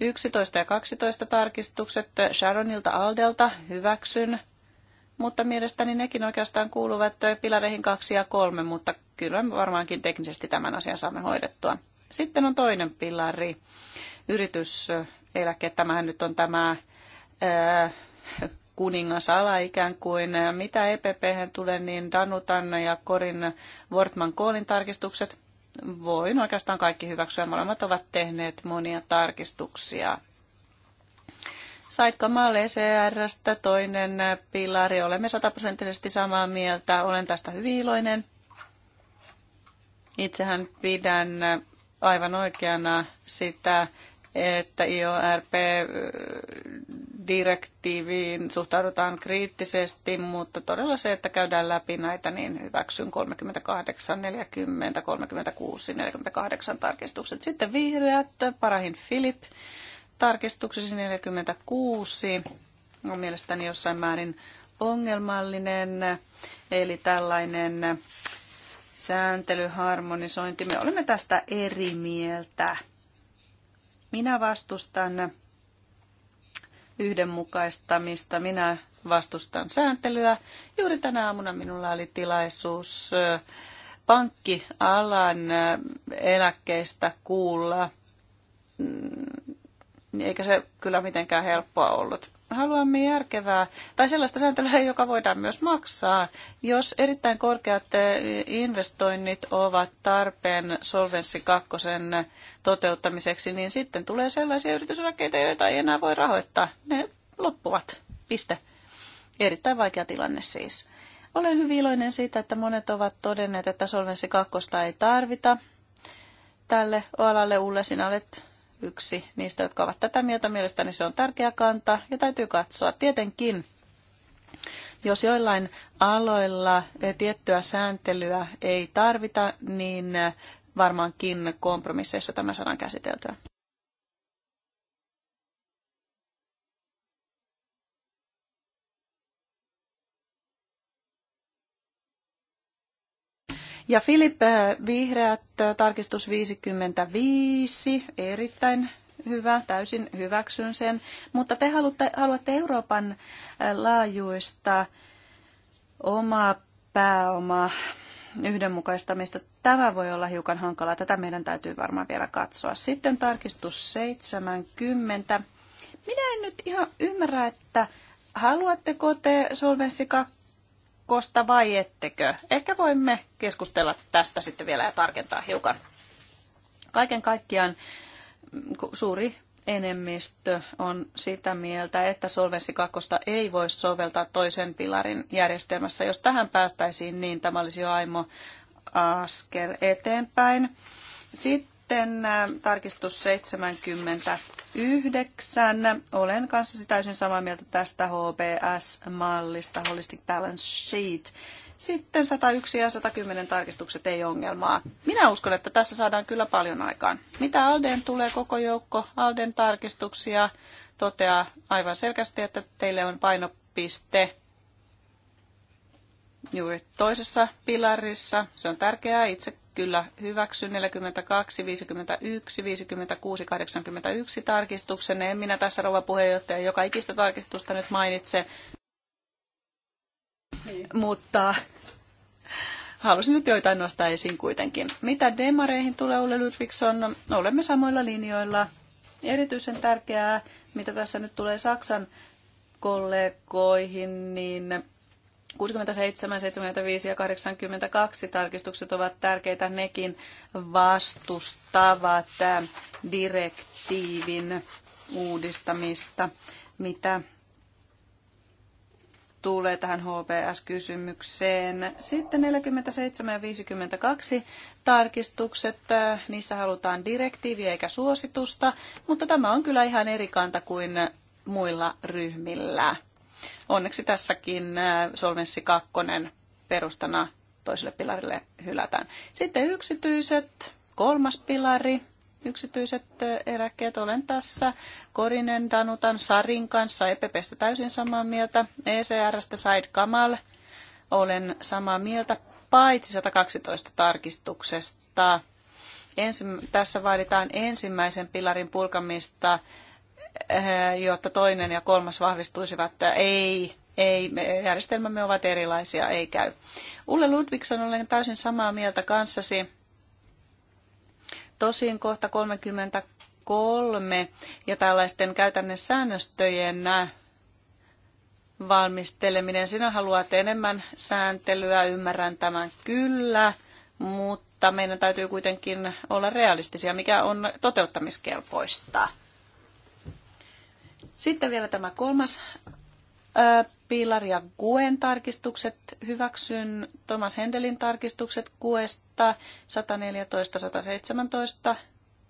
S2: 11 ja 12 tarkistukset Sharonilta Aldelta hyväksyn mutta mielestäni nekin oikeastaan kuuluvat pilareihin kaksi ja kolme, mutta kyllä me varmaankin teknisesti tämän asian saamme hoidettua. Sitten on toinen pilari, yrityseläke. Tämähän nyt on tämä ää, äh, kuningasala ikään kuin. Mitä epp tulee, niin Danutan ja Korin Wortman Koolin tarkistukset voin oikeastaan kaikki hyväksyä. Molemmat ovat tehneet monia tarkistuksia Saitko Kamal ECRstä, toinen pilari. Olemme sataprosenttisesti samaa mieltä. Olen tästä hyvin iloinen. Itsehän pidän aivan oikeana sitä, että IORP-direktiiviin suhtaudutaan kriittisesti, mutta todella se, että käydään läpi näitä, niin hyväksyn 38, 40, 36, 48 tarkistukset. Sitten vihreät, Parahin Filip tarkistuksesi 46 on mielestäni jossain määrin ongelmallinen, eli tällainen sääntelyharmonisointi. Me olemme tästä eri mieltä. Minä vastustan yhdenmukaistamista, minä vastustan sääntelyä. Juuri tänä aamuna minulla oli tilaisuus pankkialan eläkkeistä kuulla mm, niin eikä se kyllä mitenkään helppoa ollut. Haluamme järkevää tai sellaista sääntelyä, joka voidaan myös maksaa, jos erittäin korkeat eh, investoinnit ovat tarpeen solvenssi kakkosen toteuttamiseksi, niin sitten tulee sellaisia yritysrakenteita, joita ei enää voi rahoittaa. Ne loppuvat. Piste. Erittäin vaikea tilanne siis. Olen hyvin iloinen siitä, että monet ovat todenneet, että solvenssi kakkosta ei tarvita. Tälle alalle Ulle, sinä olet yksi niistä, jotka ovat tätä mieltä. Mielestäni se on tärkeä kanta ja täytyy katsoa tietenkin jos joillain aloilla tiettyä sääntelyä ei tarvita, niin varmaankin kompromisseissa tämä saadaan käsiteltyä. Ja Filip äh, Vihreät, äh, tarkistus 55, erittäin hyvä, täysin hyväksyn sen. Mutta te haluatte, haluatte Euroopan äh, laajuista omaa pääomaa yhdenmukaistamista. Tämä voi olla hiukan hankalaa. Tätä meidän täytyy varmaan vielä katsoa. Sitten tarkistus 70. Minä en nyt ihan ymmärrä, että haluatteko te Solvenssi 2 pakosta vai ettekö? Ehkä voimme keskustella tästä sitten vielä ja tarkentaa hiukan. Kaiken kaikkiaan mm, suuri enemmistö on sitä mieltä, että Solvenssi 2 ei voi soveltaa toisen pilarin järjestelmässä. Jos tähän päästäisiin, niin tämä olisi jo aimo askel eteenpäin. Sitten sitten tarkistus 79. Olen kanssasi täysin samaa mieltä tästä HBS-mallista, Holistic Balance Sheet. Sitten 101 ja 110 tarkistukset ei ongelmaa. Minä uskon, että tässä saadaan kyllä paljon aikaan. Mitä Alden tulee koko joukko Alden tarkistuksia, toteaa aivan selkeästi, että teille on painopiste juuri toisessa pilarissa. Se on tärkeää. Itse kyllä hyväksy 42, 51, 56, 81 tarkistuksen. En minä tässä rouva puheenjohtaja joka ikistä tarkistusta nyt mainitse. Niin. Mutta halusin nyt joitain nostaa esiin kuitenkin. Mitä demareihin tulee Ulle Ludvigsson? Olemme samoilla linjoilla. Erityisen tärkeää, mitä tässä nyt tulee Saksan kollegoihin, niin 67, 75 ja 82 tarkistukset ovat tärkeitä. Nekin vastustavat direktiivin uudistamista, mitä tulee tähän HPS-kysymykseen. Sitten 47 ja 52 tarkistukset. Niissä halutaan direktiiviä eikä suositusta, mutta tämä on kyllä ihan eri kanta kuin muilla ryhmillä Onneksi tässäkin äh, Solvenssi 2 perustana toiselle pilarille hylätään. Sitten yksityiset, kolmas pilari, yksityiset äh, eläkkeet. Olen tässä Korinen Danutan Sarin kanssa, EPPstä täysin samaa mieltä, ECRstä Said Kamal. Olen samaa mieltä paitsi 112 tarkistuksesta. Ensi, tässä vaaditaan ensimmäisen pilarin purkamista Eh, jotta toinen ja kolmas vahvistuisivat, että ei, ei, järjestelmämme ovat erilaisia, ei käy. Ulle Ludvigson olen täysin samaa mieltä kanssasi. Tosin kohta 33 ja tällaisten käytännön säännöstöjen valmisteleminen. Sinä haluat enemmän sääntelyä, ymmärrän tämän kyllä, mutta meidän täytyy kuitenkin olla realistisia, mikä on toteuttamiskelpoista. Sitten vielä tämä kolmas Pilari ja Guen tarkistukset. Hyväksyn Thomas Hendelin tarkistukset Guesta 114-117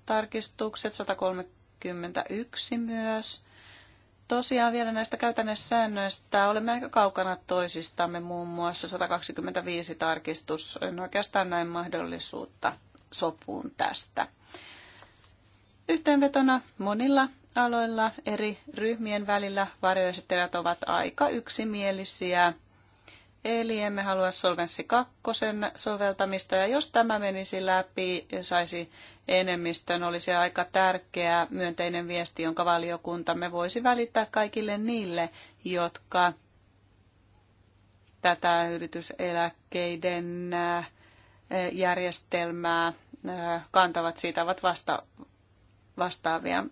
S2: tarkistukset, 131 myös. Tosiaan vielä näistä käytännössä säännöistä olemme aika kaukana toisistamme, muun muassa 125 tarkistus. En oikeastaan näin mahdollisuutta sopuun tästä. Yhteenvetona monilla aloilla eri ryhmien välillä varjoesittelijät ovat aika yksimielisiä. Eli emme halua solvenssi kakkosen soveltamista ja jos tämä menisi läpi ja saisi enemmistön, olisi aika tärkeä myönteinen viesti, jonka valiokuntamme voisi välittää kaikille niille, jotka tätä yrityseläkkeiden äh, järjestelmää äh, kantavat siitä, ovat vasta vastaavia.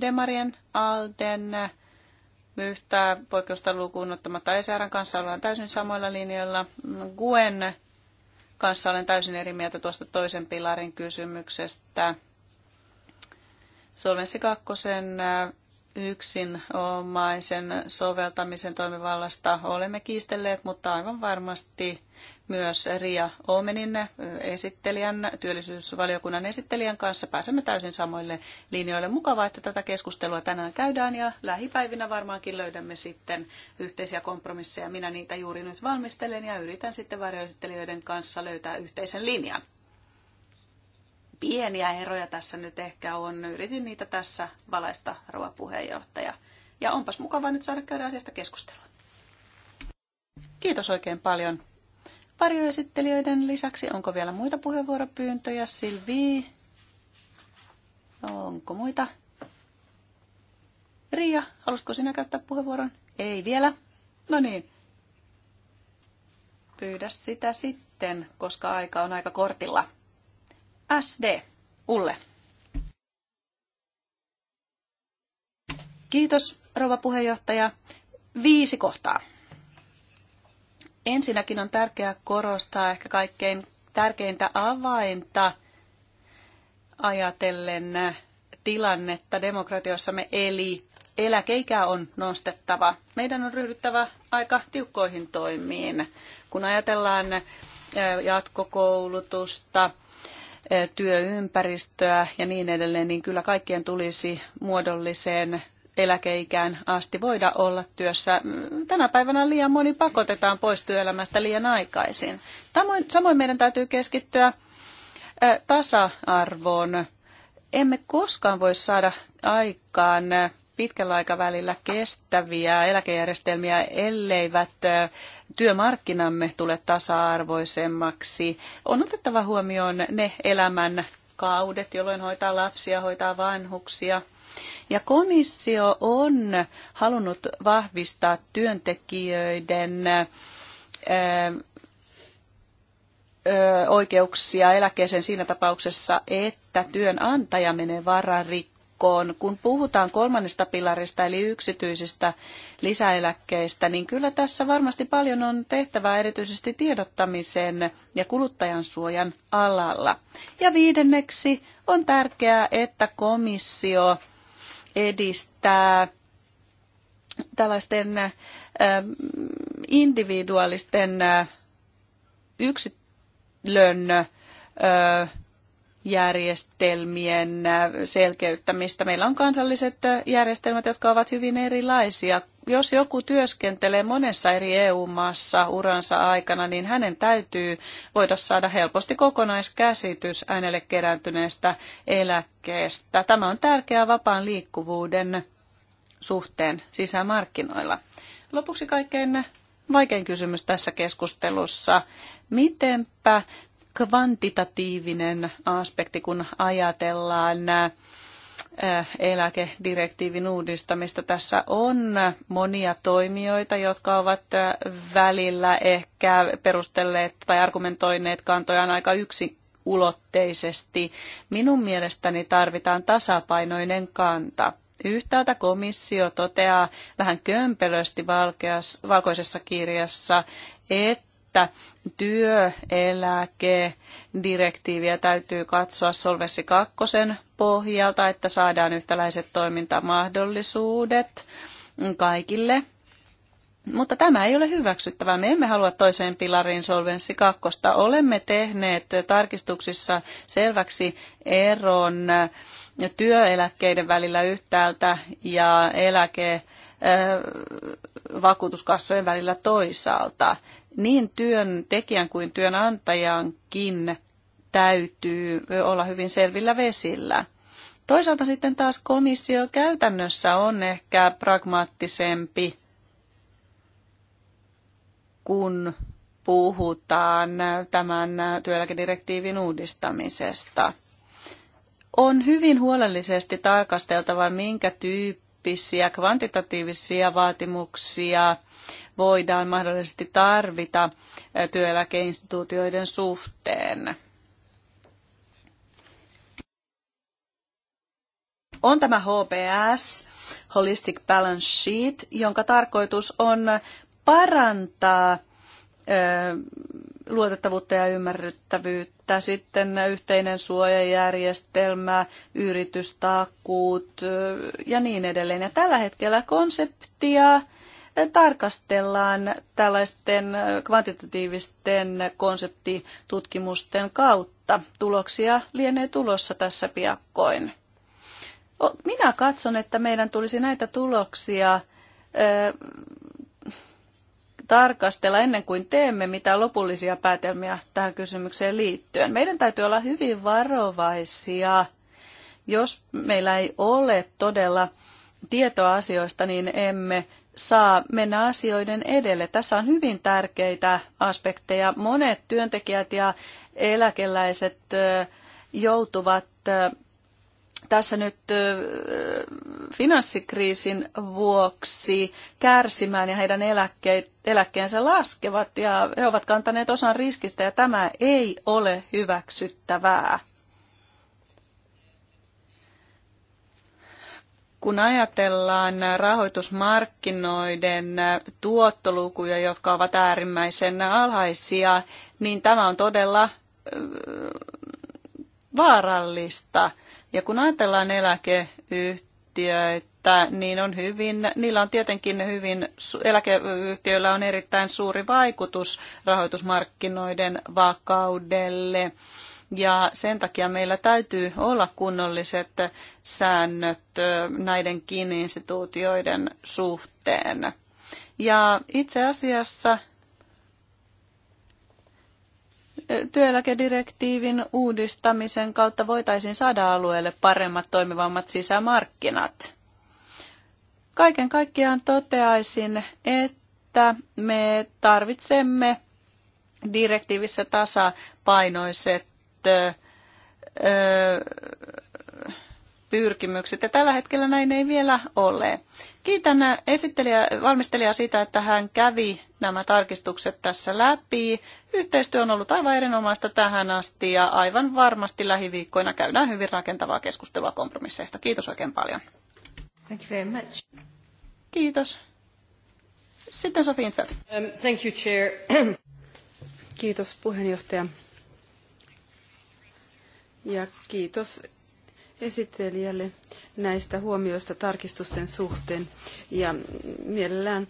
S2: Demarien, Alden, Myhtää poikkeusta lukuun ottamatta Esäärän kanssa ollaan täysin samoilla linjoilla. Guen kanssa olen täysin eri mieltä tuosta toisen pilarin kysymyksestä. Solvenssi kakkosen yksinomaisen soveltamisen toimivallasta olemme kiistelleet, mutta aivan varmasti myös Ria Omenin esittelijän, työllisyysvaliokunnan esittelijän kanssa pääsemme täysin samoille linjoille. Mukavaa, että tätä keskustelua tänään käydään ja lähipäivinä varmaankin löydämme sitten yhteisiä kompromisseja. Minä niitä juuri nyt valmistelen ja yritän sitten varjoesittelijöiden kanssa löytää yhteisen linjan pieniä eroja tässä nyt ehkä on. Yritin niitä tässä valaista, rouva puheenjohtaja. Ja onpas mukava nyt saada käydä asiasta keskustelua. Kiitos oikein paljon. Varjoesittelijöiden lisäksi onko vielä muita puheenvuoropyyntöjä? Silvi, onko muita? Riia, halusko sinä käyttää puheenvuoron? Ei vielä. No niin. Pyydä sitä sitten, koska aika on aika kortilla. SD, Ulle. Kiitos, rouva puheenjohtaja. Viisi kohtaa. Ensinnäkin on tärkeää korostaa ehkä kaikkein tärkeintä avainta ajatellen tilannetta me eli eläkeikää on nostettava. Meidän on ryhdyttävä aika tiukkoihin toimiin. Kun ajatellaan jatkokoulutusta, työympäristöä ja niin edelleen, niin kyllä kaikkien tulisi muodolliseen eläkeikään asti voida olla työssä. Tänä päivänä liian moni pakotetaan pois työelämästä liian aikaisin. Samoin meidän täytyy keskittyä tasa-arvoon. Emme koskaan voi saada aikaan pitkällä aikavälillä kestäviä eläkejärjestelmiä, elleivät työmarkkinamme tule tasa-arvoisemmaksi. On otettava huomioon ne elämän kaudet, jolloin hoitaa lapsia, hoitaa vanhuksia. Ja komissio on halunnut vahvistaa työntekijöiden oikeuksia eläkkeeseen siinä tapauksessa, että työnantaja menee vararikkoon joukkoon. Kun puhutaan kolmannesta pilarista eli yksityisistä lisäeläkkeistä, niin kyllä tässä varmasti paljon on tehtävää erityisesti tiedottamisen ja kuluttajan suojan alalla. Ja viidenneksi on tärkeää, että komissio edistää tällaisten ähm, individuaalisten äh, yksilön äh, järjestelmien äh, selkeyttämistä. Meillä on kansalliset äh, järjestelmät, jotka ovat hyvin erilaisia. Jos joku työskentelee monessa eri EU-maassa uransa aikana, niin hänen täytyy voida saada helposti kokonaiskäsitys hänelle kerääntyneestä eläkkeestä. Tämä on tärkeää vapaan liikkuvuuden suhteen sisämarkkinoilla. Lopuksi kaikkein vaikein kysymys tässä keskustelussa. Mitenpä kvantitatiivinen aspekti, kun ajatellaan äh, eläkedirektiivin uudistamista. Tässä on monia toimijoita, jotka ovat äh, välillä ehkä perustelleet tai argumentoineet kantojaan aika yksi ulotteisesti. Minun mielestäni tarvitaan tasapainoinen kanta. Yhtäältä komissio toteaa vähän kömpelösti valkeas, valkoisessa kirjassa, että että työeläkedirektiiviä täytyy katsoa Solvessi kakkosen pohjalta, että saadaan yhtäläiset toimintamahdollisuudet kaikille. Mutta tämä ei ole hyväksyttävää. Me emme halua toiseen pilariin solvenssi kakkosta. Olemme tehneet tarkistuksissa selväksi eron työeläkkeiden välillä yhtäältä ja eläke vakuutuskassojen välillä toisaalta niin työntekijän kuin työnantajankin täytyy olla hyvin selvillä vesillä. Toisaalta sitten taas komissio käytännössä on ehkä pragmaattisempi, kun puhutaan tämän työeläkedirektiivin uudistamisesta. On hyvin huolellisesti tarkasteltava, minkä tyyppi tyyppisiä kvantitatiivisia vaatimuksia voidaan mahdollisesti tarvita työeläkeinstituutioiden suhteen? On tämä HBS, Holistic Balance Sheet, jonka tarkoitus on parantaa luotettavuutta ja ymmärrettävyyttä että sitten yhteinen suojajärjestelmä, yritystakuut ja niin edelleen. Ja tällä hetkellä konseptia tarkastellaan tällaisten kvantitatiivisten konseptitutkimusten kautta. Tuloksia lienee tulossa tässä piakkoin. Minä katson, että meidän tulisi näitä tuloksia tarkastella ennen kuin teemme mitään lopullisia päätelmiä tähän kysymykseen liittyen. Meidän täytyy olla hyvin varovaisia, jos meillä ei ole todella tietoa asioista, niin emme saa mennä asioiden edelle. Tässä on hyvin tärkeitä aspekteja. Monet työntekijät ja eläkeläiset joutuvat tässä nyt finanssikriisin vuoksi kärsimään ja heidän eläkkeet, eläkkeensä laskevat ja he ovat kantaneet osan riskistä ja tämä ei ole hyväksyttävää. kun ajatellaan rahoitusmarkkinoiden tuottolukuja, jotka ovat äärimmäisen alhaisia, niin tämä on todella vaarallista. Ja kun ajatellaan eläkeyhtiöitä, niin on hyvin, niillä on tietenkin hyvin, eläkeyhtiöillä on erittäin suuri vaikutus rahoitusmarkkinoiden vakaudelle. Ja sen takia meillä täytyy olla kunnolliset säännöt näidenkin instituutioiden suhteen. Ja itse asiassa työeläkedirektiivin uudistamisen kautta voitaisiin saada alueelle paremmat toimivammat sisämarkkinat. Kaiken kaikkiaan toteaisin, että me tarvitsemme direktiivissä tasapainoiset ö, pyrkimykset. Ja tällä hetkellä näin ei vielä ole. Kiitän äh, esittelijä, valmistelijaa siitä, että hän kävi nämä tarkistukset tässä läpi. Yhteistyö on ollut aivan erinomaista tähän asti ja aivan varmasti lähiviikkoina käydään hyvin rakentavaa keskustelua kompromisseista. Kiitos oikein paljon.
S1: Thank you very much.
S3: Kiitos. Sitten Sofi Infeld. Um, thank you, chair. Kiitos puheenjohtaja. Ja kiitos esittelijälle näistä huomioista tarkistusten suhteen ja mielellään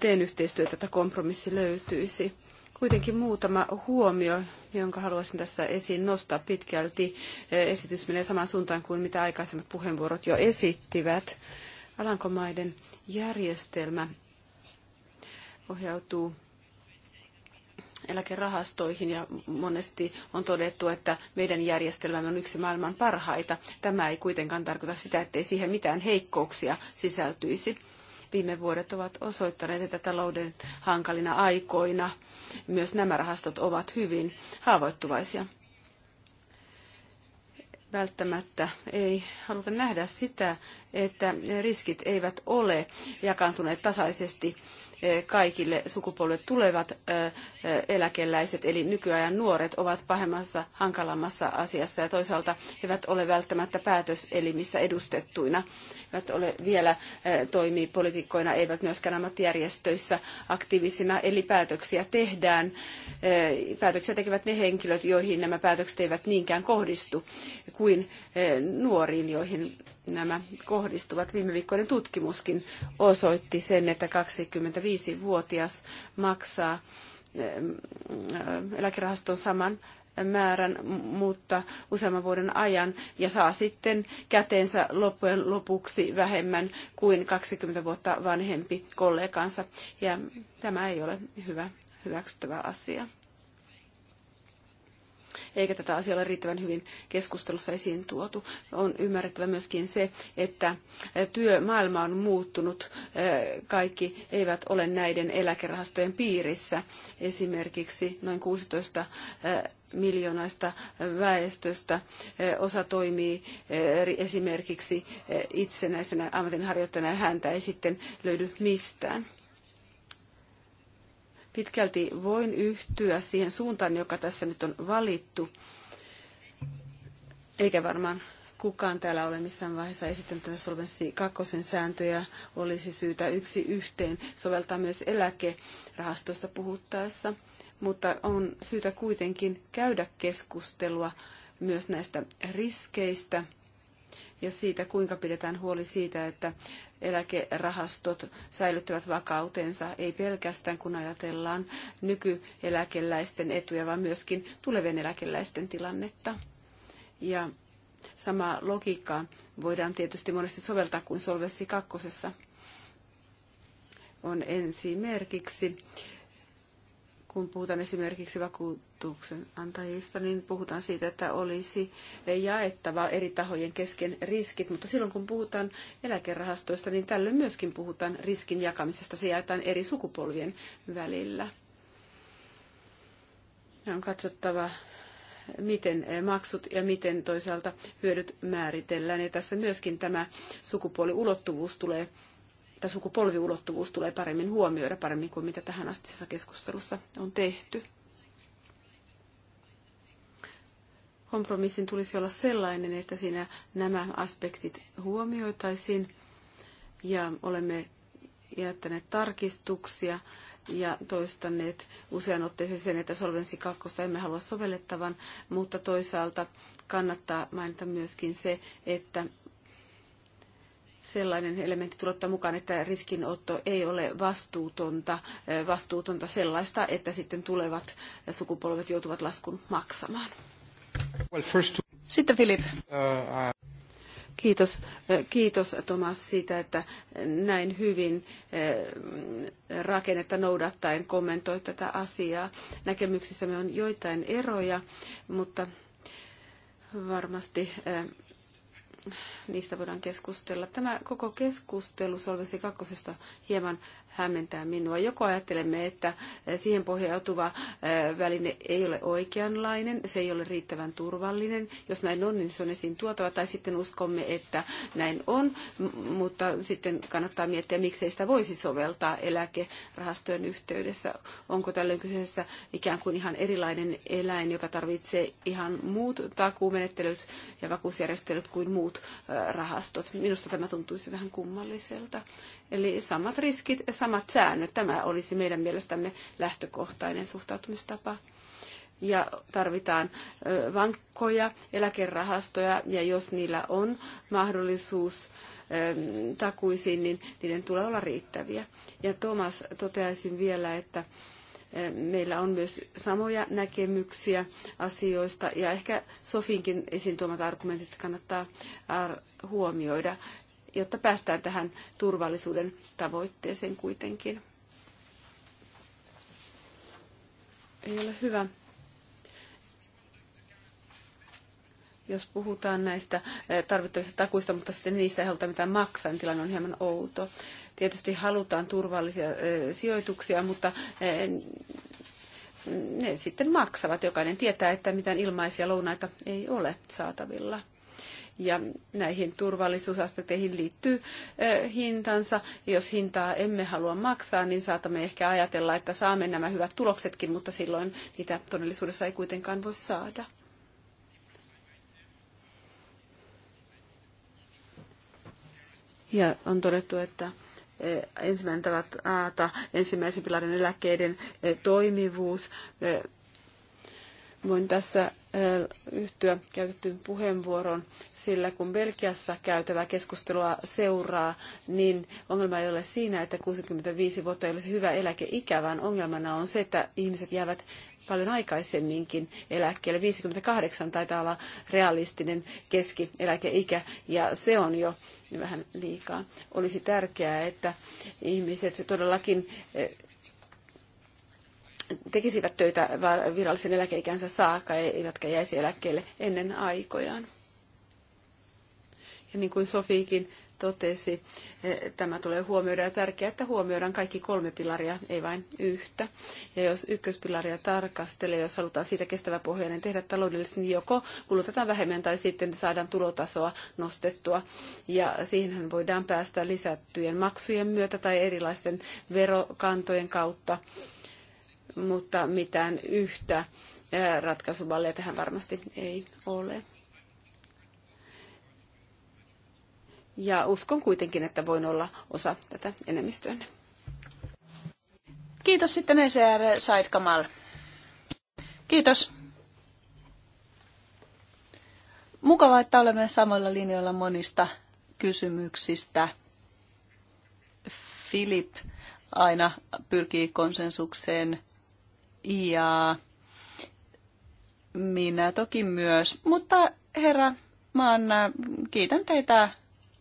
S3: teen yhteistyötä, että kompromissi löytyisi. Kuitenkin muutama huomio, jonka haluaisin tässä esiin nostaa pitkälti. Esitys menee samaan suuntaan kuin mitä aikaisemmat puheenvuorot jo esittivät. Alankomaiden järjestelmä ohjautuu eläkerahastoihin ja monesti on todettu, että meidän järjestelmämme on yksi maailman parhaita. Tämä ei kuitenkaan tarkoita sitä, ettei siihen mitään heikkouksia sisältyisi. Viime vuodet ovat osoittaneet, että talouden hankalina aikoina myös nämä rahastot ovat hyvin haavoittuvaisia. Välttämättä ei haluta nähdä sitä, että riskit eivät ole jakaantuneet tasaisesti kaikille sukupolville tulevat eläkeläiset, eli nykyajan nuoret, ovat pahemmassa, hankalammassa asiassa ja toisaalta eivät ole välttämättä päätöselimissä edustettuina, eivät ole vielä toimii poliitikkoina, eivät myöskään ammattijärjestöissä aktiivisina, eli päätöksiä tehdään. Päätöksiä tekevät ne henkilöt, joihin nämä päätökset eivät niinkään kohdistu kuin nuoriin, joihin nämä kohdistuvat. Viime viikkoinen tutkimuskin osoitti sen, että 25-vuotias maksaa äh, eläkerahaston saman määrän, mutta useamman vuoden ajan ja saa sitten käteensä loppujen lopuksi vähemmän kuin 20 vuotta vanhempi kollegansa. Ja tämä ei ole hyvä, hyväksyttävä asia eikä tätä asiaa ole riittävän hyvin keskustelussa esiin tuotu. On ymmärrettävä myöskin se, että eh, työmaailma on muuttunut. Eh, kaikki eivät ole näiden eläkerahastojen piirissä. Esimerkiksi noin 16 eh, miljoonaista väestöstä. Osa toimii esimerkiksi itsenäisenä ammatinharjoittajana ja häntä ei sitten löydy mistään. Pitkälti voin yhtyä siihen suuntaan, joka tässä nyt on valittu. Eikä varmaan kukaan täällä ole missään vaiheessa esittänyt tätä solvenssi kakkosen sääntöjä. Olisi syytä yksi yhteen soveltaa myös eläkerahastoista puhuttaessa. Mutta on syytä kuitenkin käydä keskustelua myös näistä riskeistä – ja siitä, kuinka pidetään huoli siitä, että eläkerahastot säilyttävät vakautensa, ei pelkästään kun ajatellaan nykyeläkeläisten etuja, vaan myöskin tulevien eläkeläisten tilannetta. Ja sama logiikkaa voidaan tietysti monesti soveltaa kuin Solvessi kakkosessa on esimerkiksi kun puhutaan esimerkiksi vakuutuksen antajista, niin puhutaan siitä, että olisi jaettava eri tahojen kesken riskit, mutta silloin kun puhutaan eläkerahastoista, niin tällöin myöskin puhutaan riskin jakamisesta, se jaetaan eri sukupolvien välillä. Ja on katsottava, miten maksut ja miten toisaalta hyödyt määritellään. Ja tässä myöskin tämä sukupuoliulottuvuus tulee että sukupolviulottuvuus tulee paremmin huomioida, paremmin kuin mitä tähän asti keskustelussa on tehty. Kompromissin tulisi olla sellainen, että siinä nämä aspektit huomioitaisiin ja olemme jättäneet tarkistuksia ja toistaneet usean otteeseen sen, että Solvensi 2 emme halua sovellettavan, mutta toisaalta kannattaa mainita myöskin se, että sellainen elementti tulee ottaa mukaan, että riskinotto ei ole vastuutonta, vastuutonta sellaista, että sitten tulevat sukupolvet joutuvat laskun maksamaan. Sitten Filip. Uh, uh, kiitos, kiitos Tomas siitä, että näin hyvin rakennetta noudattaen kommentoi tätä asiaa. Näkemyksissämme on joitain eroja, mutta varmasti niistä voidaan keskustella. Tämä koko keskustelu Solvensi kakkosesta hieman hämmentää minua. Joko ajattelemme, että siihen pohjautuva väline ei ole oikeanlainen, se ei ole riittävän turvallinen. Jos näin on, niin se on esiin tuotava, tai sitten uskomme, että näin on, mutta sitten kannattaa miettiä, miksei sitä voisi soveltaa eläkerahastojen yhteydessä. Onko tällöin kyseessä ikään kuin ihan erilainen eläin, joka tarvitsee ihan muut takuumenettelyt ja vakuusjärjestelyt kuin muut rahastot. Minusta tämä tuntuisi vähän kummalliselta. Eli samat riskit ja samat säännöt. Tämä olisi meidän mielestämme lähtökohtainen suhtautumistapa ja tarvitaan vankkoja eläkerahastoja ja jos niillä on mahdollisuus takuisiin, niin niiden tulee olla riittäviä. Ja Thomas toteaisin vielä, että meillä on myös samoja näkemyksiä asioista ja ehkä Sofinkin esiin tuomat argumentit kannattaa huomioida jotta päästään tähän turvallisuuden tavoitteeseen kuitenkin. Ei ole hyvä. jos puhutaan näistä eh, tarvittavista takuista, mutta sitten niistä ei haluta mitään maksaa, niin tilanne on hieman outo. Tietysti halutaan turvallisia eh, sijoituksia, mutta eh, ne sitten maksavat. Jokainen tietää, että mitään ilmaisia lounaita ei ole saatavilla ja näihin turvallisuusaspekteihin liittyy hintansa. Jos hintaa emme halua maksaa, niin saatamme ehkä ajatella, että saamme nämä hyvät tuloksetkin, mutta silloin niitä todellisuudessa ei kuitenkaan voi saada. Ja on todettu, että ensimmäinen tavat ensimmäisen pilarin eläkkeiden toimivuus Voin tässä yhtyä käytettyyn puheenvuoroon, sillä kun Belgiassa käytävää keskustelua seuraa, niin ongelma ei ole siinä, että 65 vuotta ei olisi hyvä eläkeikä, vaan ongelmana on se, että ihmiset jäävät paljon aikaisemminkin eläkkeelle. 58 taitaa olla realistinen keskieläkeikä ja se on jo vähän liikaa. Olisi tärkeää, että ihmiset todellakin tekisivät töitä virallisen eläkeikänsä saakka, eivätkä jäisi eläkkeelle ennen aikojaan. Ja niin kuin Sofiikin totesi, e, tämä tulee huomioida ja tärkeää, että huomioidaan kaikki kolme pilaria, ei vain yhtä. Ja jos ykköspilaria tarkastelee, jos halutaan siitä kestävä pohjainen niin tehdä taloudellisesti, niin joko kulutetaan vähemmän tai sitten saadaan tulotasoa nostettua. Ja siihenhän voidaan päästä lisättyjen maksujen myötä tai erilaisten verokantojen kautta mutta mitään yhtä ratkaisumallia tähän varmasti ei ole. Ja uskon kuitenkin, että voin olla osa tätä enemmistöä. Kiitos sitten ECR Said Kamal.
S2: Kiitos. Mukavaa, että olemme samoilla linjoilla monista kysymyksistä. Filip aina pyrkii konsensukseen ja minä toki myös. Mutta herra Maan, kiitän teitä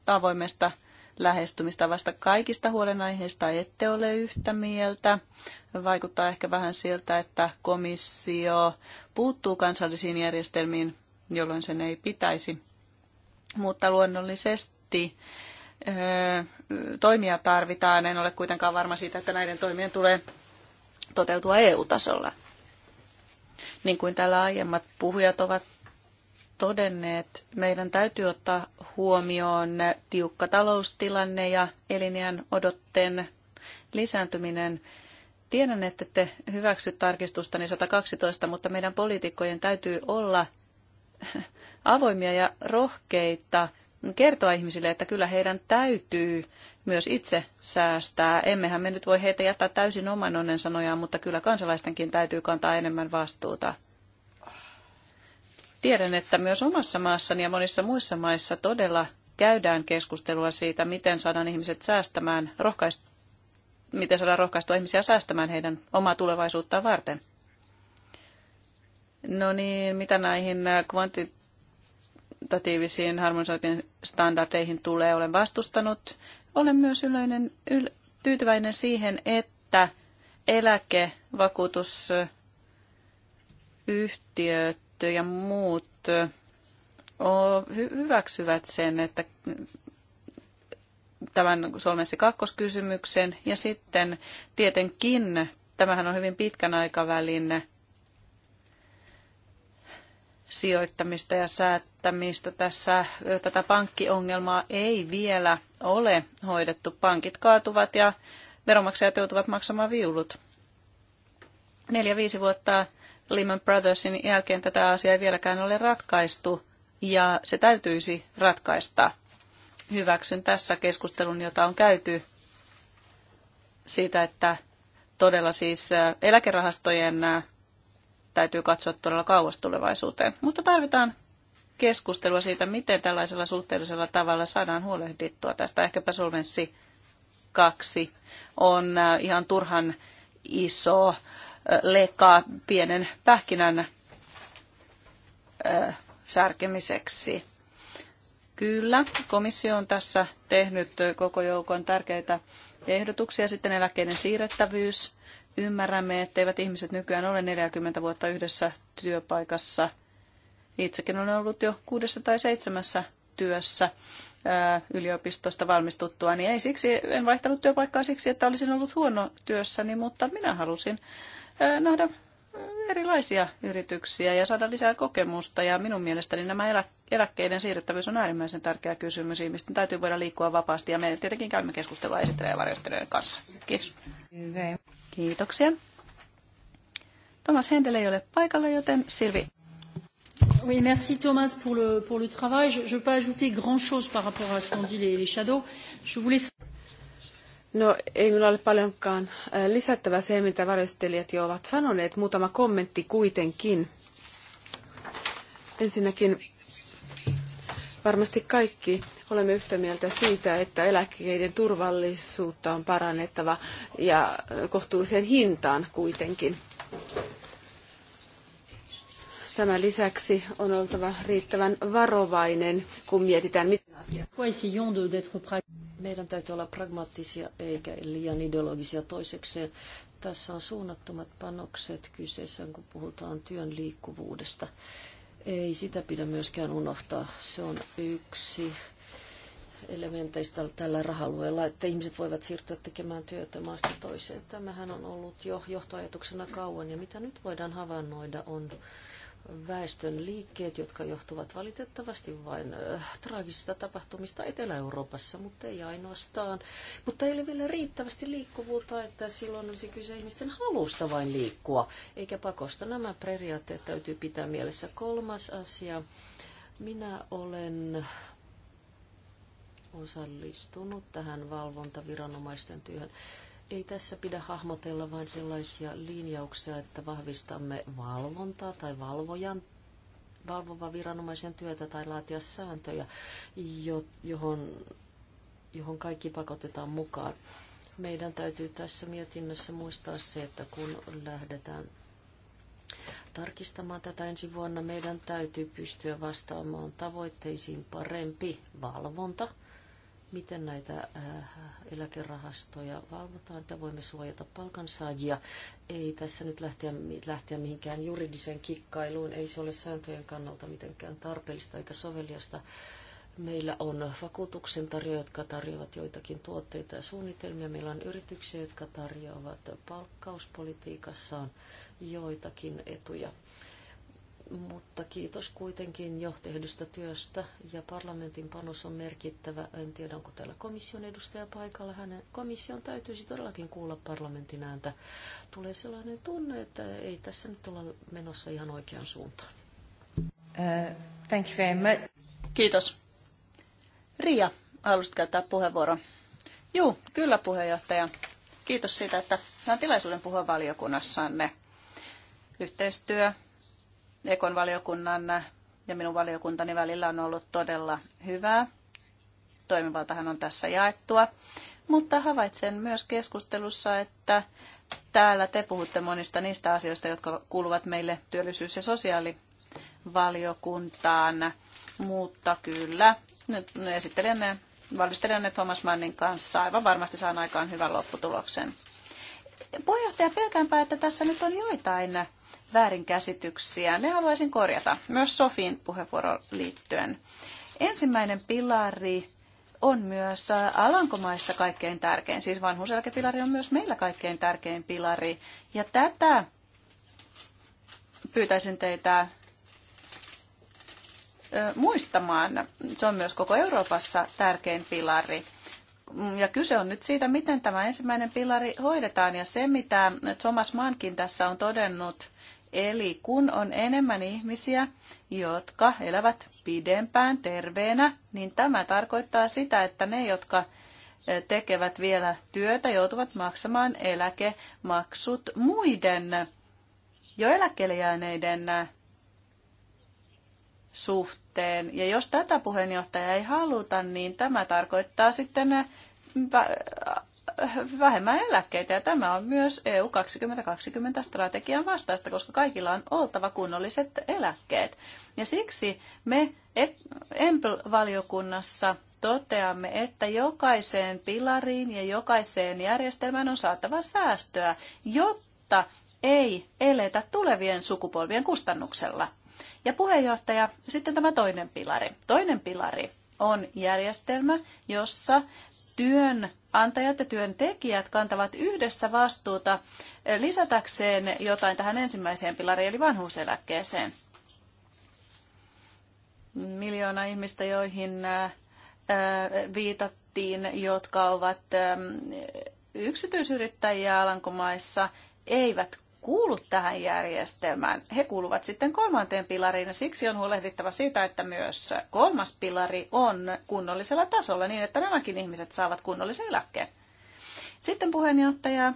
S2: avoimesta lähestymistä vasta kaikista huolenaiheista ette ole yhtä mieltä. Vaikuttaa ehkä vähän siltä, että komissio puuttuu kansallisiin järjestelmiin, jolloin sen ei pitäisi. Mutta luonnollisesti toimia tarvitaan. En ole kuitenkaan varma siitä, että näiden toimien tulee toteutua EU-tasolla. Niin kuin täällä aiemmat puhujat ovat todenneet, meidän täytyy ottaa huomioon tiukka taloustilanne ja elinjään odotteen lisääntyminen. Tiedän, että te hyväksy tarkistustani 112, mutta meidän poliitikkojen täytyy olla avoimia ja rohkeita kertoa ihmisille, että kyllä heidän täytyy myös itse säästää. Emmehän me nyt voi heitä jättää täysin oman onnen sanojaan, mutta kyllä kansalaistenkin täytyy kantaa enemmän vastuuta. Tiedän, että myös omassa maassani ja monissa muissa maissa todella käydään keskustelua siitä, miten saadaan ihmiset säästämään, rohkaist- miten saadaan rohkaistua ihmisiä säästämään heidän omaa tulevaisuuttaan varten. No niin, mitä näihin kvantit kvantitatiivisiin harmonisointien standardeihin tulee, olen vastustanut. Olen myös yleinen, yl, tyytyväinen siihen, että eläkevakuutusyhtiöt ja muut hyväksyvät sen, että tämän Solmessi kakkoskysymyksen ja sitten tietenkin tämähän on hyvin pitkän aikavälin sijoittamista ja säättämistä. Tässä tätä pankkiongelmaa ei vielä ole hoidettu. Pankit kaatuvat ja veronmaksajat joutuvat maksamaan viulut. Neljä-viisi vuotta Lehman Brothersin jälkeen tätä asiaa ei vieläkään ole ratkaistu ja se täytyisi ratkaista. Hyväksyn tässä keskustelun, jota on käyty siitä, että todella siis eläkerahastojen täytyy katsoa todella kauas tulevaisuuteen. Mutta tarvitaan keskustelua siitä, miten tällaisella suhteellisella tavalla saadaan huolehdittua tästä. Ehkäpä solvenssi kaksi on äh, ihan turhan iso äh, leikkaa pienen pähkinän äh, särkemiseksi. Kyllä, komissio on tässä tehnyt koko joukon tärkeitä ehdotuksia. Sitten eläkkeiden siirrettävyys. Ymmärrämme, etteivät ihmiset nykyään ole 40 vuotta yhdessä työpaikassa. Itsekin olen ollut jo kuudessa tai seitsemässä työssä yliopistosta valmistuttua, niin ei siksi, en vaihtanut työpaikkaa siksi, että olisin ollut huono työssäni, mutta minä halusin nähdä erilaisia yrityksiä ja saada lisää kokemusta. Ja minun mielestäni nämä eläkkeiden siirrettävyys on äärimmäisen tärkeä kysymys. Ihmisten täytyy voida liikkua vapaasti ja me tietenkin käymme keskustelua esittelijän ja kanssa. Kiitos. Hyvä. Kiitoksia. Thomas Hendel ei ole paikalla, joten Silvi.
S4: Oui, merci Thomas pour le, pour le travail. Je ne peux
S3: pas ajouter grand-chose par rapport à ce qu'ont dit les, les shadows. Je voulais... No ei minulla ole paljonkaan lisättävää se, mitä varjostelijat jo ovat sanoneet. Muutama kommentti kuitenkin. Ensinnäkin varmasti kaikki olemme yhtä mieltä siitä, että eläkkeiden turvallisuutta on parannettava ja kohtuulliseen hintaan kuitenkin. Tämän lisäksi on oltava riittävän varovainen, kun mietitään, miten asiat meidän
S4: täytyy olla pragmaattisia eikä liian ideologisia toisekseen. Tässä on suunnattomat panokset kyseessä, kun puhutaan työn liikkuvuudesta. Ei sitä pidä myöskään unohtaa. Se on yksi elementeistä tällä rahalueella, että ihmiset voivat siirtyä tekemään työtä maasta toiseen. Tämähän on ollut jo johtoajatuksena kauan ja mitä nyt voidaan havainnoida on väestön liikkeet, jotka johtuvat valitettavasti vain äh, traagisista tapahtumista Etelä-Euroopassa, mutta ei ainoastaan. Mutta ei ole vielä riittävästi liikkuvuutta, että silloin olisi kyse ihmisten halusta vain liikkua, eikä pakosta. Nämä periaatteet täytyy pitää mielessä. Kolmas asia. Minä olen osallistunut tähän valvontaviranomaisten työhön. Ei tässä pidä hahmotella vain sellaisia linjauksia, että vahvistamme valvontaa tai valvojan valvova viranomaisen työtä tai laatia sääntöjä, johon, johon kaikki pakotetaan mukaan. Meidän täytyy tässä mietinnössä muistaa se, että kun lähdetään tarkistamaan tätä ensi vuonna, meidän täytyy pystyä vastaamaan tavoitteisiin parempi valvonta – miten näitä äh, eläkerahastoja valvotaan, että voimme suojata palkansaajia. Ei tässä nyt lähteä, lähteä mihinkään juridiseen kikkailuun, ei se ole sääntöjen kannalta mitenkään tarpeellista eikä soveliasta. Meillä on vakuutuksen tarjoajat, jotka tarjoavat joitakin tuotteita ja suunnitelmia. Meillä on yrityksiä, jotka tarjoavat palkkauspolitiikassaan joitakin etuja mutta kiitos kuitenkin jo tehdystä työstä ja parlamentin panos on merkittävä. En tiedä, onko täällä komission edustaja paikalla. Hänen komission täytyisi todellakin kuulla parlamentin ääntä. Tulee sellainen tunne, että ei tässä nyt olla menossa ihan oikeaan suuntaan. Uh, thank you very much. Kiitos. Ria, haluaisit käyttää puheenvuoron? Juu, kyllä puheenjohtaja.
S2: Kiitos siitä, että saan tilaisuuden puhua valiokunnassanne. Yhteistyö Ekon valiokunnan ja minun valiokuntani välillä on ollut todella hyvää. Toimivaltahan on tässä jaettua. Mutta havaitsen myös keskustelussa, että täällä te puhutte monista niistä asioista, jotka kuuluvat meille työllisyys- ja sosiaalivaliokuntaan. Mutta kyllä, nyt esittelijänne, valmistelijanne Thomas Mannin kanssa aivan varmasti saan aikaan hyvän lopputuloksen. Puheenjohtaja, pelkäänpä, että tässä nyt on joitain väärinkäsityksiä. Ne haluaisin korjata myös Sofin puheenvuoron liittyen. Ensimmäinen pilari on myös Alankomaissa kaikkein tärkein, siis vanhuuseläkepilari on myös meillä kaikkein tärkein pilari. Ja tätä pyytäisin teitä muistamaan. Se on myös koko Euroopassa tärkein pilari. Ja kyse on nyt siitä, miten tämä ensimmäinen pilari hoidetaan. Ja se, mitä Thomas Mankin tässä on todennut, Eli kun on enemmän ihmisiä, jotka elävät pidempään terveenä, niin tämä tarkoittaa sitä, että ne, jotka eh, tekevät vielä työtä, joutuvat maksamaan eläkemaksut muiden jo eläkkeelle jääneiden eh, suhteen. Ja jos tätä puheenjohtaja ei haluta, niin tämä tarkoittaa sitten eh, vähemmän eläkkeitä. Ja tämä on myös EU 2020 strategian vastaista, koska kaikilla on oltava kunnolliset eläkkeet. Ja siksi me EMPL-valiokunnassa toteamme, että jokaiseen pilariin ja jokaiseen järjestelmään on saatava säästöä, jotta ei eletä tulevien sukupolvien kustannuksella. Ja puheenjohtaja, sitten tämä toinen pilari. Toinen pilari on järjestelmä, jossa työn työnantajat ja työntekijät kantavat yhdessä vastuuta lisätäkseen jotain tähän ensimmäiseen pilariin eli vanhuuseläkkeeseen. Miljoona ihmistä, joihin viitattiin, jotka ovat yksityisyrittäjiä Alankomaissa, eivät kuulu tähän järjestelmään. He kuuluvat sitten kolmanteen pilariin ja siksi on huolehdittava siitä, että myös kolmas pilari on kunnollisella tasolla niin, että nämäkin ihmiset saavat kunnollisen eläkkeen. Sitten puheenjohtaja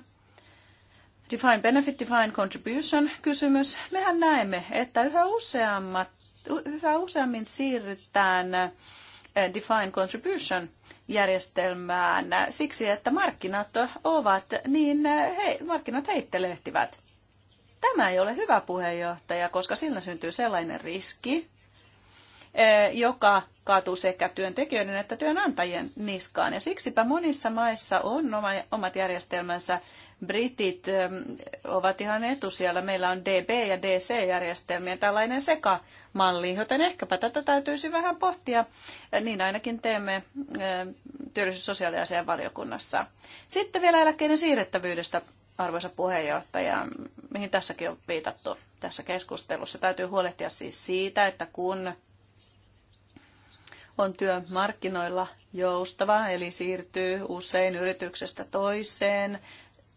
S2: Define Benefit, Define Contribution kysymys. Mehän näemme, että yhä, useammat, yhä useammin siirrytään eh, Define Contribution järjestelmään siksi, että markkinat ovat niin, eh, he, markkinat heittelehtivät. Tämä ei ole hyvä puheenjohtaja, koska sillä syntyy sellainen riski, eh, joka kaatuu sekä työntekijöiden että työnantajien niskaan. Ja siksipä monissa maissa on omat järjestelmänsä. Britit eh, ovat ihan etusijalla. Meillä on DB- ja DC-järjestelmiä, tällainen sekamalli, joten ehkäpä tätä täytyisi vähän pohtia. Eh, niin ainakin teemme työllisyys- ja sosiaaliasian valiokunnassa. Sitten vielä eläkkeiden siirrettävyydestä arvoisa puheenjohtaja, mihin tässäkin on viitattu tässä keskustelussa. Täytyy huolehtia siis siitä, että kun on työmarkkinoilla joustava, eli siirtyy usein yrityksestä toiseen,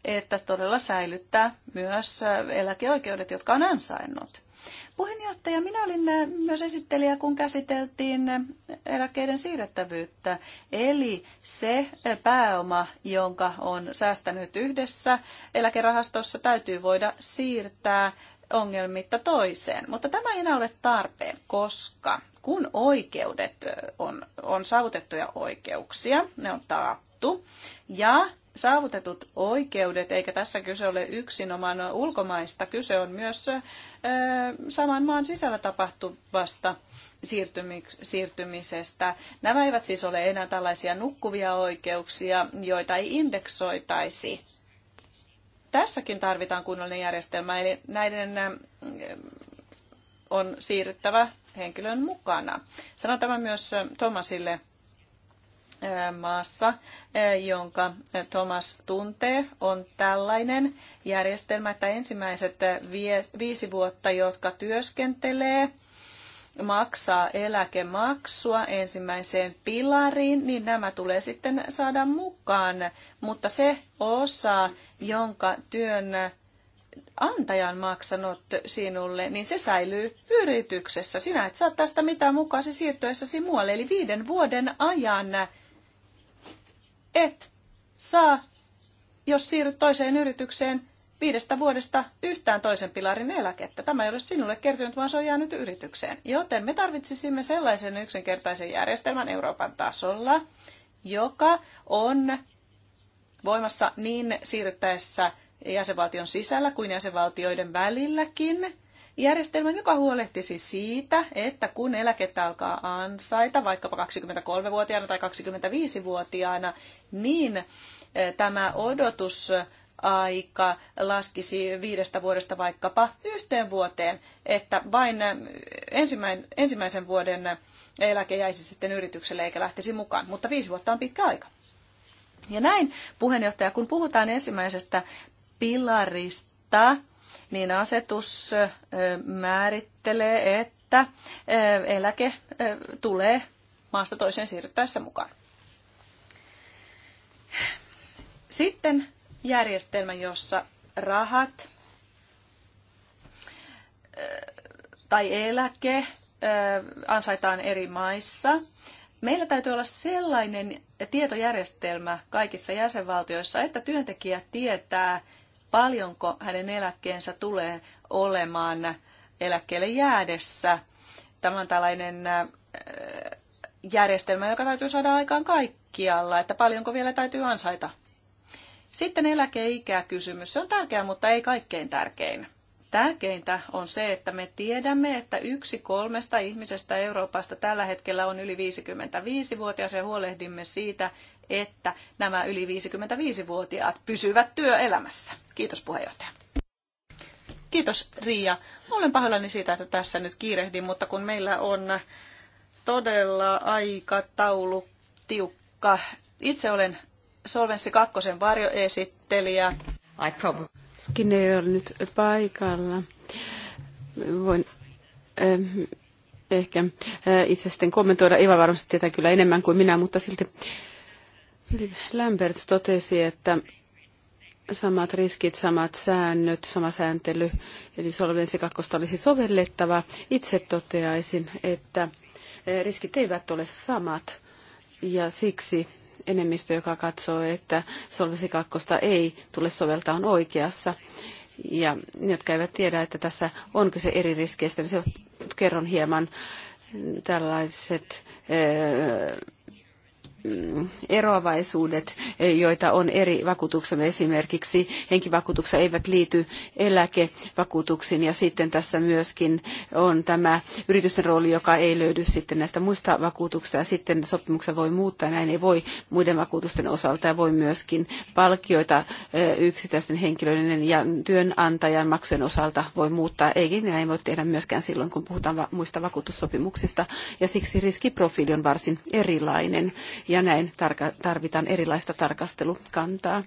S2: että todella säilyttää myös eläkeoikeudet, jotka on ansainnut. Puheenjohtaja, minä olin äh, myös esittelijä, kun käsiteltiin äh, eläkkeiden siirrettävyyttä. Eli se äh, pääoma, jonka on säästänyt yhdessä eläkerahastossa, täytyy voida siirtää ongelmitta toiseen. Mutta tämä ei enää ole tarpeen, koska kun oikeudet on, on saavutettuja oikeuksia, ne on taattu, ja saavutetut oikeudet, eikä tässä kyse ole yksinomaan ulkomaista, kyse on myös saman maan sisällä tapahtuvasta siirtymisestä. Nämä eivät siis ole enää tällaisia nukkuvia oikeuksia, joita ei indeksoitaisi. Tässäkin tarvitaan kunnollinen järjestelmä, eli näiden on siirryttävä henkilön mukana. Sanon tämä myös Thomasille maassa, jonka Thomas tuntee, on tällainen järjestelmä, että ensimmäiset viisi vuotta, jotka työskentelee, maksaa eläkemaksua ensimmäiseen pilariin, niin nämä tulee sitten saada mukaan. Mutta se osa, jonka työn antajan maksanut sinulle, niin se säilyy yrityksessä. Sinä et saa tästä mitään mukaan se siirtyessäsi muualle. Eli viiden vuoden ajan et saa, jos siirryt toiseen yritykseen, viidestä vuodesta yhtään toisen pilarin eläkettä. Tämä ei ole sinulle kertynyt, vaan se on jäänyt yritykseen. Joten me tarvitsisimme sellaisen yksinkertaisen järjestelmän Euroopan tasolla, joka on voimassa niin siirryttäessä jäsenvaltion sisällä kuin jäsenvaltioiden välilläkin järjestelmän, joka huolehtisi siitä, että kun eläkettä alkaa ansaita vaikkapa 23-vuotiaana tai 25-vuotiaana, niin eh, tämä odotus aika laskisi viidestä vuodesta vaikkapa yhteen vuoteen, että vain eh, ensimmäisen vuoden eläke jäisi sitten yritykselle eikä lähtisi mukaan, mutta viisi vuotta on pitkä aika. Ja näin, puheenjohtaja, kun puhutaan ensimmäisestä pilarista, niin asetus määrittelee, että eläke tulee maasta toiseen siirryttäessä mukaan. Sitten järjestelmä, jossa rahat tai eläke ansaitaan eri maissa. Meillä täytyy olla sellainen tietojärjestelmä kaikissa jäsenvaltioissa, että työntekijä tietää, paljonko hänen eläkkeensä tulee olemaan eläkkeelle jäädessä. Tämä on tällainen äh, järjestelmä, joka täytyy saada aikaan kaikkialla, että paljonko vielä täytyy ansaita. Sitten eläkeikä kysymys. Se on tärkeä, mutta ei kaikkein tärkein. Tärkeintä on se, että me tiedämme, että yksi kolmesta ihmisestä Euroopasta tällä hetkellä on yli 55-vuotias ja huolehdimme siitä, että nämä yli 55-vuotiaat pysyvät työelämässä. Kiitos puheenjohtaja. Kiitos Riia. Olen pahoillani siitä, että tässä nyt kiirehdin, mutta kun meillä on todella aikataulu tiukka. Itse olen Solvenssi kakkosen varjoesittelijä. I probably...
S3: Skinner ei ole nyt paikalla. Voin äh, ehkä äh, itse sitten kommentoida. Iva varmasti tietää kyllä enemmän kuin minä, mutta silti Lambert totesi, että samat riskit, samat säännöt, sama sääntely, eli Solvensi kakkosta olisi sovellettava. Itse toteaisin, että eh, riskit eivät ole samat ja siksi enemmistö, joka katsoo, että Solvensi kakkosta ei tule soveltaa, on oikeassa. Ja ne, jotka eivät tiedä, että tässä on kyse eri riskeistä, niin se kerron hieman tällaiset eh, Mm, eroavaisuudet, joita on eri vakuutuksemme esimerkiksi henkivakuutukset eivät liity eläkevakuutuksiin ja sitten tässä myöskin on tämä yritysten rooli, joka ei löydy sitten näistä muista vakuutuksista ja sitten sopimuksen voi muuttaa, näin ei voi muiden vakuutusten osalta ja voi myöskin palkkioita yksittäisten henkilöiden ja työnantajan maksujen osalta voi muuttaa, eikä näin voi tehdä myöskään silloin, kun puhutaan muista vakuutussopimuksista ja siksi riskiprofiili on varsin erilainen ja ja näin tarvitaan erilaista tarkastelukantaa.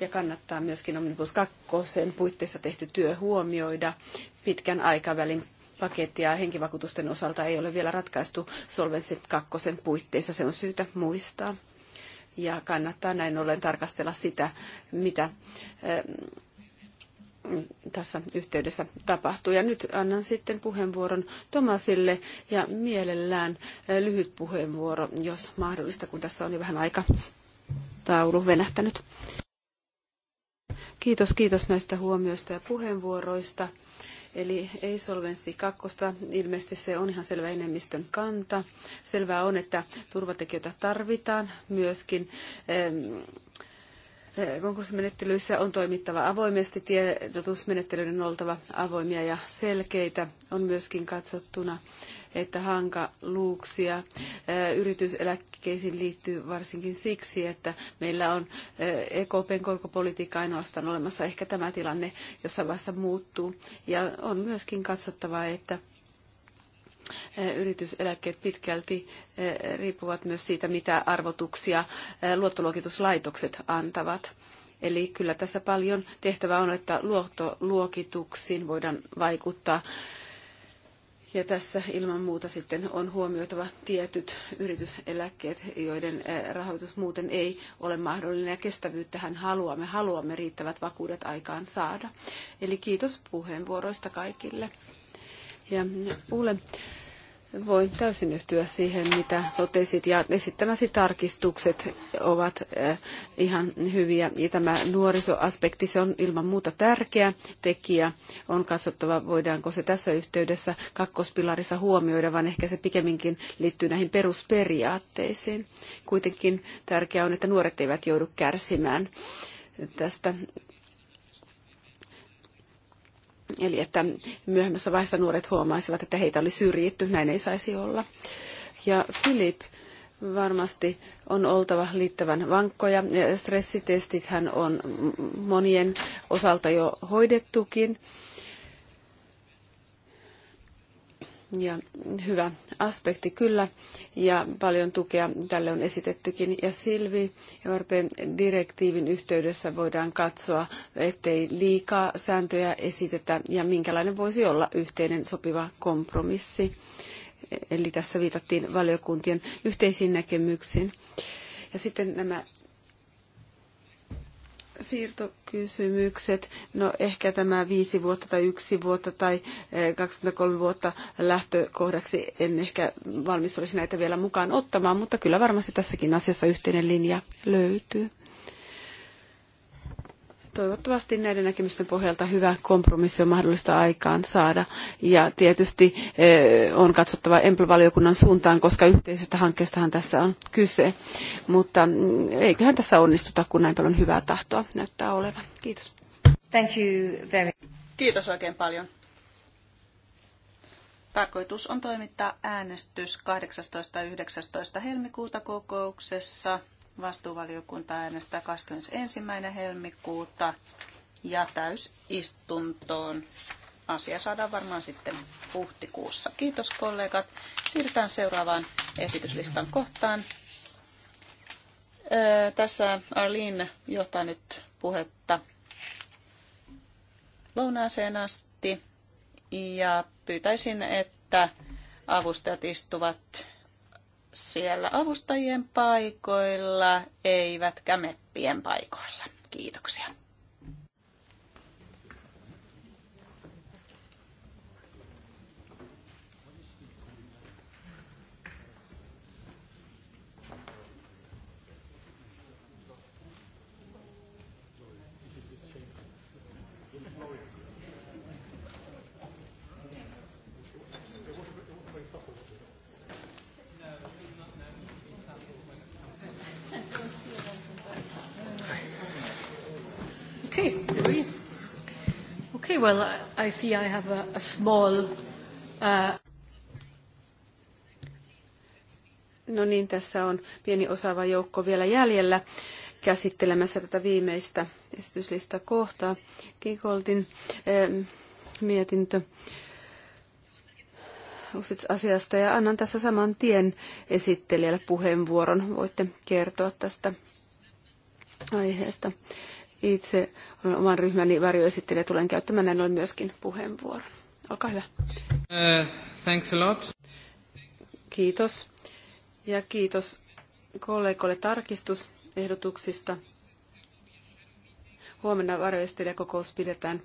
S3: Ja kannattaa myöskin Omnibus 2 puitteissa tehty työ huomioida pitkän aikavälin pakettia henkivakuutusten osalta ei ole vielä ratkaistu Solvency 2 puitteissa, se on syytä muistaa. Ja kannattaa näin ollen tarkastella sitä, mitä tässä yhteydessä tapahtuu. Ja nyt annan sitten puheenvuoron Tomasille ja mielellään lyhyt puheenvuoro, jos mahdollista, kun tässä on jo vähän aika taulu venähtänyt. Kiitos, kiitos näistä huomioista ja puheenvuoroista. Eli ei solvenssi kakkosta, ilmeisesti se on ihan selvä enemmistön kanta. Selvää on, että turvatekijöitä tarvitaan myöskin. Ähm, Konkurssimenettelyissä on toimittava avoimesti, tiedotusmenettelyiden on oltava avoimia ja selkeitä. On myöskin katsottuna, että hankaluuksia yrityseläkkeisiin liittyy varsinkin siksi, että meillä on EKPn korkopolitiikka ainoastaan olemassa. Ehkä tämä tilanne jossain vaiheessa muuttuu. Ja on myöskin katsottava, että Eh, yrityseläkkeet pitkälti eh, riippuvat myös siitä, mitä arvotuksia eh, luottoluokituslaitokset antavat. Eli kyllä tässä paljon tehtävää on, että luottoluokituksiin voidaan vaikuttaa. Ja tässä ilman muuta sitten on huomioitava tietyt yrityseläkkeet, joiden rahoitus muuten ei ole mahdollinen ja kestävyyttähän haluamme. Haluamme riittävät vakuudet aikaan saada. Eli kiitos puheenvuoroista kaikille. Ja Ulle voi täysin yhtyä siihen, mitä totesit, ja esittämäsi tarkistukset ovat eh, ihan hyviä. Ja tämä nuorisoaspekti, se on ilman muuta tärkeä tekijä. On katsottava, voidaanko se tässä yhteydessä kakkospilarissa huomioida, vaan ehkä se pikemminkin liittyy näihin perusperiaatteisiin. Kuitenkin tärkeää on, että nuoret eivät joudu kärsimään tästä Eli että myöhemmässä vaiheessa nuoret huomaisivat, että heitä oli syrjitty, näin ei saisi olla. Ja Filip, varmasti on oltava liittävän vankkoja. Stressitestithän on monien osalta jo hoidettukin. ja hyvä aspekti kyllä, ja paljon tukea tälle on esitettykin. Ja Silvi, EURP-direktiivin yhteydessä voidaan katsoa, ettei liikaa sääntöjä esitetä, ja minkälainen voisi olla yhteinen sopiva kompromissi. Eli tässä viitattiin valiokuntien yhteisiin näkemyksiin. Ja sitten nämä siirtokysymykset, no ehkä tämä viisi vuotta tai yksi vuotta tai 23 eh, vuotta lähtökohdaksi, en ehkä valmis olisi näitä vielä mukaan ottamaan, mutta kyllä varmasti tässäkin asiassa yhteinen linja löytyy toivottavasti näiden näkemysten pohjalta hyvä kompromissi on mahdollista aikaan saada. Ja tietysti eh, on katsottava Empl-valiokunnan suuntaan, koska yhteisestä hankkeestahan tässä on kyse. Mutta mm, eiköhän tässä onnistuta, kun näin paljon hyvää tahtoa näyttää olevan. Kiitos. Thank you very...
S2: Kiitos oikein paljon. Tarkoitus on toimittaa äänestys 18.19. helmikuuta kokouksessa. Vastuuvaliokunta äänestää 21. helmikuuta ja täysistuntoon. Asia saadaan varmaan sitten huhtikuussa. Kiitos kollegat. Siirrytään seuraavaan esityslistan kohtaan. Öö, tässä Arlene johtaa nyt puhetta lounaaseen asti ja pyytäisin, että avustajat istuvat siellä avustajien paikoilla, eivätkä meppien paikoilla. Kiitoksia.
S3: Okay, well, I see I have a, a small... Uh... No niin, tässä on pieni osaava joukko vielä jäljellä käsittelemässä tätä viimeistä kohtaa. Kikoltin eh, mietintö asiasta ja annan tässä saman tien esittelijälle puheenvuoron. Voitte kertoa tästä aiheesta. Itse olen oman ryhmäni varjoesittelijä, tulen käyttämään näin ollen myöskin puheenvuoron. Olkaa hyvä. Uh, thanks a lot. Kiitos. Ja kiitos kollegoille tarkistusehdotuksista. Huomenna varjoistelijakokous pidetään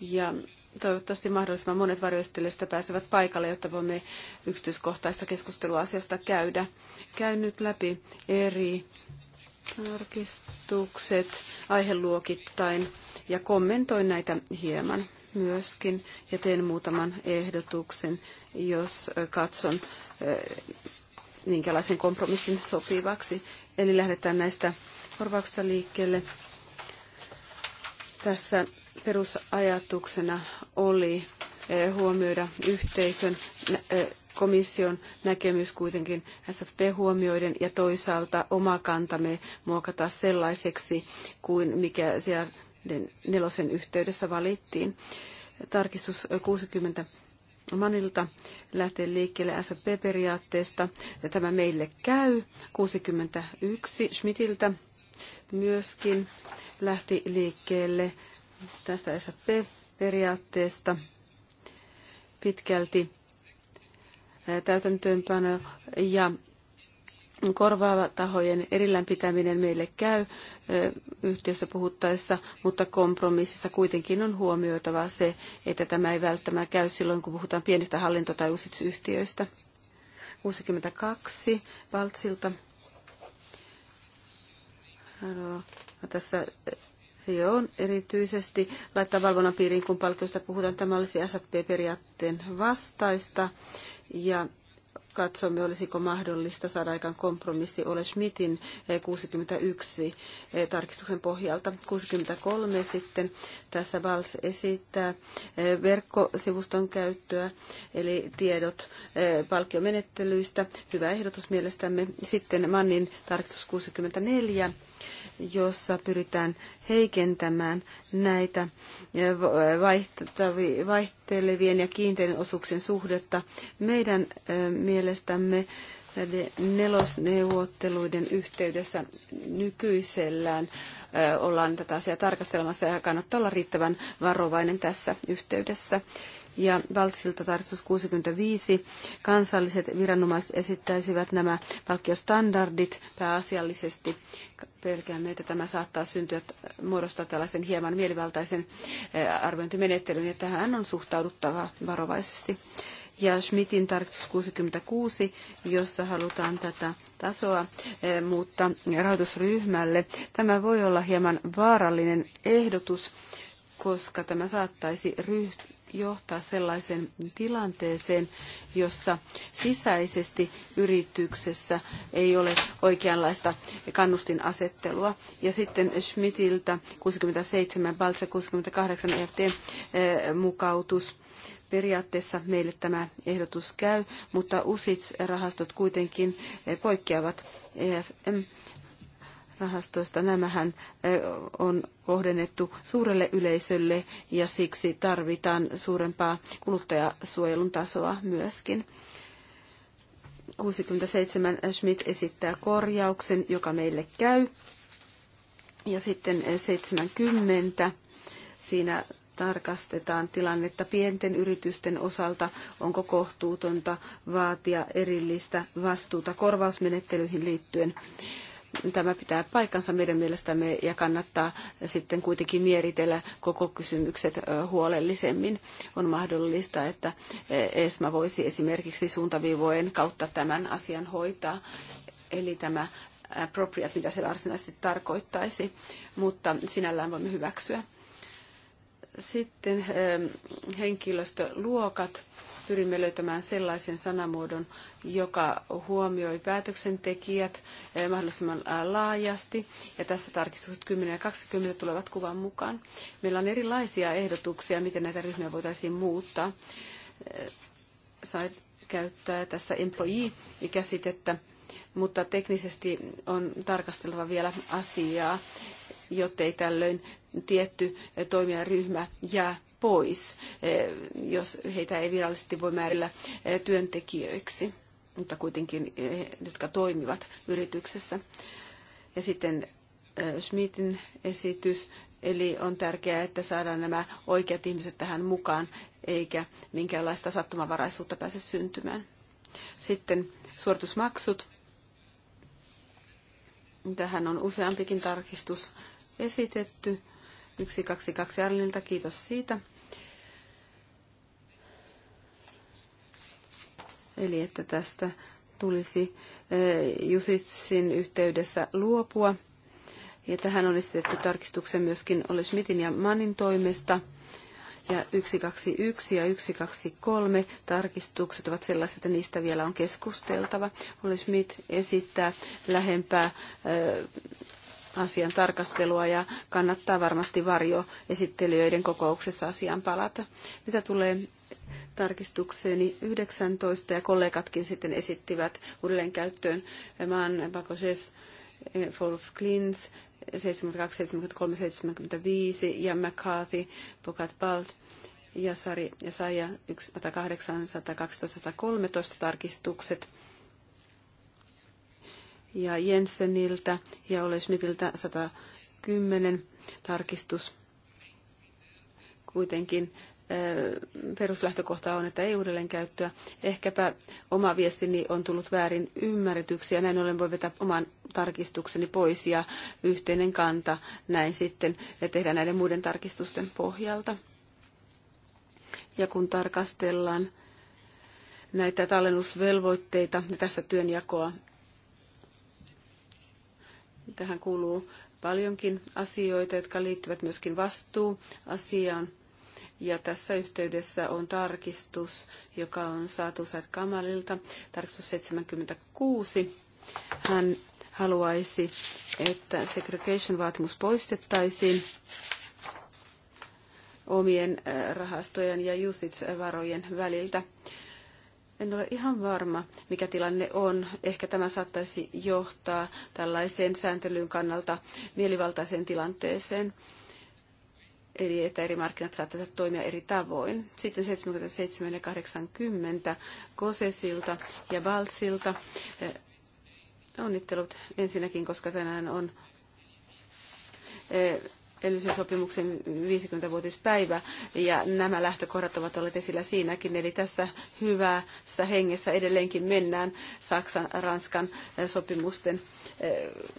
S3: ja toivottavasti mahdollisimman monet varjoistelijoista pääsevät paikalle, jotta voimme yksityiskohtaista keskustelua asiasta käydä. Käyn nyt läpi eri tarkistukset aiheluokittain ja kommentoin näitä hieman myöskin ja teen muutaman ehdotuksen, jos katson eh, minkälaisen kompromissin sopivaksi. Eli lähdetään näistä korvauksista liikkeelle. Tässä perusajatuksena oli eh, huomioida yhteisön eh, komission näkemys kuitenkin SFP huomioiden ja toisaalta oma kantamme muokata sellaiseksi kuin mikä siellä nelosen yhteydessä valittiin. Tarkistus 60 Manilta lähtee liikkeelle SFP-periaatteesta. Ja tämä meille käy. 61 Schmidtiltä myöskin lähti liikkeelle tästä SFP-periaatteesta pitkälti täytäntöönpano ja korvaava tahojen erillään pitäminen meille käy yhtiössä puhuttaessa, mutta kompromississa kuitenkin on huomioitava se, että tämä ei välttämättä käy silloin, kun puhutaan pienistä hallinto- tai uusista yhtiöistä. 62 Valtsilta. No, tässä se on erityisesti laittaa valvonnan piiriin, kun palkkiosta puhutaan. Tämä olisi SFP-periaatteen vastaista ja katsomme, olisiko mahdollista saada aikaan kompromissi Ole Schmidtin 61 eh, eh, tarkistuksen pohjalta. 63 sitten tässä Vals esittää eh, verkkosivuston käyttöä, eli tiedot palkkiomenettelyistä. Hyvä ehdotus mielestämme. Sitten Mannin tarkistus 64 jossa pyritään heikentämään näitä eh, vaihtelevien ja kiinteiden osuuksien suhdetta. Meidän eh, mielestämme nelosneuvotteluiden yhteydessä nykyisellään eh, ollaan tätä asiaa tarkastelemassa ja kannattaa olla riittävän varovainen tässä yhteydessä ja Valtsilta tarkistus 65. Kansalliset viranomaiset esittäisivät nämä palkkiostandardit pääasiallisesti. Pelkäämme, että tämä saattaa syntyä muodostaa tällaisen hieman mielivaltaisen eh, arviointimenettelyn, ja tähän on suhtauduttava varovaisesti. Ja Schmidtin tarkistus 66, jossa halutaan tätä tasoa eh, muuttaa rahoitusryhmälle. Tämä voi olla hieman vaarallinen ehdotus, koska tämä saattaisi ryhtyä johtaa sellaisen tilanteeseen, jossa sisäisesti yrityksessä ei ole oikeanlaista kannustinasettelua. Ja sitten Schmidtiltä 67, Balsa 68 EFD mukautus periaatteessa meille tämä ehdotus käy, mutta USITS-rahastot kuitenkin eh, poikkeavat EFM rahastoista. Nämähän on kohdennettu suurelle yleisölle ja siksi tarvitaan suurempaa kuluttajasuojelun tasoa myöskin. 67 Schmidt esittää korjauksen, joka meille käy. Ja sitten 70. Siinä tarkastetaan tilannetta pienten yritysten osalta, onko kohtuutonta vaatia erillistä vastuuta korvausmenettelyihin liittyen tämä pitää paikkansa meidän mielestämme ja kannattaa sitten kuitenkin mieritellä koko kysymykset huolellisemmin. On mahdollista, että ESMA voisi esimerkiksi suuntaviivojen kautta tämän asian hoitaa. Eli tämä appropriate, mitä se varsinaisesti tarkoittaisi, mutta sinällään voimme hyväksyä sitten ähm, henkilöstöluokat. Pyrimme löytämään sellaisen sanamuodon, joka huomioi päätöksentekijät äh, mahdollisimman äh, laajasti. Ja tässä tarkistukset 10 ja 20 tulevat kuvan mukaan. Meillä on erilaisia ehdotuksia, miten näitä ryhmiä voitaisiin muuttaa. Äh, Sait käyttää tässä employee-käsitettä, mutta teknisesti on tarkasteltava vielä asiaa jottei tällöin tietty eh, toimijaryhmä jää pois, eh, jos heitä ei virallisesti voi määritellä eh, työntekijöiksi, mutta kuitenkin jotka toimivat yrityksessä. Ja sitten Schmidtin esitys, eli on tärkeää, että saadaan nämä oikeat ihmiset tähän mukaan, eikä minkäänlaista sattumavaraisuutta pääse syntymään. Sitten suoritusmaksut. Tähän on useampikin tarkistus esitetty 122 Arlilta, kiitos siitä. Eli että tästä tulisi eh, Jusitsin yhteydessä luopua. Ja tähän on tehty tarkistuksen myöskin Ole Schmidtin ja Mannin toimesta. Ja 121 ja 123 tarkistukset ovat sellaiset, että niistä vielä on keskusteltava. Ole Schmidt esittää lähempää eh, asian tarkastelua ja kannattaa varmasti varjoesittelijöiden kokouksessa asiaan palata. Mitä tulee tarkistukseeni 19 ja kollegatkin sitten esittivät uudelleen käyttöön maan Bakoses, Wolf Klins, 72, 73, 75 ja McCarthy, Bogat Balt ja Sari ja Saija 108, 112, 113 tarkistukset ja Jenseniltä ja Ole Schmidtiltä 110 tarkistus. Kuitenkin peruslähtökohta on, että ei uudelleenkäyttöä. Ehkäpä oma viestini on tullut väärin ymmärretyksi ja näin ollen voi vetää oman tarkistukseni pois ja yhteinen kanta näin sitten tehdä näiden muiden tarkistusten pohjalta. Ja kun tarkastellaan näitä tallennusvelvoitteita ja tässä työnjakoa Tähän kuuluu paljonkin asioita, jotka liittyvät myöskin vastuuasiaan. Ja tässä yhteydessä on tarkistus, joka on saatu Said Kamalilta, tarkistus 76. Hän haluaisi, että segregation-vaatimus poistettaisiin omien äh, rahastojen ja usage-varojen väliltä. En ole ihan varma, mikä tilanne on. Ehkä tämä saattaisi johtaa tällaiseen sääntelyyn kannalta mielivaltaiseen tilanteeseen. Eli että eri markkinat saattavat toimia eri tavoin. Sitten 77 ja 80 Kosesilta ja Baltsilta. Eh, onnittelut ensinnäkin, koska tänään on eh, Elysin sopimuksen 50-vuotispäivä ja nämä lähtökohdat ovat olleet esillä siinäkin. Eli tässä hyvässä hengessä edelleenkin mennään Saksan, Ranskan eh, sopimusten eh,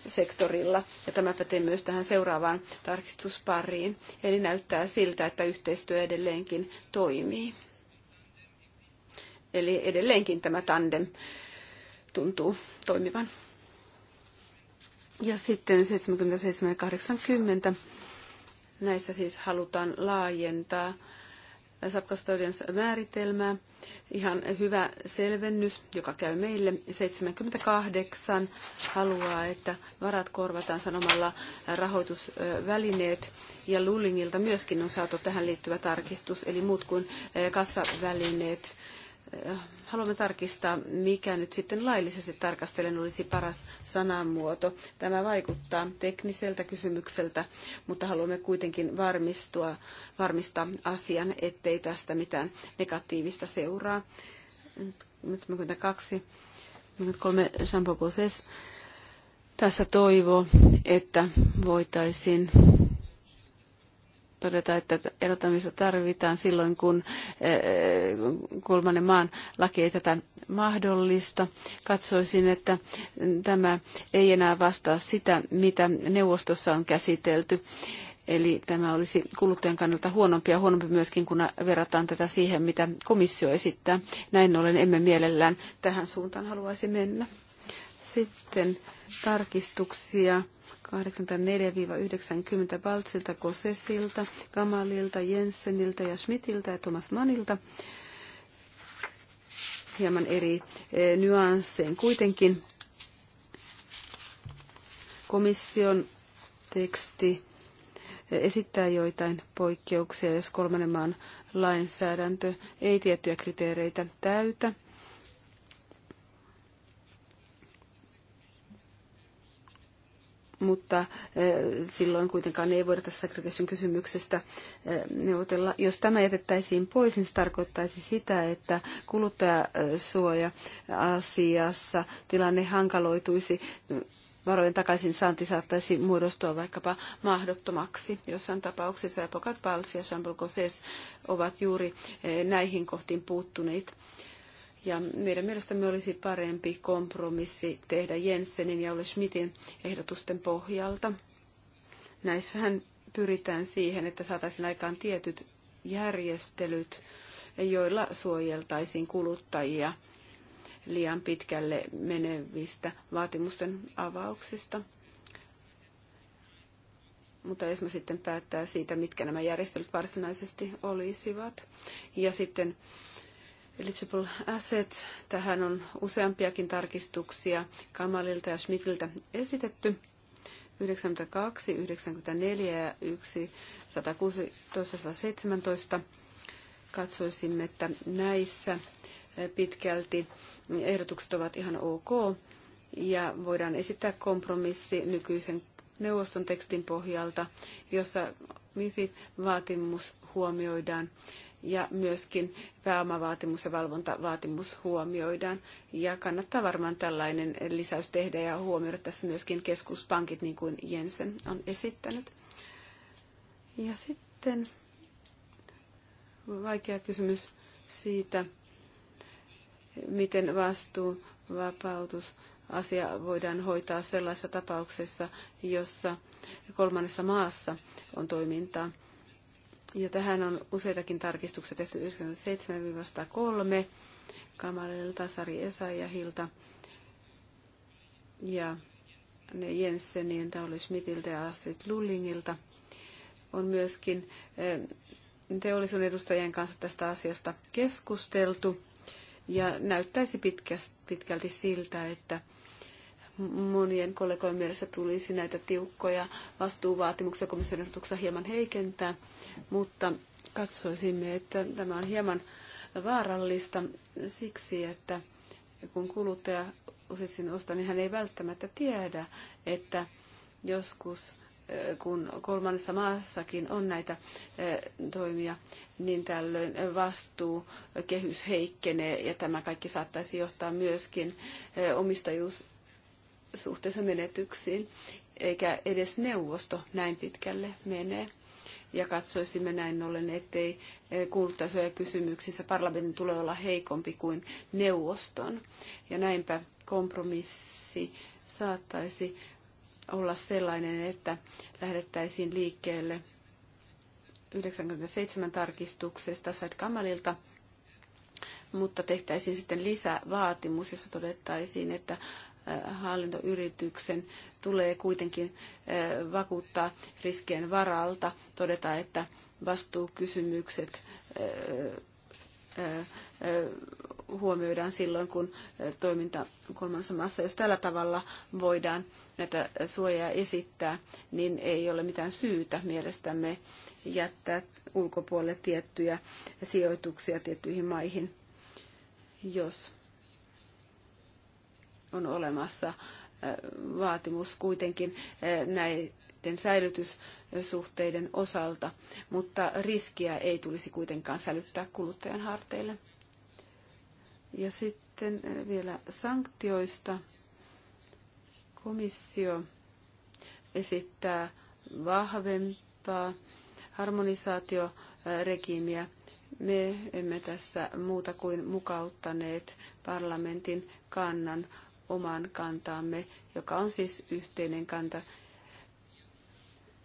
S3: sektorilla. Ja tämä pätee myös tähän seuraavaan tarkistuspariin. Eli näyttää siltä, että yhteistyö edelleenkin toimii. Eli edelleenkin tämä tandem tuntuu toimivan. Ja sitten 77 ja 80 Näissä siis halutaan laajentaa subcustodians määritelmää. Ihan hyvä selvennys, joka käy meille. 78 haluaa, että varat korvataan sanomalla rahoitusvälineet. Ja Lullingilta myöskin on saatu tähän liittyvä tarkistus, eli muut kuin eh, kassavälineet eh, haluamme tarkistaa, mikä nyt sitten laillisesti tarkastellen olisi paras sanamuoto. Tämä vaikuttaa tekniseltä kysymykseltä, mutta haluamme kuitenkin varmistua, varmistaa asian, ettei tästä mitään negatiivista seuraa. Nyt 32, 3 Jean tässä toivo, että voitaisiin todeta, että erottamista tarvitaan silloin, kun eh, kolmannen maan laki ei tätä mahdollista. Katsoisin, että tämä ei enää vastaa sitä, mitä neuvostossa on käsitelty. Eli tämä olisi kuluttajan kannalta huonompi ja huonompi myöskin, kun verrataan tätä siihen, mitä komissio esittää. Näin ollen emme mielellään tähän suuntaan haluaisi mennä. Sitten tarkistuksia 84-90 Baltsilta, Kosesilta, Kamalilta, Jensenilta ja Schmidtiltä ja Thomas Manilta. Hieman eri e, nyansseen kuitenkin. Komission teksti eh, esittää joitain poikkeuksia, jos kolmannen maan lainsäädäntö ei tiettyjä kriteereitä täytä mutta eh, silloin kuitenkaan ei voida tässä kritisyn kysymyksestä eh, neuvotella. Jos tämä jätettäisiin pois, niin se tarkoittaisi sitä, että kuluttajasuoja-asiassa tilanne hankaloituisi varojen takaisin saanti saattaisi muodostua vaikkapa mahdottomaksi. Jossain tapauksessa Epokat Pals ja Jean ovat juuri eh, näihin kohtiin puuttuneet. Ja meidän mielestämme olisi parempi kompromissi tehdä Jensenin ja Ole Schmidtin ehdotusten pohjalta. Näissähän pyritään siihen, että saataisiin aikaan tietyt järjestelyt, joilla suojeltaisiin kuluttajia liian pitkälle menevistä vaatimusten avauksista. Mutta ESMA sitten päättää siitä, mitkä nämä järjestelyt varsinaisesti olisivat. Ja sitten Eligible Assets. Tähän on useampiakin tarkistuksia Kamalilta ja Schmidtiltä esitetty. 92, 94 ja 1, 116, 117. Katsoisimme, että näissä pitkälti ehdotukset ovat ihan ok ja voidaan esittää kompromissi nykyisen neuvoston tekstin pohjalta, jossa MIFI-vaatimus huomioidaan ja myöskin pääomavaatimus ja valvontavaatimus huomioidaan. Ja kannattaa varmaan tällainen lisäys tehdä ja huomioida tässä myöskin keskuspankit, niin kuin Jensen on esittänyt. Ja sitten vaikea kysymys siitä, miten vastuu vapautus asia voidaan hoitaa sellaisessa tapauksessa, jossa kolmannessa maassa on toimintaa. Ja tähän on useitakin tarkistuksia tehty 97-103 Kamalilta, Sari Esaijahilta ja ne Jenseniltä, Oli Schmidtiltä ja Astrid Lullingilta. On myöskin eh, teollisuuden edustajien kanssa tästä asiasta keskusteltu ja näyttäisi pitkästi, pitkälti siltä, että monien kollegojen mielessä tulisi näitä tiukkoja vastuuvaatimuksia komission ehdotuksessa hieman heikentää, mutta katsoisimme, että tämä on hieman vaarallista siksi, että kun kuluttaja usein ostaa, niin hän ei välttämättä tiedä, että joskus eh, kun kolmannessa maassakin on näitä eh, toimia, niin tällöin vastuu, eh, kehys heikkenee ja tämä kaikki saattaisi johtaa myöskin omistajuus suhteessa menetyksiin, eikä edes neuvosto näin pitkälle mene. Ja katsoisimme näin ollen, ettei eh, kulutasoja kysymyksissä parlamentin tulee olla heikompi kuin neuvoston. Ja näinpä kompromissi saattaisi olla sellainen, että lähdettäisiin liikkeelle 97 tarkistuksesta Said Kamalilta, mutta tehtäisiin sitten lisävaatimus, jossa todettaisiin, että hallintoyrityksen tulee kuitenkin vakuuttaa riskien varalta, todeta, että vastuukysymykset huomioidaan silloin, kun toiminta kolmannessa maassa, jos tällä tavalla voidaan näitä suojaa esittää, niin ei ole mitään syytä mielestämme jättää ulkopuolelle tiettyjä sijoituksia tiettyihin maihin, jos on olemassa äh, vaatimus kuitenkin äh, näiden säilytyssuhteiden osalta, mutta riskiä ei tulisi kuitenkaan sälyttää kuluttajan harteille. Ja sitten äh, vielä sanktioista. Komissio esittää vahvempaa harmonisaatioregiimiä. Me emme tässä muuta kuin mukauttaneet parlamentin kannan omaan kantaamme, joka on siis yhteinen kanta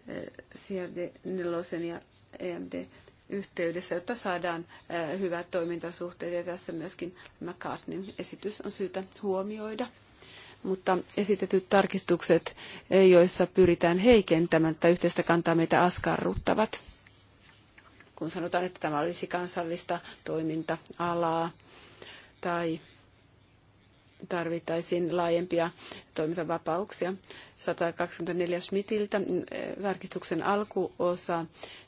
S3: eh, CRD 4 ja EMD yhteydessä, jotta saadaan eh, hyvät toimintasuhteet. Ja tässä myöskin McCartneyn esitys on syytä huomioida. Mutta esitetyt tarkistukset, eh, joissa pyritään heikentämään tätä yhteistä kantaa, meitä askarruttavat. Kun sanotaan, että tämä olisi kansallista toiminta-alaa tai tarvittaisiin laajempia toimintavapauksia. 124 Schmidtiltä mm, eh, tarkistuksen alkuosa,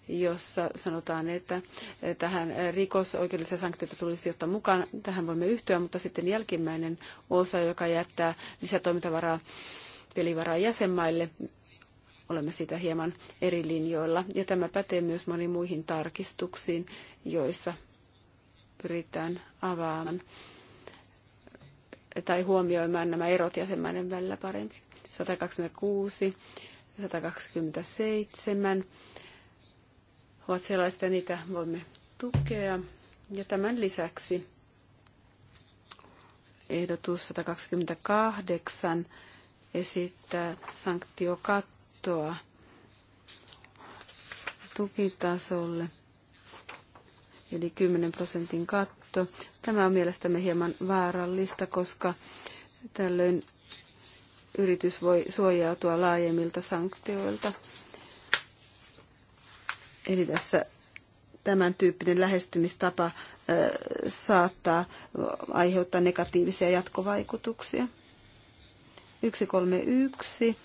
S3: jossa sanotaan, että eh, tähän eh, rikosoikeudellisia sanktioita tulisi ottaa mukaan. Tähän voimme yhtyä, mutta sitten jälkimmäinen osa, joka jättää lisätoimintavaraa pelivaraa jäsenmaille, olemme siitä hieman eri linjoilla. Ja tämä pätee myös moniin muihin tarkistuksiin, joissa pyritään avaamaan tai huomioimaan nämä erot jäsenmaiden välillä paremmin. 126 ja 127 ovat sellaista, niitä voimme tukea. Ja tämän lisäksi ehdotus 128 esittää sanktiokattoa tukitasolle, eli 10 prosentin katto käyttöönotto. Tämä on mielestämme hieman vaarallista, koska tällöin yritys voi suojautua laajemmilta sanktioilta. Eli tässä tämän tyyppinen lähestymistapa saattaa aiheuttaa negatiivisia jatkovaikutuksia. 131.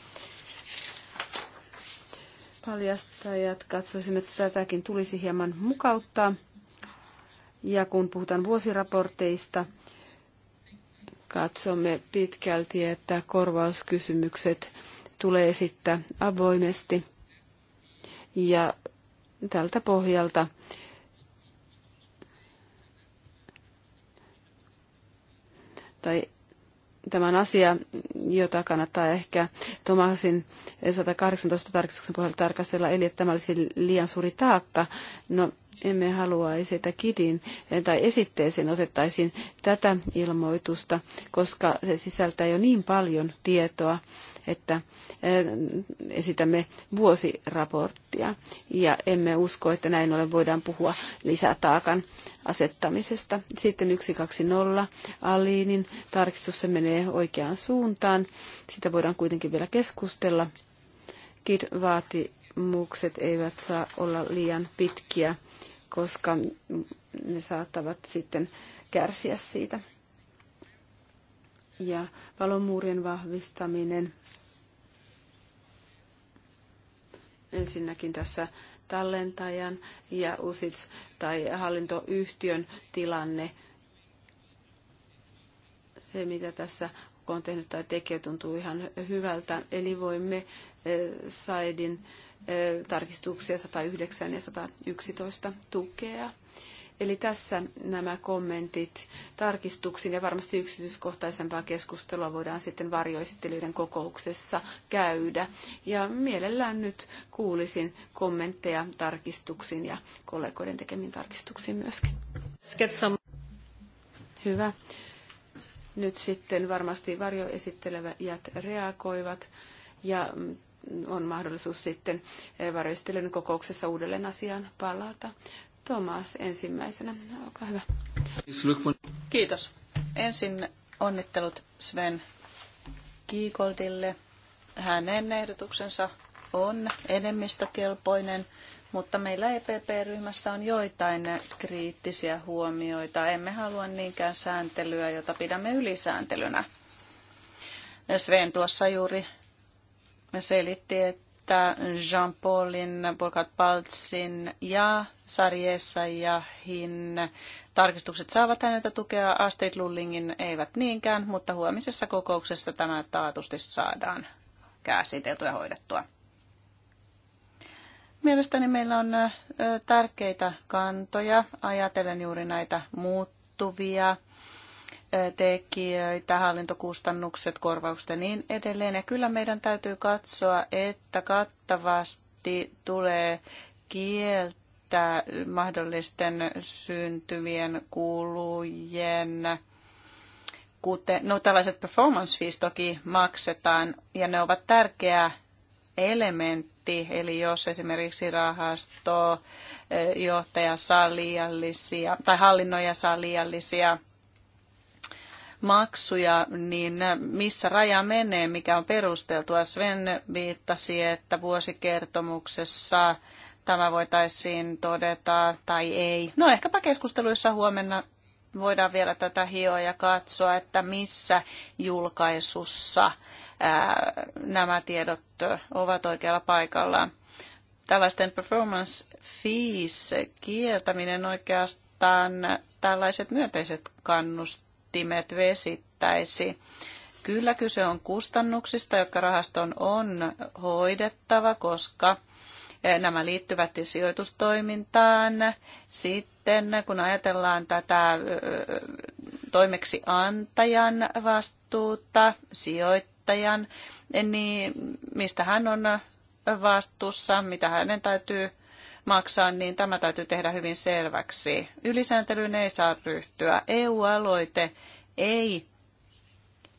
S3: Paljastajat katsoisimme, että tätäkin tulisi hieman mukauttaa. Ja kun puhutaan vuosiraporteista, katsomme pitkälti, että korvauskysymykset tulee esittää avoimesti. Ja tältä pohjalta tai tämän asia, jota kannattaa ehkä Tomasin 118 tarkistuksen pohjalta tarkastella, eli että tämä olisi liian suuri taakka. No, emme haluaisi, että kidin eh, tai esitteeseen otettaisiin tätä ilmoitusta, koska se sisältää jo niin paljon tietoa, että eh, esitämme vuosiraporttia ja emme usko, että näin ollen voidaan puhua lisätaakan asettamisesta. Sitten 120 aliinin tarkistus, se menee oikeaan suuntaan. Sitä voidaan kuitenkin vielä keskustella. KID muukset eivät saa olla liian pitkiä koska ne saattavat sitten kärsiä siitä. Ja palomuurien vahvistaminen. Ensinnäkin tässä tallentajan ja USITS tai hallintoyhtiön tilanne. Se, mitä tässä on tehnyt tai tekee, tuntuu ihan hyvältä. Eli voimme eh, Saidin tarkistuksia 109 ja 111 tukea. Eli tässä nämä kommentit tarkistuksiin ja varmasti yksityiskohtaisempaa keskustelua voidaan sitten varjoesittelyiden kokouksessa käydä. Ja mielellään nyt kuulisin kommentteja tarkistuksiin ja kollegoiden tekemiin tarkistuksiin myöskin. Hyvä. Nyt sitten varmasti varjoesittelevät reagoivat ja on mahdollisuus sitten eh, varjostelun kokouksessa uudelleen asiaan palata. Tomas ensimmäisenä, olkaa hyvä.
S2: Kiitos. Ensin onnittelut Sven Kiikoltille Hänen ehdotuksensa on enemmistökelpoinen, mutta meillä EPP-ryhmässä on joitain kriittisiä huomioita. Emme halua niinkään sääntelyä, jota pidämme ylisääntelynä. Sven tuossa juuri selitti, että Jean-Paulin, Burkhard Paltsin ja Sarjessa ja tarkistukset saavat häneltä tukea, Astrid Lullingin eivät niinkään, mutta huomisessa kokouksessa tämä taatusti saadaan käsiteltyä ja hoidettua. Mielestäni meillä on tärkeitä kantoja ajatellen juuri näitä muuttuvia tekijöitä, hallintokustannukset, korvaukset ja niin edelleen. Ja kyllä meidän täytyy katsoa, että kattavasti tulee kieltää mahdollisten syntyvien kulujen kuten, no tällaiset performance fees toki maksetaan ja ne ovat tärkeä elementti, eli jos esimerkiksi rahasto, johtaja saa liiallisia tai hallinnoija saa liiallisia maksuja, niin missä raja menee, mikä on perusteltua? Sven viittasi, että vuosikertomuksessa tämä voitaisiin todeta tai ei. No ehkäpä keskusteluissa huomenna voidaan vielä tätä hioa ja katsoa, että missä julkaisussa nämä tiedot ovat oikealla paikallaan. Tällaisten performance fees kieltäminen oikeastaan tällaiset myönteiset kannust liittimet vesittäisi. Kyllä kyse on kustannuksista, jotka rahaston on hoidettava, koska eh, nämä liittyvät sijoitustoimintaan. Sitten kun ajatellaan tätä eh, toimeksiantajan vastuuta, sijoittajan, niin mistä hän on vastuussa, mitä hänen täytyy maksaa, niin tämä täytyy tehdä hyvin selväksi. Ylisääntelyyn ei saa ryhtyä. EU-aloite ei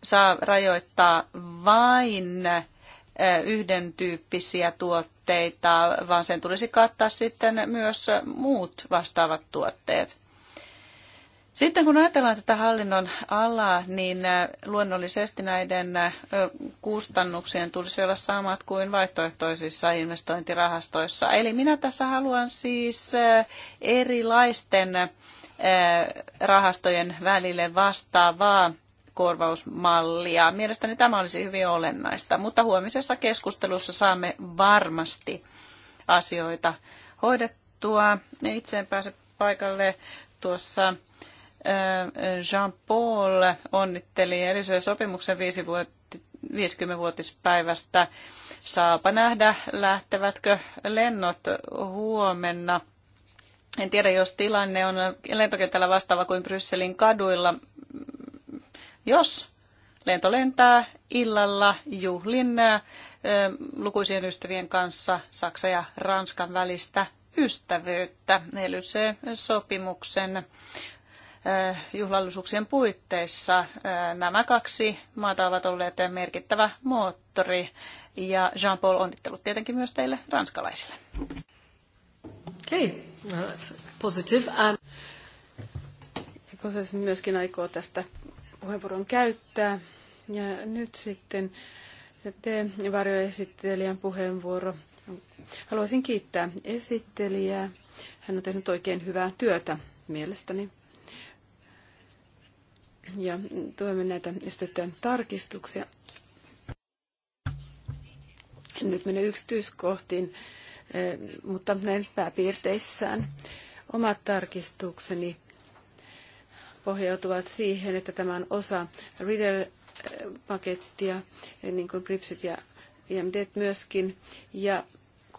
S2: saa rajoittaa vain yhden tyyppisiä tuotteita, vaan sen tulisi kattaa sitten myös muut vastaavat tuotteet. Sitten kun ajatellaan tätä hallinnon alaa, niin äh, luonnollisesti näiden äh, kustannuksien tulisi olla samat kuin vaihtoehtoisissa investointirahastoissa. Eli minä tässä haluan siis äh, erilaisten rahastojen välille vastaavaa korvausmallia. Mielestäni tämä olisi hyvin olennaista, mutta huomisessa keskustelussa saamme varmasti asioita hoidettua. Itse en pääse paikalle tuossa Jean-Paul onnitteli erisen sopimuksen 50-vuotispäivästä. Saapa nähdä, lähtevätkö lennot huomenna. En tiedä, jos tilanne on lentokentällä vastaava kuin Brysselin kaduilla. Jos lento lentää illalla juhlin lukuisien ystävien kanssa Saksa ja Ranskan välistä ystävyyttä, eli se sopimuksen juhlallisuuksien puitteissa. Nämä kaksi maata ovat olleet merkittävä moottori ja Jean-Paul onnittelut tietenkin myös teille ranskalaisille.
S3: Okay. Well, that's positive. Um... Koses siis myöskin aikoo tästä puheenvuoron käyttää. Ja nyt sitten varjoesittelijän puheenvuoro. Haluaisin kiittää esittelijää. Hän on tehnyt oikein hyvää työtä mielestäni ja tuemme näitä esitettyjä tarkistuksia. En nyt mene yksityiskohtiin, eh, mutta näin pääpiirteissään. Omat tarkistukseni pohjautuvat siihen, että tämä on osa Riddle-pakettia, eh, niin kuin Bripsit ja IMD myöskin, ja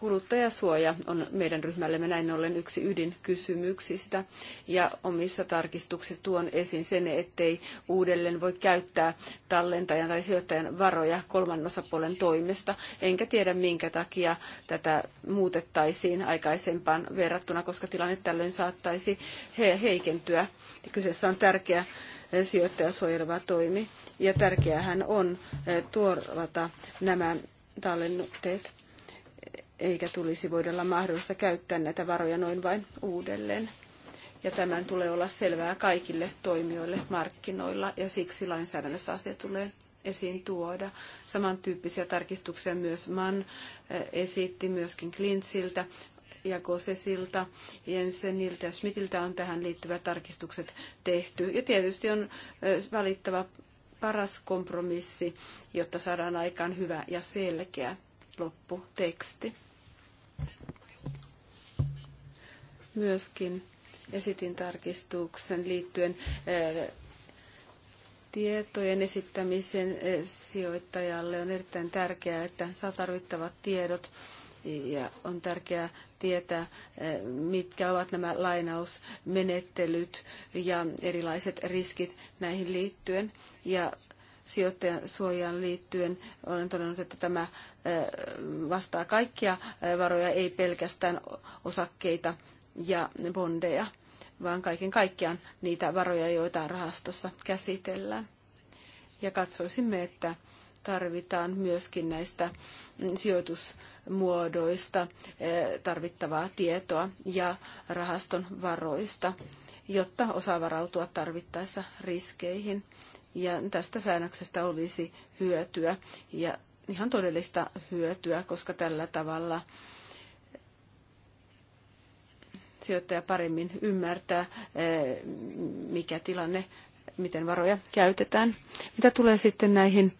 S3: Kuluttajasuoja on meidän ryhmällemme näin ollen yksi ydinkysymyksistä ja omissa tarkistuksissa tuon esiin sen, ettei uudelleen voi käyttää tallentajan tai sijoittajan varoja kolmannen osapuolen toimesta. Enkä tiedä minkä takia tätä muutettaisiin aikaisempaan verrattuna, koska tilanne tällöin saattaisi heikentyä. Kyseessä on tärkeä sijoittaja suojeleva toimi ja tärkeähän on eh, tuorata nämä tallenteet eikä tulisi voida olla mahdollista käyttää näitä varoja noin vain uudelleen. Ja tämän tulee olla selvää kaikille toimijoille markkinoilla ja siksi lainsäädännössä asia tulee esiin tuoda. Samantyyppisiä tarkistuksia myös MAN eh, esitti myöskin Klintsiltä ja Kosesilta, Jenseniltä ja Schmidtiltä on tähän liittyvät tarkistukset tehty. Ja tietysti on eh, valittava paras kompromissi, jotta saadaan aikaan hyvä ja selkeä lopputeksti. Myöskin esitin tarkistuksen liittyen eh, tietojen esittämisen eh, sijoittajalle on erittäin tärkeää, että saa tarvittavat tiedot ja on tärkeää tietää, eh, mitkä ovat nämä lainausmenettelyt ja erilaiset riskit näihin liittyen. Ja sijoittajan suojaan liittyen olen todennut, että tämä vastaa kaikkia varoja, ei pelkästään osakkeita ja bondeja, vaan kaiken kaikkiaan niitä varoja, joita rahastossa käsitellään. Ja katsoisimme, että tarvitaan myöskin näistä sijoitusmuodoista eh, tarvittavaa tietoa ja rahaston varoista, jotta osaa varautua tarvittaessa riskeihin. Ja tästä säännöksestä olisi hyötyä ja ihan todellista hyötyä, koska tällä tavalla sijoittaja paremmin ymmärtää, eh, mikä tilanne, miten varoja käytetään. Mitä tulee sitten näihin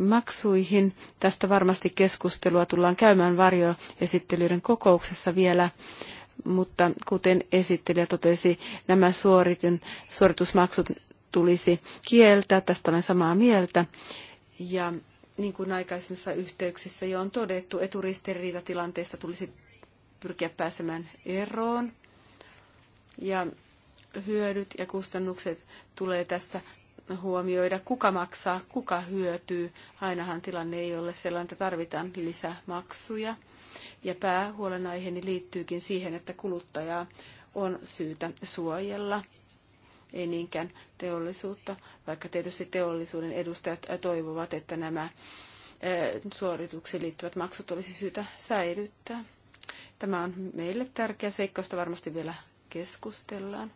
S3: maksuihin. Tästä varmasti keskustelua tullaan käymään varjoesittelyiden kokouksessa vielä, mutta kuten esittelijä totesi, nämä suoritin, suoritusmaksut tulisi kieltää, tästä olen samaa mieltä. Ja niin kuin aikaisemmissa yhteyksissä jo on todettu, eturistiriitatilanteista tulisi pyrkiä pääsemään eroon. Ja hyödyt ja kustannukset tulee tässä huomioida, kuka maksaa, kuka hyötyy. Ainahan tilanne ei ole sellainen, että tarvitaan lisämaksuja. Ja päähuolenaiheeni liittyykin siihen, että kuluttajaa on syytä suojella, ei niinkään teollisuutta, vaikka tietysti teollisuuden edustajat toivovat, että nämä eh, suorituksiin liittyvät maksut olisi syytä säilyttää. Tämä on meille tärkeä seikka, josta varmasti vielä keskustellaan.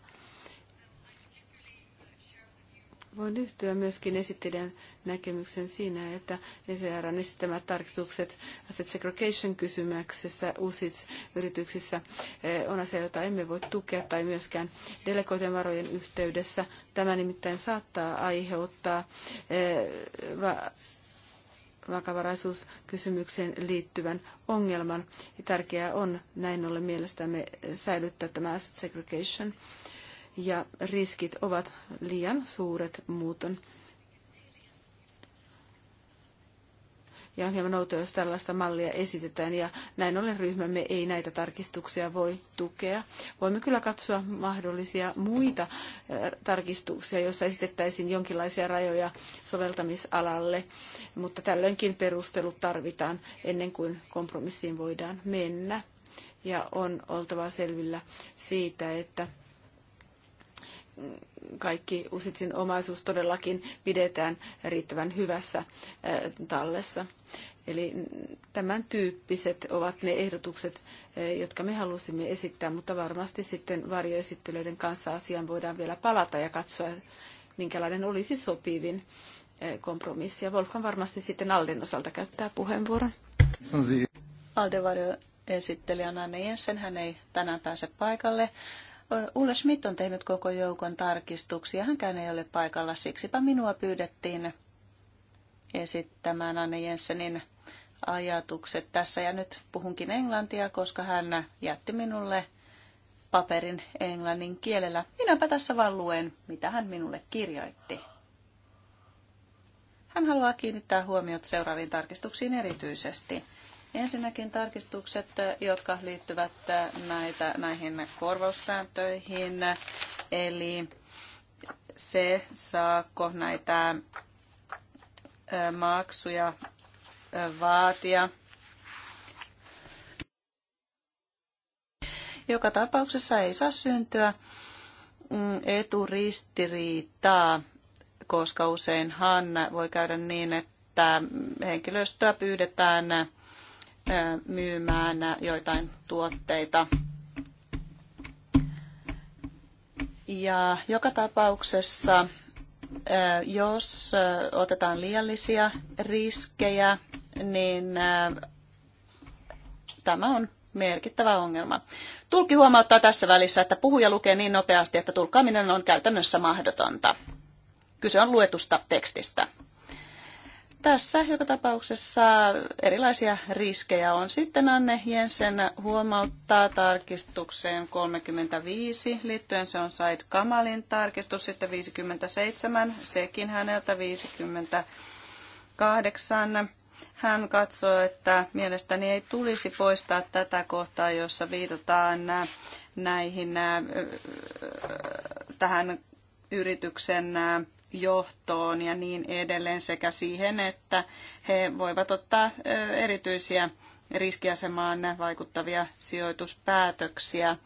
S3: Voin yhtyä myöskin esittelijän näkemyksen siinä, että ECRn esittämät tarkistukset asset segregation kysymyksessä uusissa yrityksissä eh, on asia, jota emme voi tukea tai myöskään delegoitujen varojen yhteydessä. Tämä nimittäin saattaa aiheuttaa eh, vakavaraisuuskysymykseen liittyvän ongelman. Ja tärkeää on näin ollen mielestämme säilyttää tämä asset segregation. Ja riskit ovat liian suuret muuton ja on hieman outoa, jos tällaista mallia esitetään, ja näin ollen ryhmämme ei näitä tarkistuksia voi tukea. Voimme kyllä katsoa mahdollisia muita tarkistuksia, joissa esitettäisiin jonkinlaisia rajoja soveltamisalalle, mutta tällöinkin perustelut tarvitaan ennen kuin kompromissiin voidaan mennä. Ja on oltava selvillä siitä, että kaikki Usitsin omaisuus todellakin pidetään riittävän hyvässä tallessa. Eli tämän tyyppiset ovat ne ehdotukset, jotka me halusimme esittää, mutta varmasti sitten varjoesittelyiden kanssa asiaan voidaan vielä palata ja katsoa, minkälainen olisi sopivin kompromissi. Ja Wolfgang varmasti sitten Alden osalta käyttää puheenvuoron. Alden varjoesittelijä Anne Jensen, hän
S2: ei tänään pääse paikalle. Ulla Schmidt on tehnyt koko joukon tarkistuksia. Hänkään ei ole paikalla, siksipä minua pyydettiin esittämään Anne Jensenin ajatukset tässä. Ja nyt puhunkin englantia, koska hän jätti minulle paperin englannin kielellä. Minäpä tässä vaan luen, mitä hän minulle kirjoitti. Hän haluaa kiinnittää huomiot seuraaviin tarkistuksiin erityisesti – Ensinnäkin tarkistukset, jotka liittyvät äh, näitä, näihin korvaussääntöihin, eli se saako näitä äh, maksuja äh, vaatia. Joka tapauksessa ei saa syntyä mm, eturistiriitaa, koska useinhan voi käydä niin, että henkilöstöä pyydetään myymään joitain tuotteita. Ja joka tapauksessa, jos otetaan liiallisia riskejä, niin tämä on merkittävä ongelma. Tulkki huomauttaa tässä välissä, että puhuja lukee niin nopeasti, että tulkkaaminen on käytännössä mahdotonta. Kyse on luetusta tekstistä. Tässä joka tapauksessa erilaisia riskejä on. Sitten Anne Jensen huomauttaa tarkistukseen 35, liittyen se on Said Kamalin tarkistus, sitten 57, sekin häneltä 58. Hän katsoo, että mielestäni ei tulisi poistaa tätä kohtaa, jossa viitataan näihin äh, äh, tähän yrityksen äh, johtoon ja niin edelleen sekä siihen, että he voivat ottaa erityisiä riskiasemaan vaikuttavia sijoituspäätöksiä.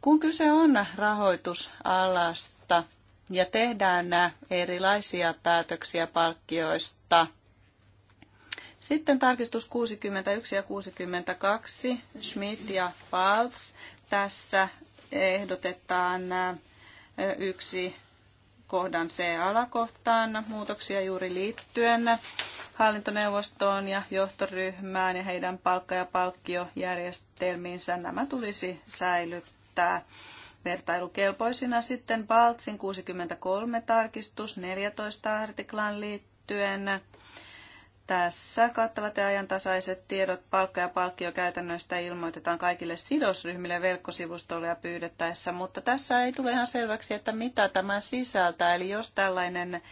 S2: Kun kyse on rahoitusalasta ja tehdään erilaisia päätöksiä palkkioista, sitten tarkistus 61 ja 62, Schmidt ja Paltz. Tässä ehdotetaan yksi kohdan C-alakohtaan muutoksia juuri liittyen hallintoneuvostoon ja johtoryhmään ja heidän palkka- ja palkkiojärjestelmiinsä. Nämä tulisi säilyttää vertailukelpoisina sitten Baltsin 63 tarkistus 14 artiklan liittyen tässä kattavat ja ajantasaiset tiedot palkka- ja palkkiokäytännöistä ilmoitetaan kaikille sidosryhmille verkkosivustolle ja pyydettäessä, mutta tässä ei tule ihan selväksi, että mitä tämä sisältää. Eli jos tällainen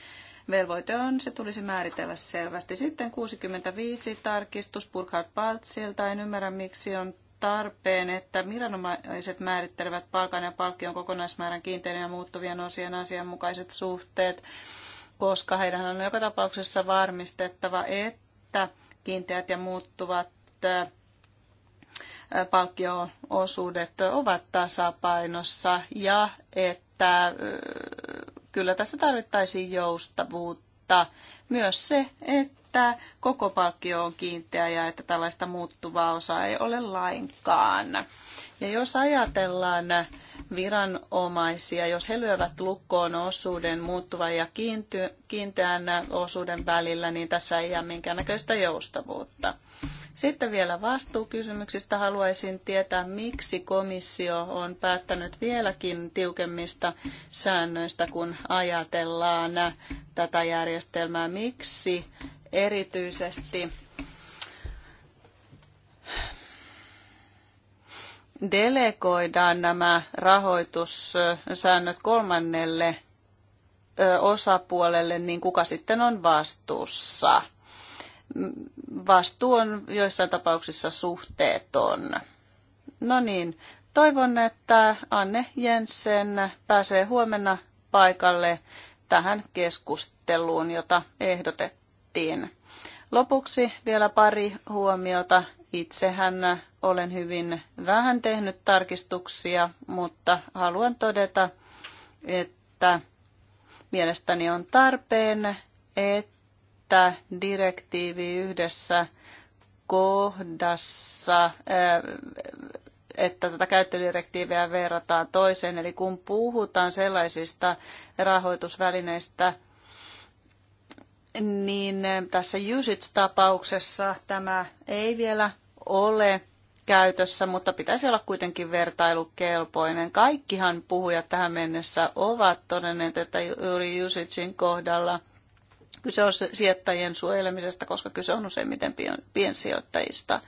S2: velvoite on, se tulisi määritellä selvästi. Sitten 65 tarkistus Burkhard Paltsilta. En ymmärrä, miksi on tarpeen, että viranomaiset määrittelevät palkan ja palkkion kokonaismäärän kiinteiden ja muuttuvien osien asianmukaiset suhteet koska heidän on joka tapauksessa varmistettava, että kiinteät ja muuttuvat palkkioosuudet ovat tasapainossa ja että kyllä tässä tarvittaisiin joustavuutta. Myös se, että että koko palkkio on kiinteä ja että tällaista muuttuvaa osaa ei ole lainkaan. Ja jos ajatellaan viranomaisia, jos he lyövät lukkoon osuuden muuttuvan ja kiinteän osuuden välillä, niin tässä ei jää minkäännäköistä joustavuutta. Sitten vielä vastuukysymyksistä haluaisin tietää, miksi komissio on päättänyt vieläkin tiukemmista säännöistä, kun ajatellaan tätä järjestelmää. Miksi erityisesti delegoidaan nämä rahoitussäännöt kolmannelle osapuolelle, niin kuka sitten on vastuussa? Vastuu on joissain tapauksissa suhteeton. No niin, toivon, että Anne Jensen pääsee huomenna paikalle tähän keskusteluun, jota ehdotettiin tehtiin. Lopuksi vielä pari huomiota. Itsehän olen hyvin vähän tehnyt tarkistuksia, mutta haluan todeta, että mielestäni on tarpeen, että direktiivi yhdessä kohdassa, äh, että tätä käyttödirektiiviä verrataan toiseen. Eli kun puhutaan sellaisista rahoitusvälineistä, niin eh, tässä Usage-tapauksessa tämä ei vielä ole käytössä, mutta pitäisi olla kuitenkin vertailukelpoinen. Kaikkihan puhujat tähän mennessä ovat todenneet, että juuri Usagein kohdalla kyse on sijoittajien suojelemisesta, koska kyse on useimmiten piensijoittajista.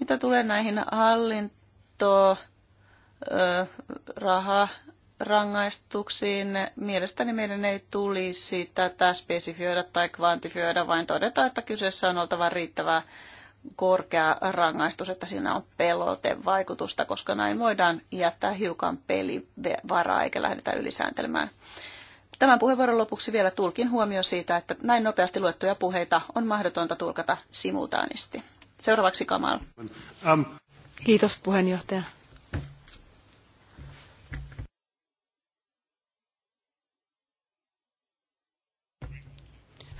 S2: Mitä tulee näihin hallinto raha rangaistuksiin. Mielestäni meidän ei tulisi tätä spesifioida tai kvantifioida, vaan todeta, että kyseessä on oltava riittävä korkea rangaistus, että siinä on pelotevaikutusta, koska näin voidaan jättää hiukan pelivaraa eikä lähdetä ylisääntelemään. Tämän puheenvuoron lopuksi vielä tulkin huomio siitä, että näin nopeasti luettuja puheita on mahdotonta tulkata simultaanisti. Seuraavaksi Kamal.
S3: Um, Kiitos puheenjohtaja.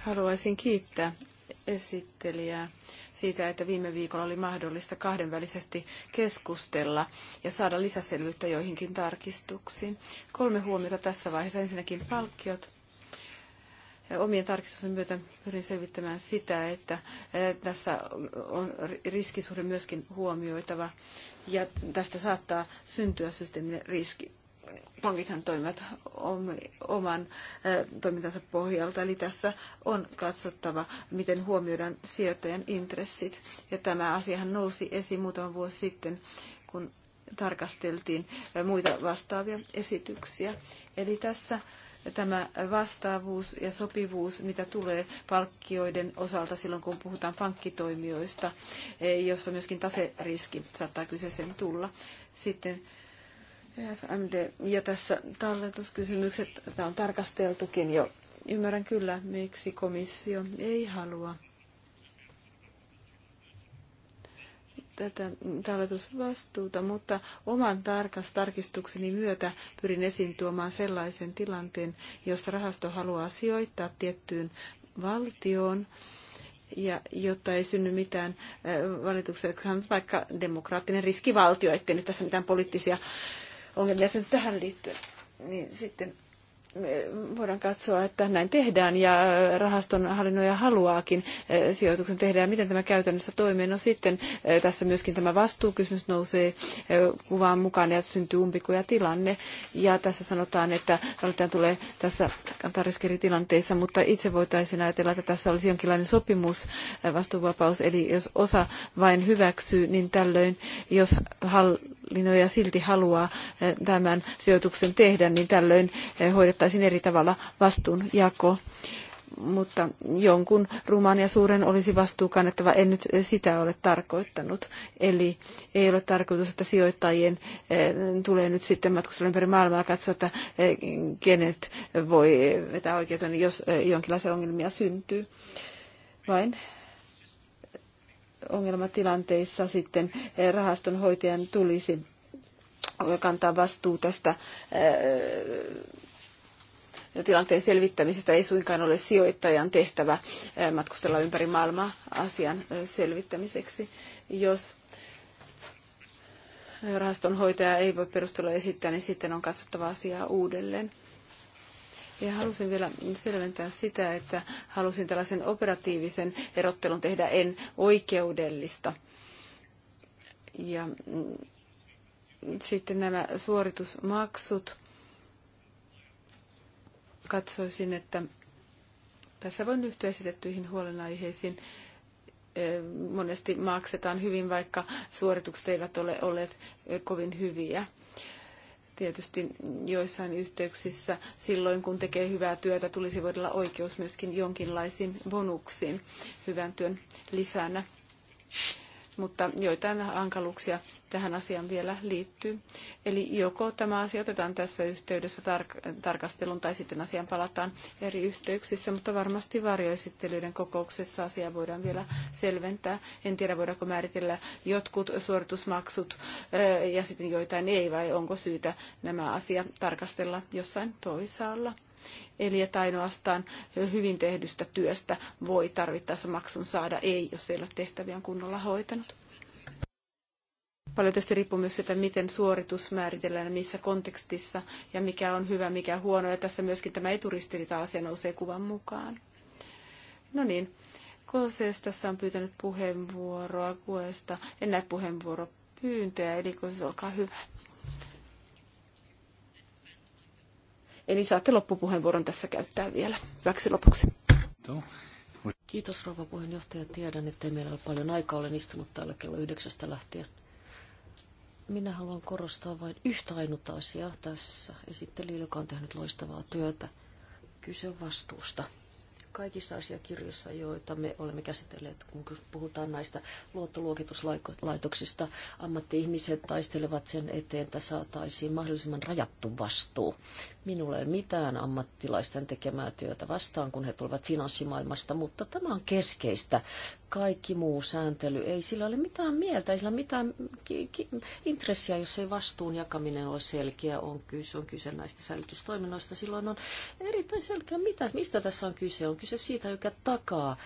S3: Haluaisin kiittää esittelijää siitä, että viime viikolla oli mahdollista kahdenvälisesti keskustella ja saada lisäselvyyttä joihinkin tarkistuksiin. Kolme huomiota tässä vaiheessa. Ensinnäkin palkkiot. Omien tarkistusten myötä pyrin selvittämään sitä, että eh, tässä on riskisuhde myöskin huomioitava ja tästä saattaa syntyä systeeminen riski pankithan toimivat oman toimintansa pohjalta, eli tässä on katsottava, miten huomioidaan sijoittajan intressit. Ja tämä asiahan nousi esiin muutama vuosi sitten, kun tarkasteltiin muita vastaavia esityksiä. Eli tässä tämä vastaavuus ja sopivuus, mitä tulee palkkioiden osalta silloin, kun puhutaan pankkitoimijoista, e, jossa myöskin taseriski saattaa kyseeseen tulla. Sitten FMD ja tässä talletuskysymykset, tämä on tarkasteltukin jo. Ymmärrän kyllä, miksi komissio ei halua tätä talletusvastuuta, mutta oman tarkas tarkistukseni myötä pyrin esiin tuomaan sellaisen tilanteen, jossa rahasto haluaa sijoittaa tiettyyn valtioon, ja jotta ei synny mitään äh, valituksia, vaikka demokraattinen riskivaltio, ettei nyt tässä mitään poliittisia ongelmia syntyy tähän liittyen, niin sitten voidaan katsoa, että näin tehdään ja rahaston hallinnoja haluaakin eh, sijoituksen tehdä ja miten tämä käytännössä toimii. No sitten eh, tässä myöskin tämä vastuukysymys nousee eh, kuvaan mukaan ja syntyy umpikuja tilanne. Ja tässä sanotaan, että valittajan tulee tässä kantariskiritilanteessa, mutta itse voitaisiin ajatella, että tässä olisi jonkinlainen sopimus, vastuuvapaus, eli jos osa vain hyväksyy, niin tällöin jos hal- linoja silti haluaa eh, tämän sijoituksen tehdä, niin tällöin eh, hoidettaisiin eri tavalla vastuunjako. Mutta jonkun ruman ja suuren olisi vastuu kannettava, en nyt eh, sitä ole tarkoittanut. Eli ei ole tarkoitus, että sijoittajien tulee nyt sitten matkustella ympäri maailmaa katsoa, että kenet voi vetää oikeuteen, jos jonkinlaisia ongelmia syntyy. Vain ongelmatilanteissa sitten eh, rahastonhoitajan tulisi kantaa vastuu tästä eh, tilanteen selvittämisestä ei suinkaan ole sijoittajan tehtävä eh, matkustella ympäri maailmaa asian selvittämiseksi. Jos rahastonhoitaja ei voi perustella esittää, niin sitten on katsottava asiaa uudelleen. Ja halusin vielä selventää sitä, että halusin tällaisen operatiivisen erottelun tehdä, en oikeudellista. Ja mm, sitten nämä suoritusmaksut. Katsoisin, että tässä voin yhtyä esitettyihin huolenaiheisiin. Monesti maksetaan hyvin, vaikka suoritukset eivät ole olleet kovin hyviä. Tietysti joissain yhteyksissä silloin, kun tekee hyvää työtä, tulisi voida olla oikeus myöskin jonkinlaisiin bonuksiin hyvän työn lisänä mutta joitain hankaluuksia tähän asiaan vielä liittyy. Eli joko tämä asia otetaan tässä yhteydessä tark- tarkastelun tai sitten asiaan palataan eri yhteyksissä, mutta varmasti varjoesittelyiden kokouksessa asiaa voidaan vielä selventää. En tiedä, voidaanko määritellä jotkut suoritusmaksut ja sitten joitain ei, vai onko syytä nämä asiat tarkastella jossain toisaalla. Eli että ainoastaan hyvin tehdystä työstä voi tarvittaessa maksun saada, ei jos ei ole tehtäviä kunnolla hoitanut. Paljon tietysti riippuu myös siitä, miten suoritus määritellään, missä kontekstissa ja mikä on hyvä, mikä huono. Ja tässä myöskin tämä eturistiriita-asia nousee kuvan mukaan. No niin, Koses tässä on pyytänyt puheenvuoroa kuesta. En näe puheenvuoropyyntöjä, eli Koses, olkaa hyvä. Eli saatte loppupuheenvuoron tässä käyttää vielä hyväksi lopuksi. Kiitos rouva puheenjohtaja.
S4: Tiedän, että meillä ole paljon aikaa. Olen istunut täällä kello yhdeksästä lähtien. Minä haluan korostaa vain yhtä ainutta asiaa tässä esittelijä, joka on tehnyt loistavaa työtä. Kyse on vastuusta kaikissa asiakirjoissa, joita me olemme käsitelleet, kun puhutaan näistä luottoluokituslaitoksista. Ammatti-ihmiset taistelevat sen eteen, että saataisiin mahdollisimman rajattu vastuu. Minulla ei ole mitään ammattilaisten tekemää työtä vastaan, kun he tulevat finanssimaailmasta, mutta tämä on keskeistä, kaikki muu sääntely, ei sillä ole mitään mieltä, ei sillä ole mitään ki- ki- intressiä, jos ei vastuun jakaminen ole selkeä, on kyse, on kyse näistä säilytystoiminnoista, silloin on erittäin selkeä, mitä, mistä tässä on kyse, on kyse siitä, joka takaa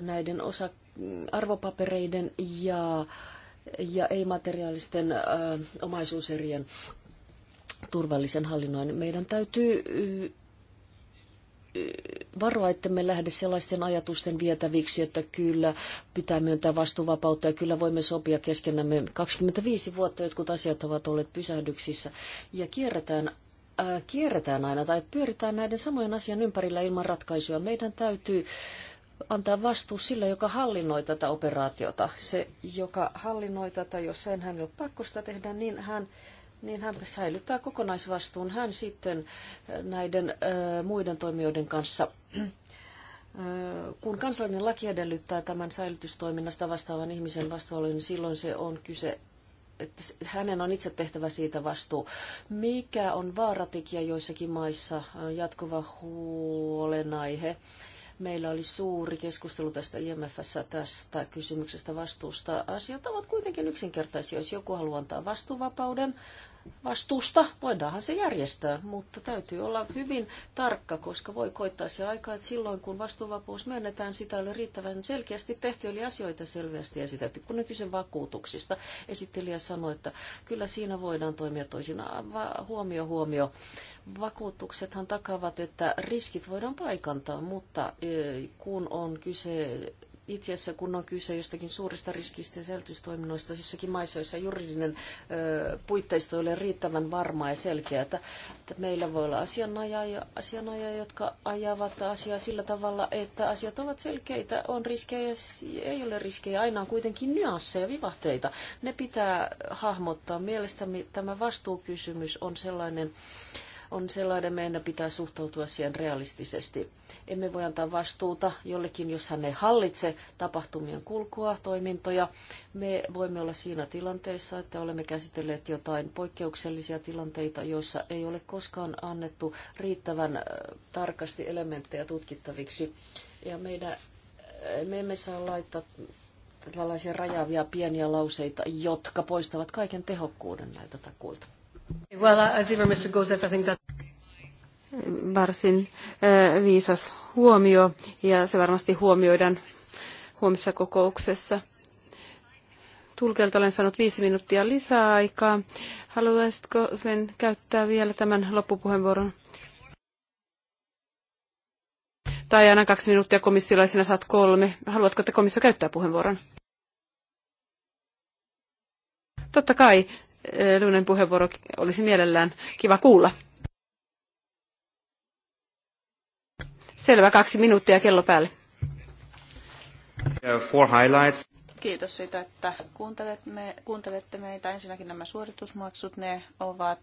S4: näiden osa arvopapereiden ja, ja ei-materiaalisten äh, omaisuuserien turvallisen hallinnoinnin. Meidän täytyy varoa, että me lähde sellaisten ajatusten vietäviksi, että kyllä pitää myöntää vastuuvapautta ja kyllä voimme sopia keskenämme. 25 vuotta jotkut asiat ovat olleet pysähdyksissä ja kierretään äh, kierretään aina tai pyöritään näiden samojen asian ympärillä ilman ratkaisuja. Meidän täytyy antaa vastuu sillä, joka hallinnoi tätä operaatiota. Se, joka hallinnoi tätä, jos sen hän ei ole pakko sitä tehdä, niin hän äh, niin hän säilyttää kokonaisvastuun. Hän sitten äh, näiden ö, äh, muiden toimijoiden kanssa, ö, äh, kun kansallinen laki edellyttää tämän säilytystoiminnasta vastaavan ihmisen vastuualueen, niin silloin se on kyse että hänen on itse tehtävä siitä vastuu. Mikä on vaaratekijä joissakin maissa? Jatkuva huolenaihe. Meillä oli suuri keskustelu tästä IMFssä tästä kysymyksestä vastuusta. Asiat ovat kuitenkin yksinkertaisia. Jos joku haluaa antaa vastuuvapauden, vastuusta. Voidaanhan se järjestää, mutta täytyy olla hyvin tarkka, koska voi koittaa se aika, että silloin kun vastuuvapaus myönnetään, sitä oli riittävän selkeästi tehty, eli asioita selvästi esitetty, kun on kyse vakuutuksista. Esittelijä sanoi, että kyllä siinä voidaan toimia toisinaan. Huomio, huomio. Vakuutuksethan takavat, että riskit voidaan paikantaa, mutta eh, kun on kyse itse asiassa kun on kyse jostakin suurista riskistä ja selitystoiminnoista jossakin maissa, joissa juridinen ö, puitteisto ei ole riittävän varmaa ja selkeää, että, että meillä voi olla asianajaja, asianajaja, jotka ajavat asiaa sillä tavalla, että asiat ovat selkeitä, on riskejä, ei ole riskejä, aina on kuitenkin nyansseja ja vivahteita. Ne pitää hahmottaa. Mielestäni tämä vastuukysymys on sellainen, on sellainen, meidän pitää suhtautua siihen realistisesti. Emme voi antaa vastuuta jollekin, jos hän ei hallitse tapahtumien kulkua, toimintoja. Me voimme olla siinä tilanteessa, että olemme käsitelleet jotain poikkeuksellisia tilanteita, joissa ei ole koskaan annettu riittävän äh, tarkasti elementtejä tutkittaviksi. Ja meidän, äh, me emme saa laittaa tällaisia rajaavia pieniä lauseita, jotka poistavat kaiken tehokkuuden näiltä takuilta.
S3: Well, as Mr. I think that... Varsin viisas huomio, ja se varmasti huomioidaan huomisessa kokouksessa. Tulkelta olen saanut viisi minuuttia lisää aikaa. Haluaisitko Sven käyttää vielä tämän loppupuheenvuoron? Tai aina kaksi minuuttia komissiolla sinä saat kolme. Haluatko, että komissio käyttää puheenvuoron? Totta kai. Lunen puheenvuoro olisi mielellään kiva kuulla. Selvä, kaksi minuuttia kello päälle.
S1: Four highlights.
S2: Kiitos siitä, että kuuntelet me, kuuntelette meitä. Ensinnäkin nämä suoritusmaksut, ne ovat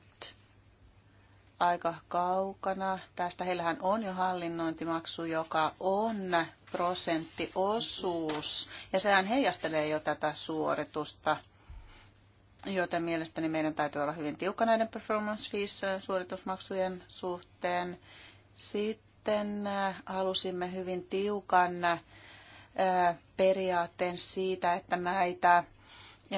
S2: aika kaukana. Tästä heillähän on jo hallinnointimaksu, joka on prosenttiosuus. Ja sehän heijastelee jo tätä suoritusta joten mielestäni meidän täytyy olla hyvin tiukka näiden performance fees äh, suoritusmaksujen suhteen. Sitten äh, halusimme hyvin tiukan äh, periaatteen siitä, että näitä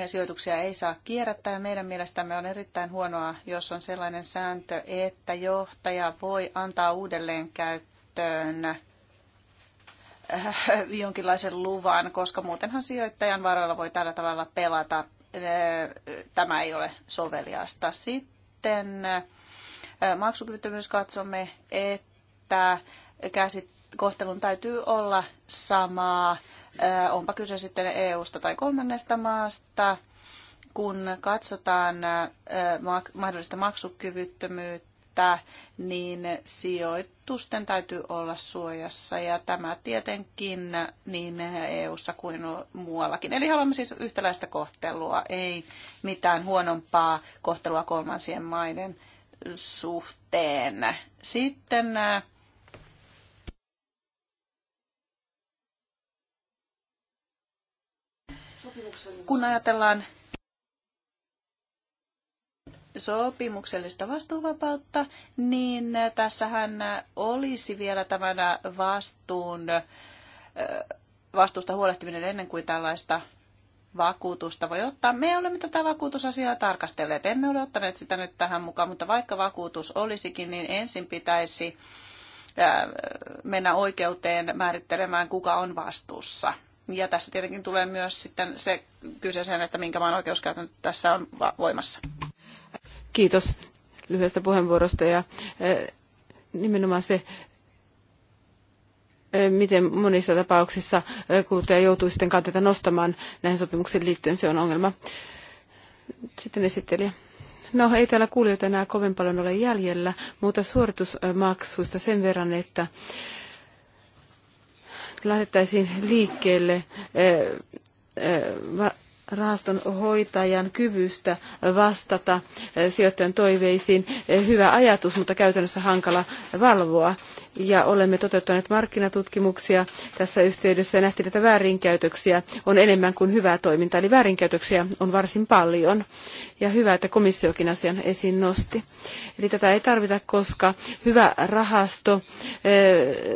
S2: sijoituksia ei saa kierrättää ja meidän mielestämme on erittäin huonoa, jos on sellainen sääntö, että johtaja voi antaa uudelleen käyttöön jonkinlaisen luvan, koska muutenhan sijoittajan varoilla voi tällä tavalla pelata tämä ei ole soveliasta. Sitten maksukyvyttömyys katsomme, että kohtelun täytyy olla samaa, onpa kyse sitten EU-sta tai kolmannesta maasta. Kun katsotaan mahdollista maksukyvyttömyyttä, tätä, niin sijoitusten täytyy olla suojassa ja tämä tietenkin niin EU-ssa kuin muuallakin. Eli haluamme siis yhtäläistä kohtelua, ei mitään huonompaa kohtelua kolmansien maiden suhteen. Sitten äh, kun ajatellaan sopimuksellista vastuuvapautta, niin tässähän olisi vielä tämän vastuun, vastuusta huolehtiminen ennen kuin tällaista vakuutusta voi ottaa. Me olemme tätä vakuutusasiaa tarkastelleet. Emme ole ottaneet sitä nyt tähän mukaan, mutta vaikka vakuutus olisikin, niin ensin pitäisi mennä oikeuteen määrittelemään, kuka on vastuussa. Ja tässä tietenkin tulee myös sitten se kyseeseen, että minkä maan oikeuskäytäntö tässä on voimassa.
S3: Kiitos lyhyestä puheenvuorosta ja e, nimenomaan se e, miten monissa tapauksissa e, kuluttaja joutuu sitten kanteita nostamaan näihin sopimuksiin liittyen, se on ongelma. Sitten esittelijä. No ei täällä kuulijoita enää kovin paljon ole jäljellä, mutta suoritusmaksuista sen verran, että lähdettäisiin liikkeelle rahaston hoitajan kyvystä vastata eh, sijoittajan toiveisiin eh, hyvä ajatus, mutta käytännössä hankala valvoa ja olemme toteuttaneet markkinatutkimuksia tässä yhteydessä ja nähtiin, että väärinkäytöksiä on enemmän kuin hyvää toimintaa, eli väärinkäytöksiä on varsin paljon. Ja hyvä, että komissiokin asian esiin nosti. Eli tätä ei tarvita, koska hyvä rahasto eh,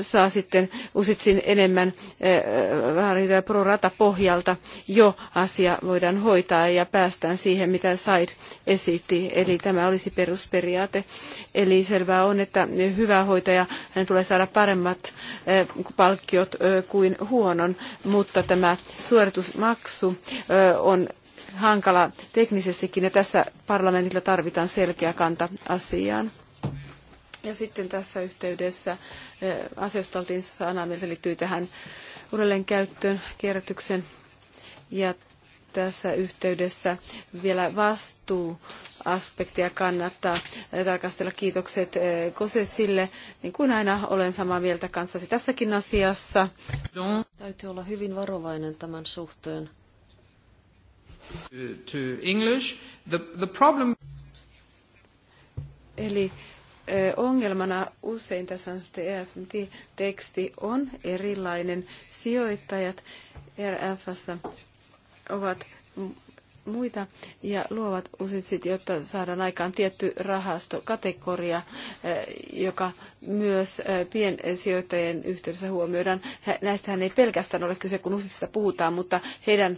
S3: saa sitten usitsin enemmän eh, pro rata pohjalta jo asia voidaan hoitaa ja päästään siihen, mitä Said esitti. Eli tämä olisi perusperiaate. Eli selvää on, että hyvä hoitaja ja hänen tulee saada paremmat eh, palkkiot eh, kuin huonon, mutta tämä suoritusmaksu eh, on hankala teknisestikin ja tässä parlamentilla tarvitaan selkeä kanta asiaan. Ja sitten tässä yhteydessä asiasta oltiin sanaa, liittyy tähän uudelleenkäyttöön, kierrätyksen ja tässä yhteydessä vielä vastuuaspektia kannattaa tarkastella. Kiitokset eh, Kosesille, niin kuin aina olen samaa mieltä kanssasi tässäkin asiassa. No.
S4: Täytyy olla hyvin varovainen tämän suhteen.
S1: To English, the,
S4: the
S3: problem... Eli eh, ongelmana usein tässä on efmt e teksti on erilainen. Sijoittajat e RFS ovat muita ja luovat usein jotta saadaan aikaan tietty rahastokategoria, eh, joka myös eh, piensijoittajien yhteydessä huomioidaan. Näistähän ei pelkästään ole kyse, kun useissa puhutaan, mutta heidän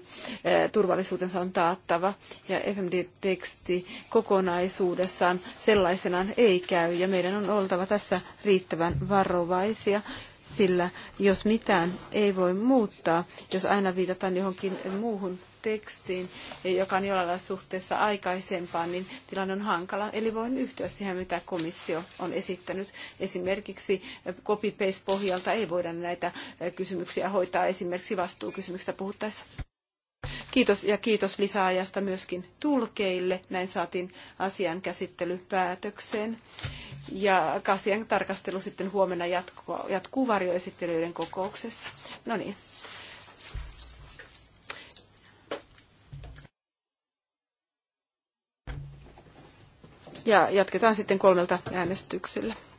S3: eh, turvallisuutensa on taattava. Ja FMD-teksti kokonaisuudessaan sellaisenaan ei käy, ja meidän on oltava tässä riittävän varovaisia sillä jos mitään ei voi muuttaa, jos aina viitataan johonkin muuhun tekstiin, joka on jollain suhteessa aikaisempaan, niin tilanne on hankala. Eli voin yhtyä siihen, mitä komissio on esittänyt. Esimerkiksi copy-paste-pohjalta ei voida näitä kysymyksiä hoitaa esimerkiksi vastuukysymyksistä puhuttaessa. Kiitos ja kiitos lisäajasta myöskin tulkeille. Näin saatiin asian käsittely päätökseen. Ja asian tarkastelu sitten huomenna jatkuu, jatkuu varjoesittelyiden kokouksessa. No niin. Ja jatketaan sitten kolmelta äänestyksellä.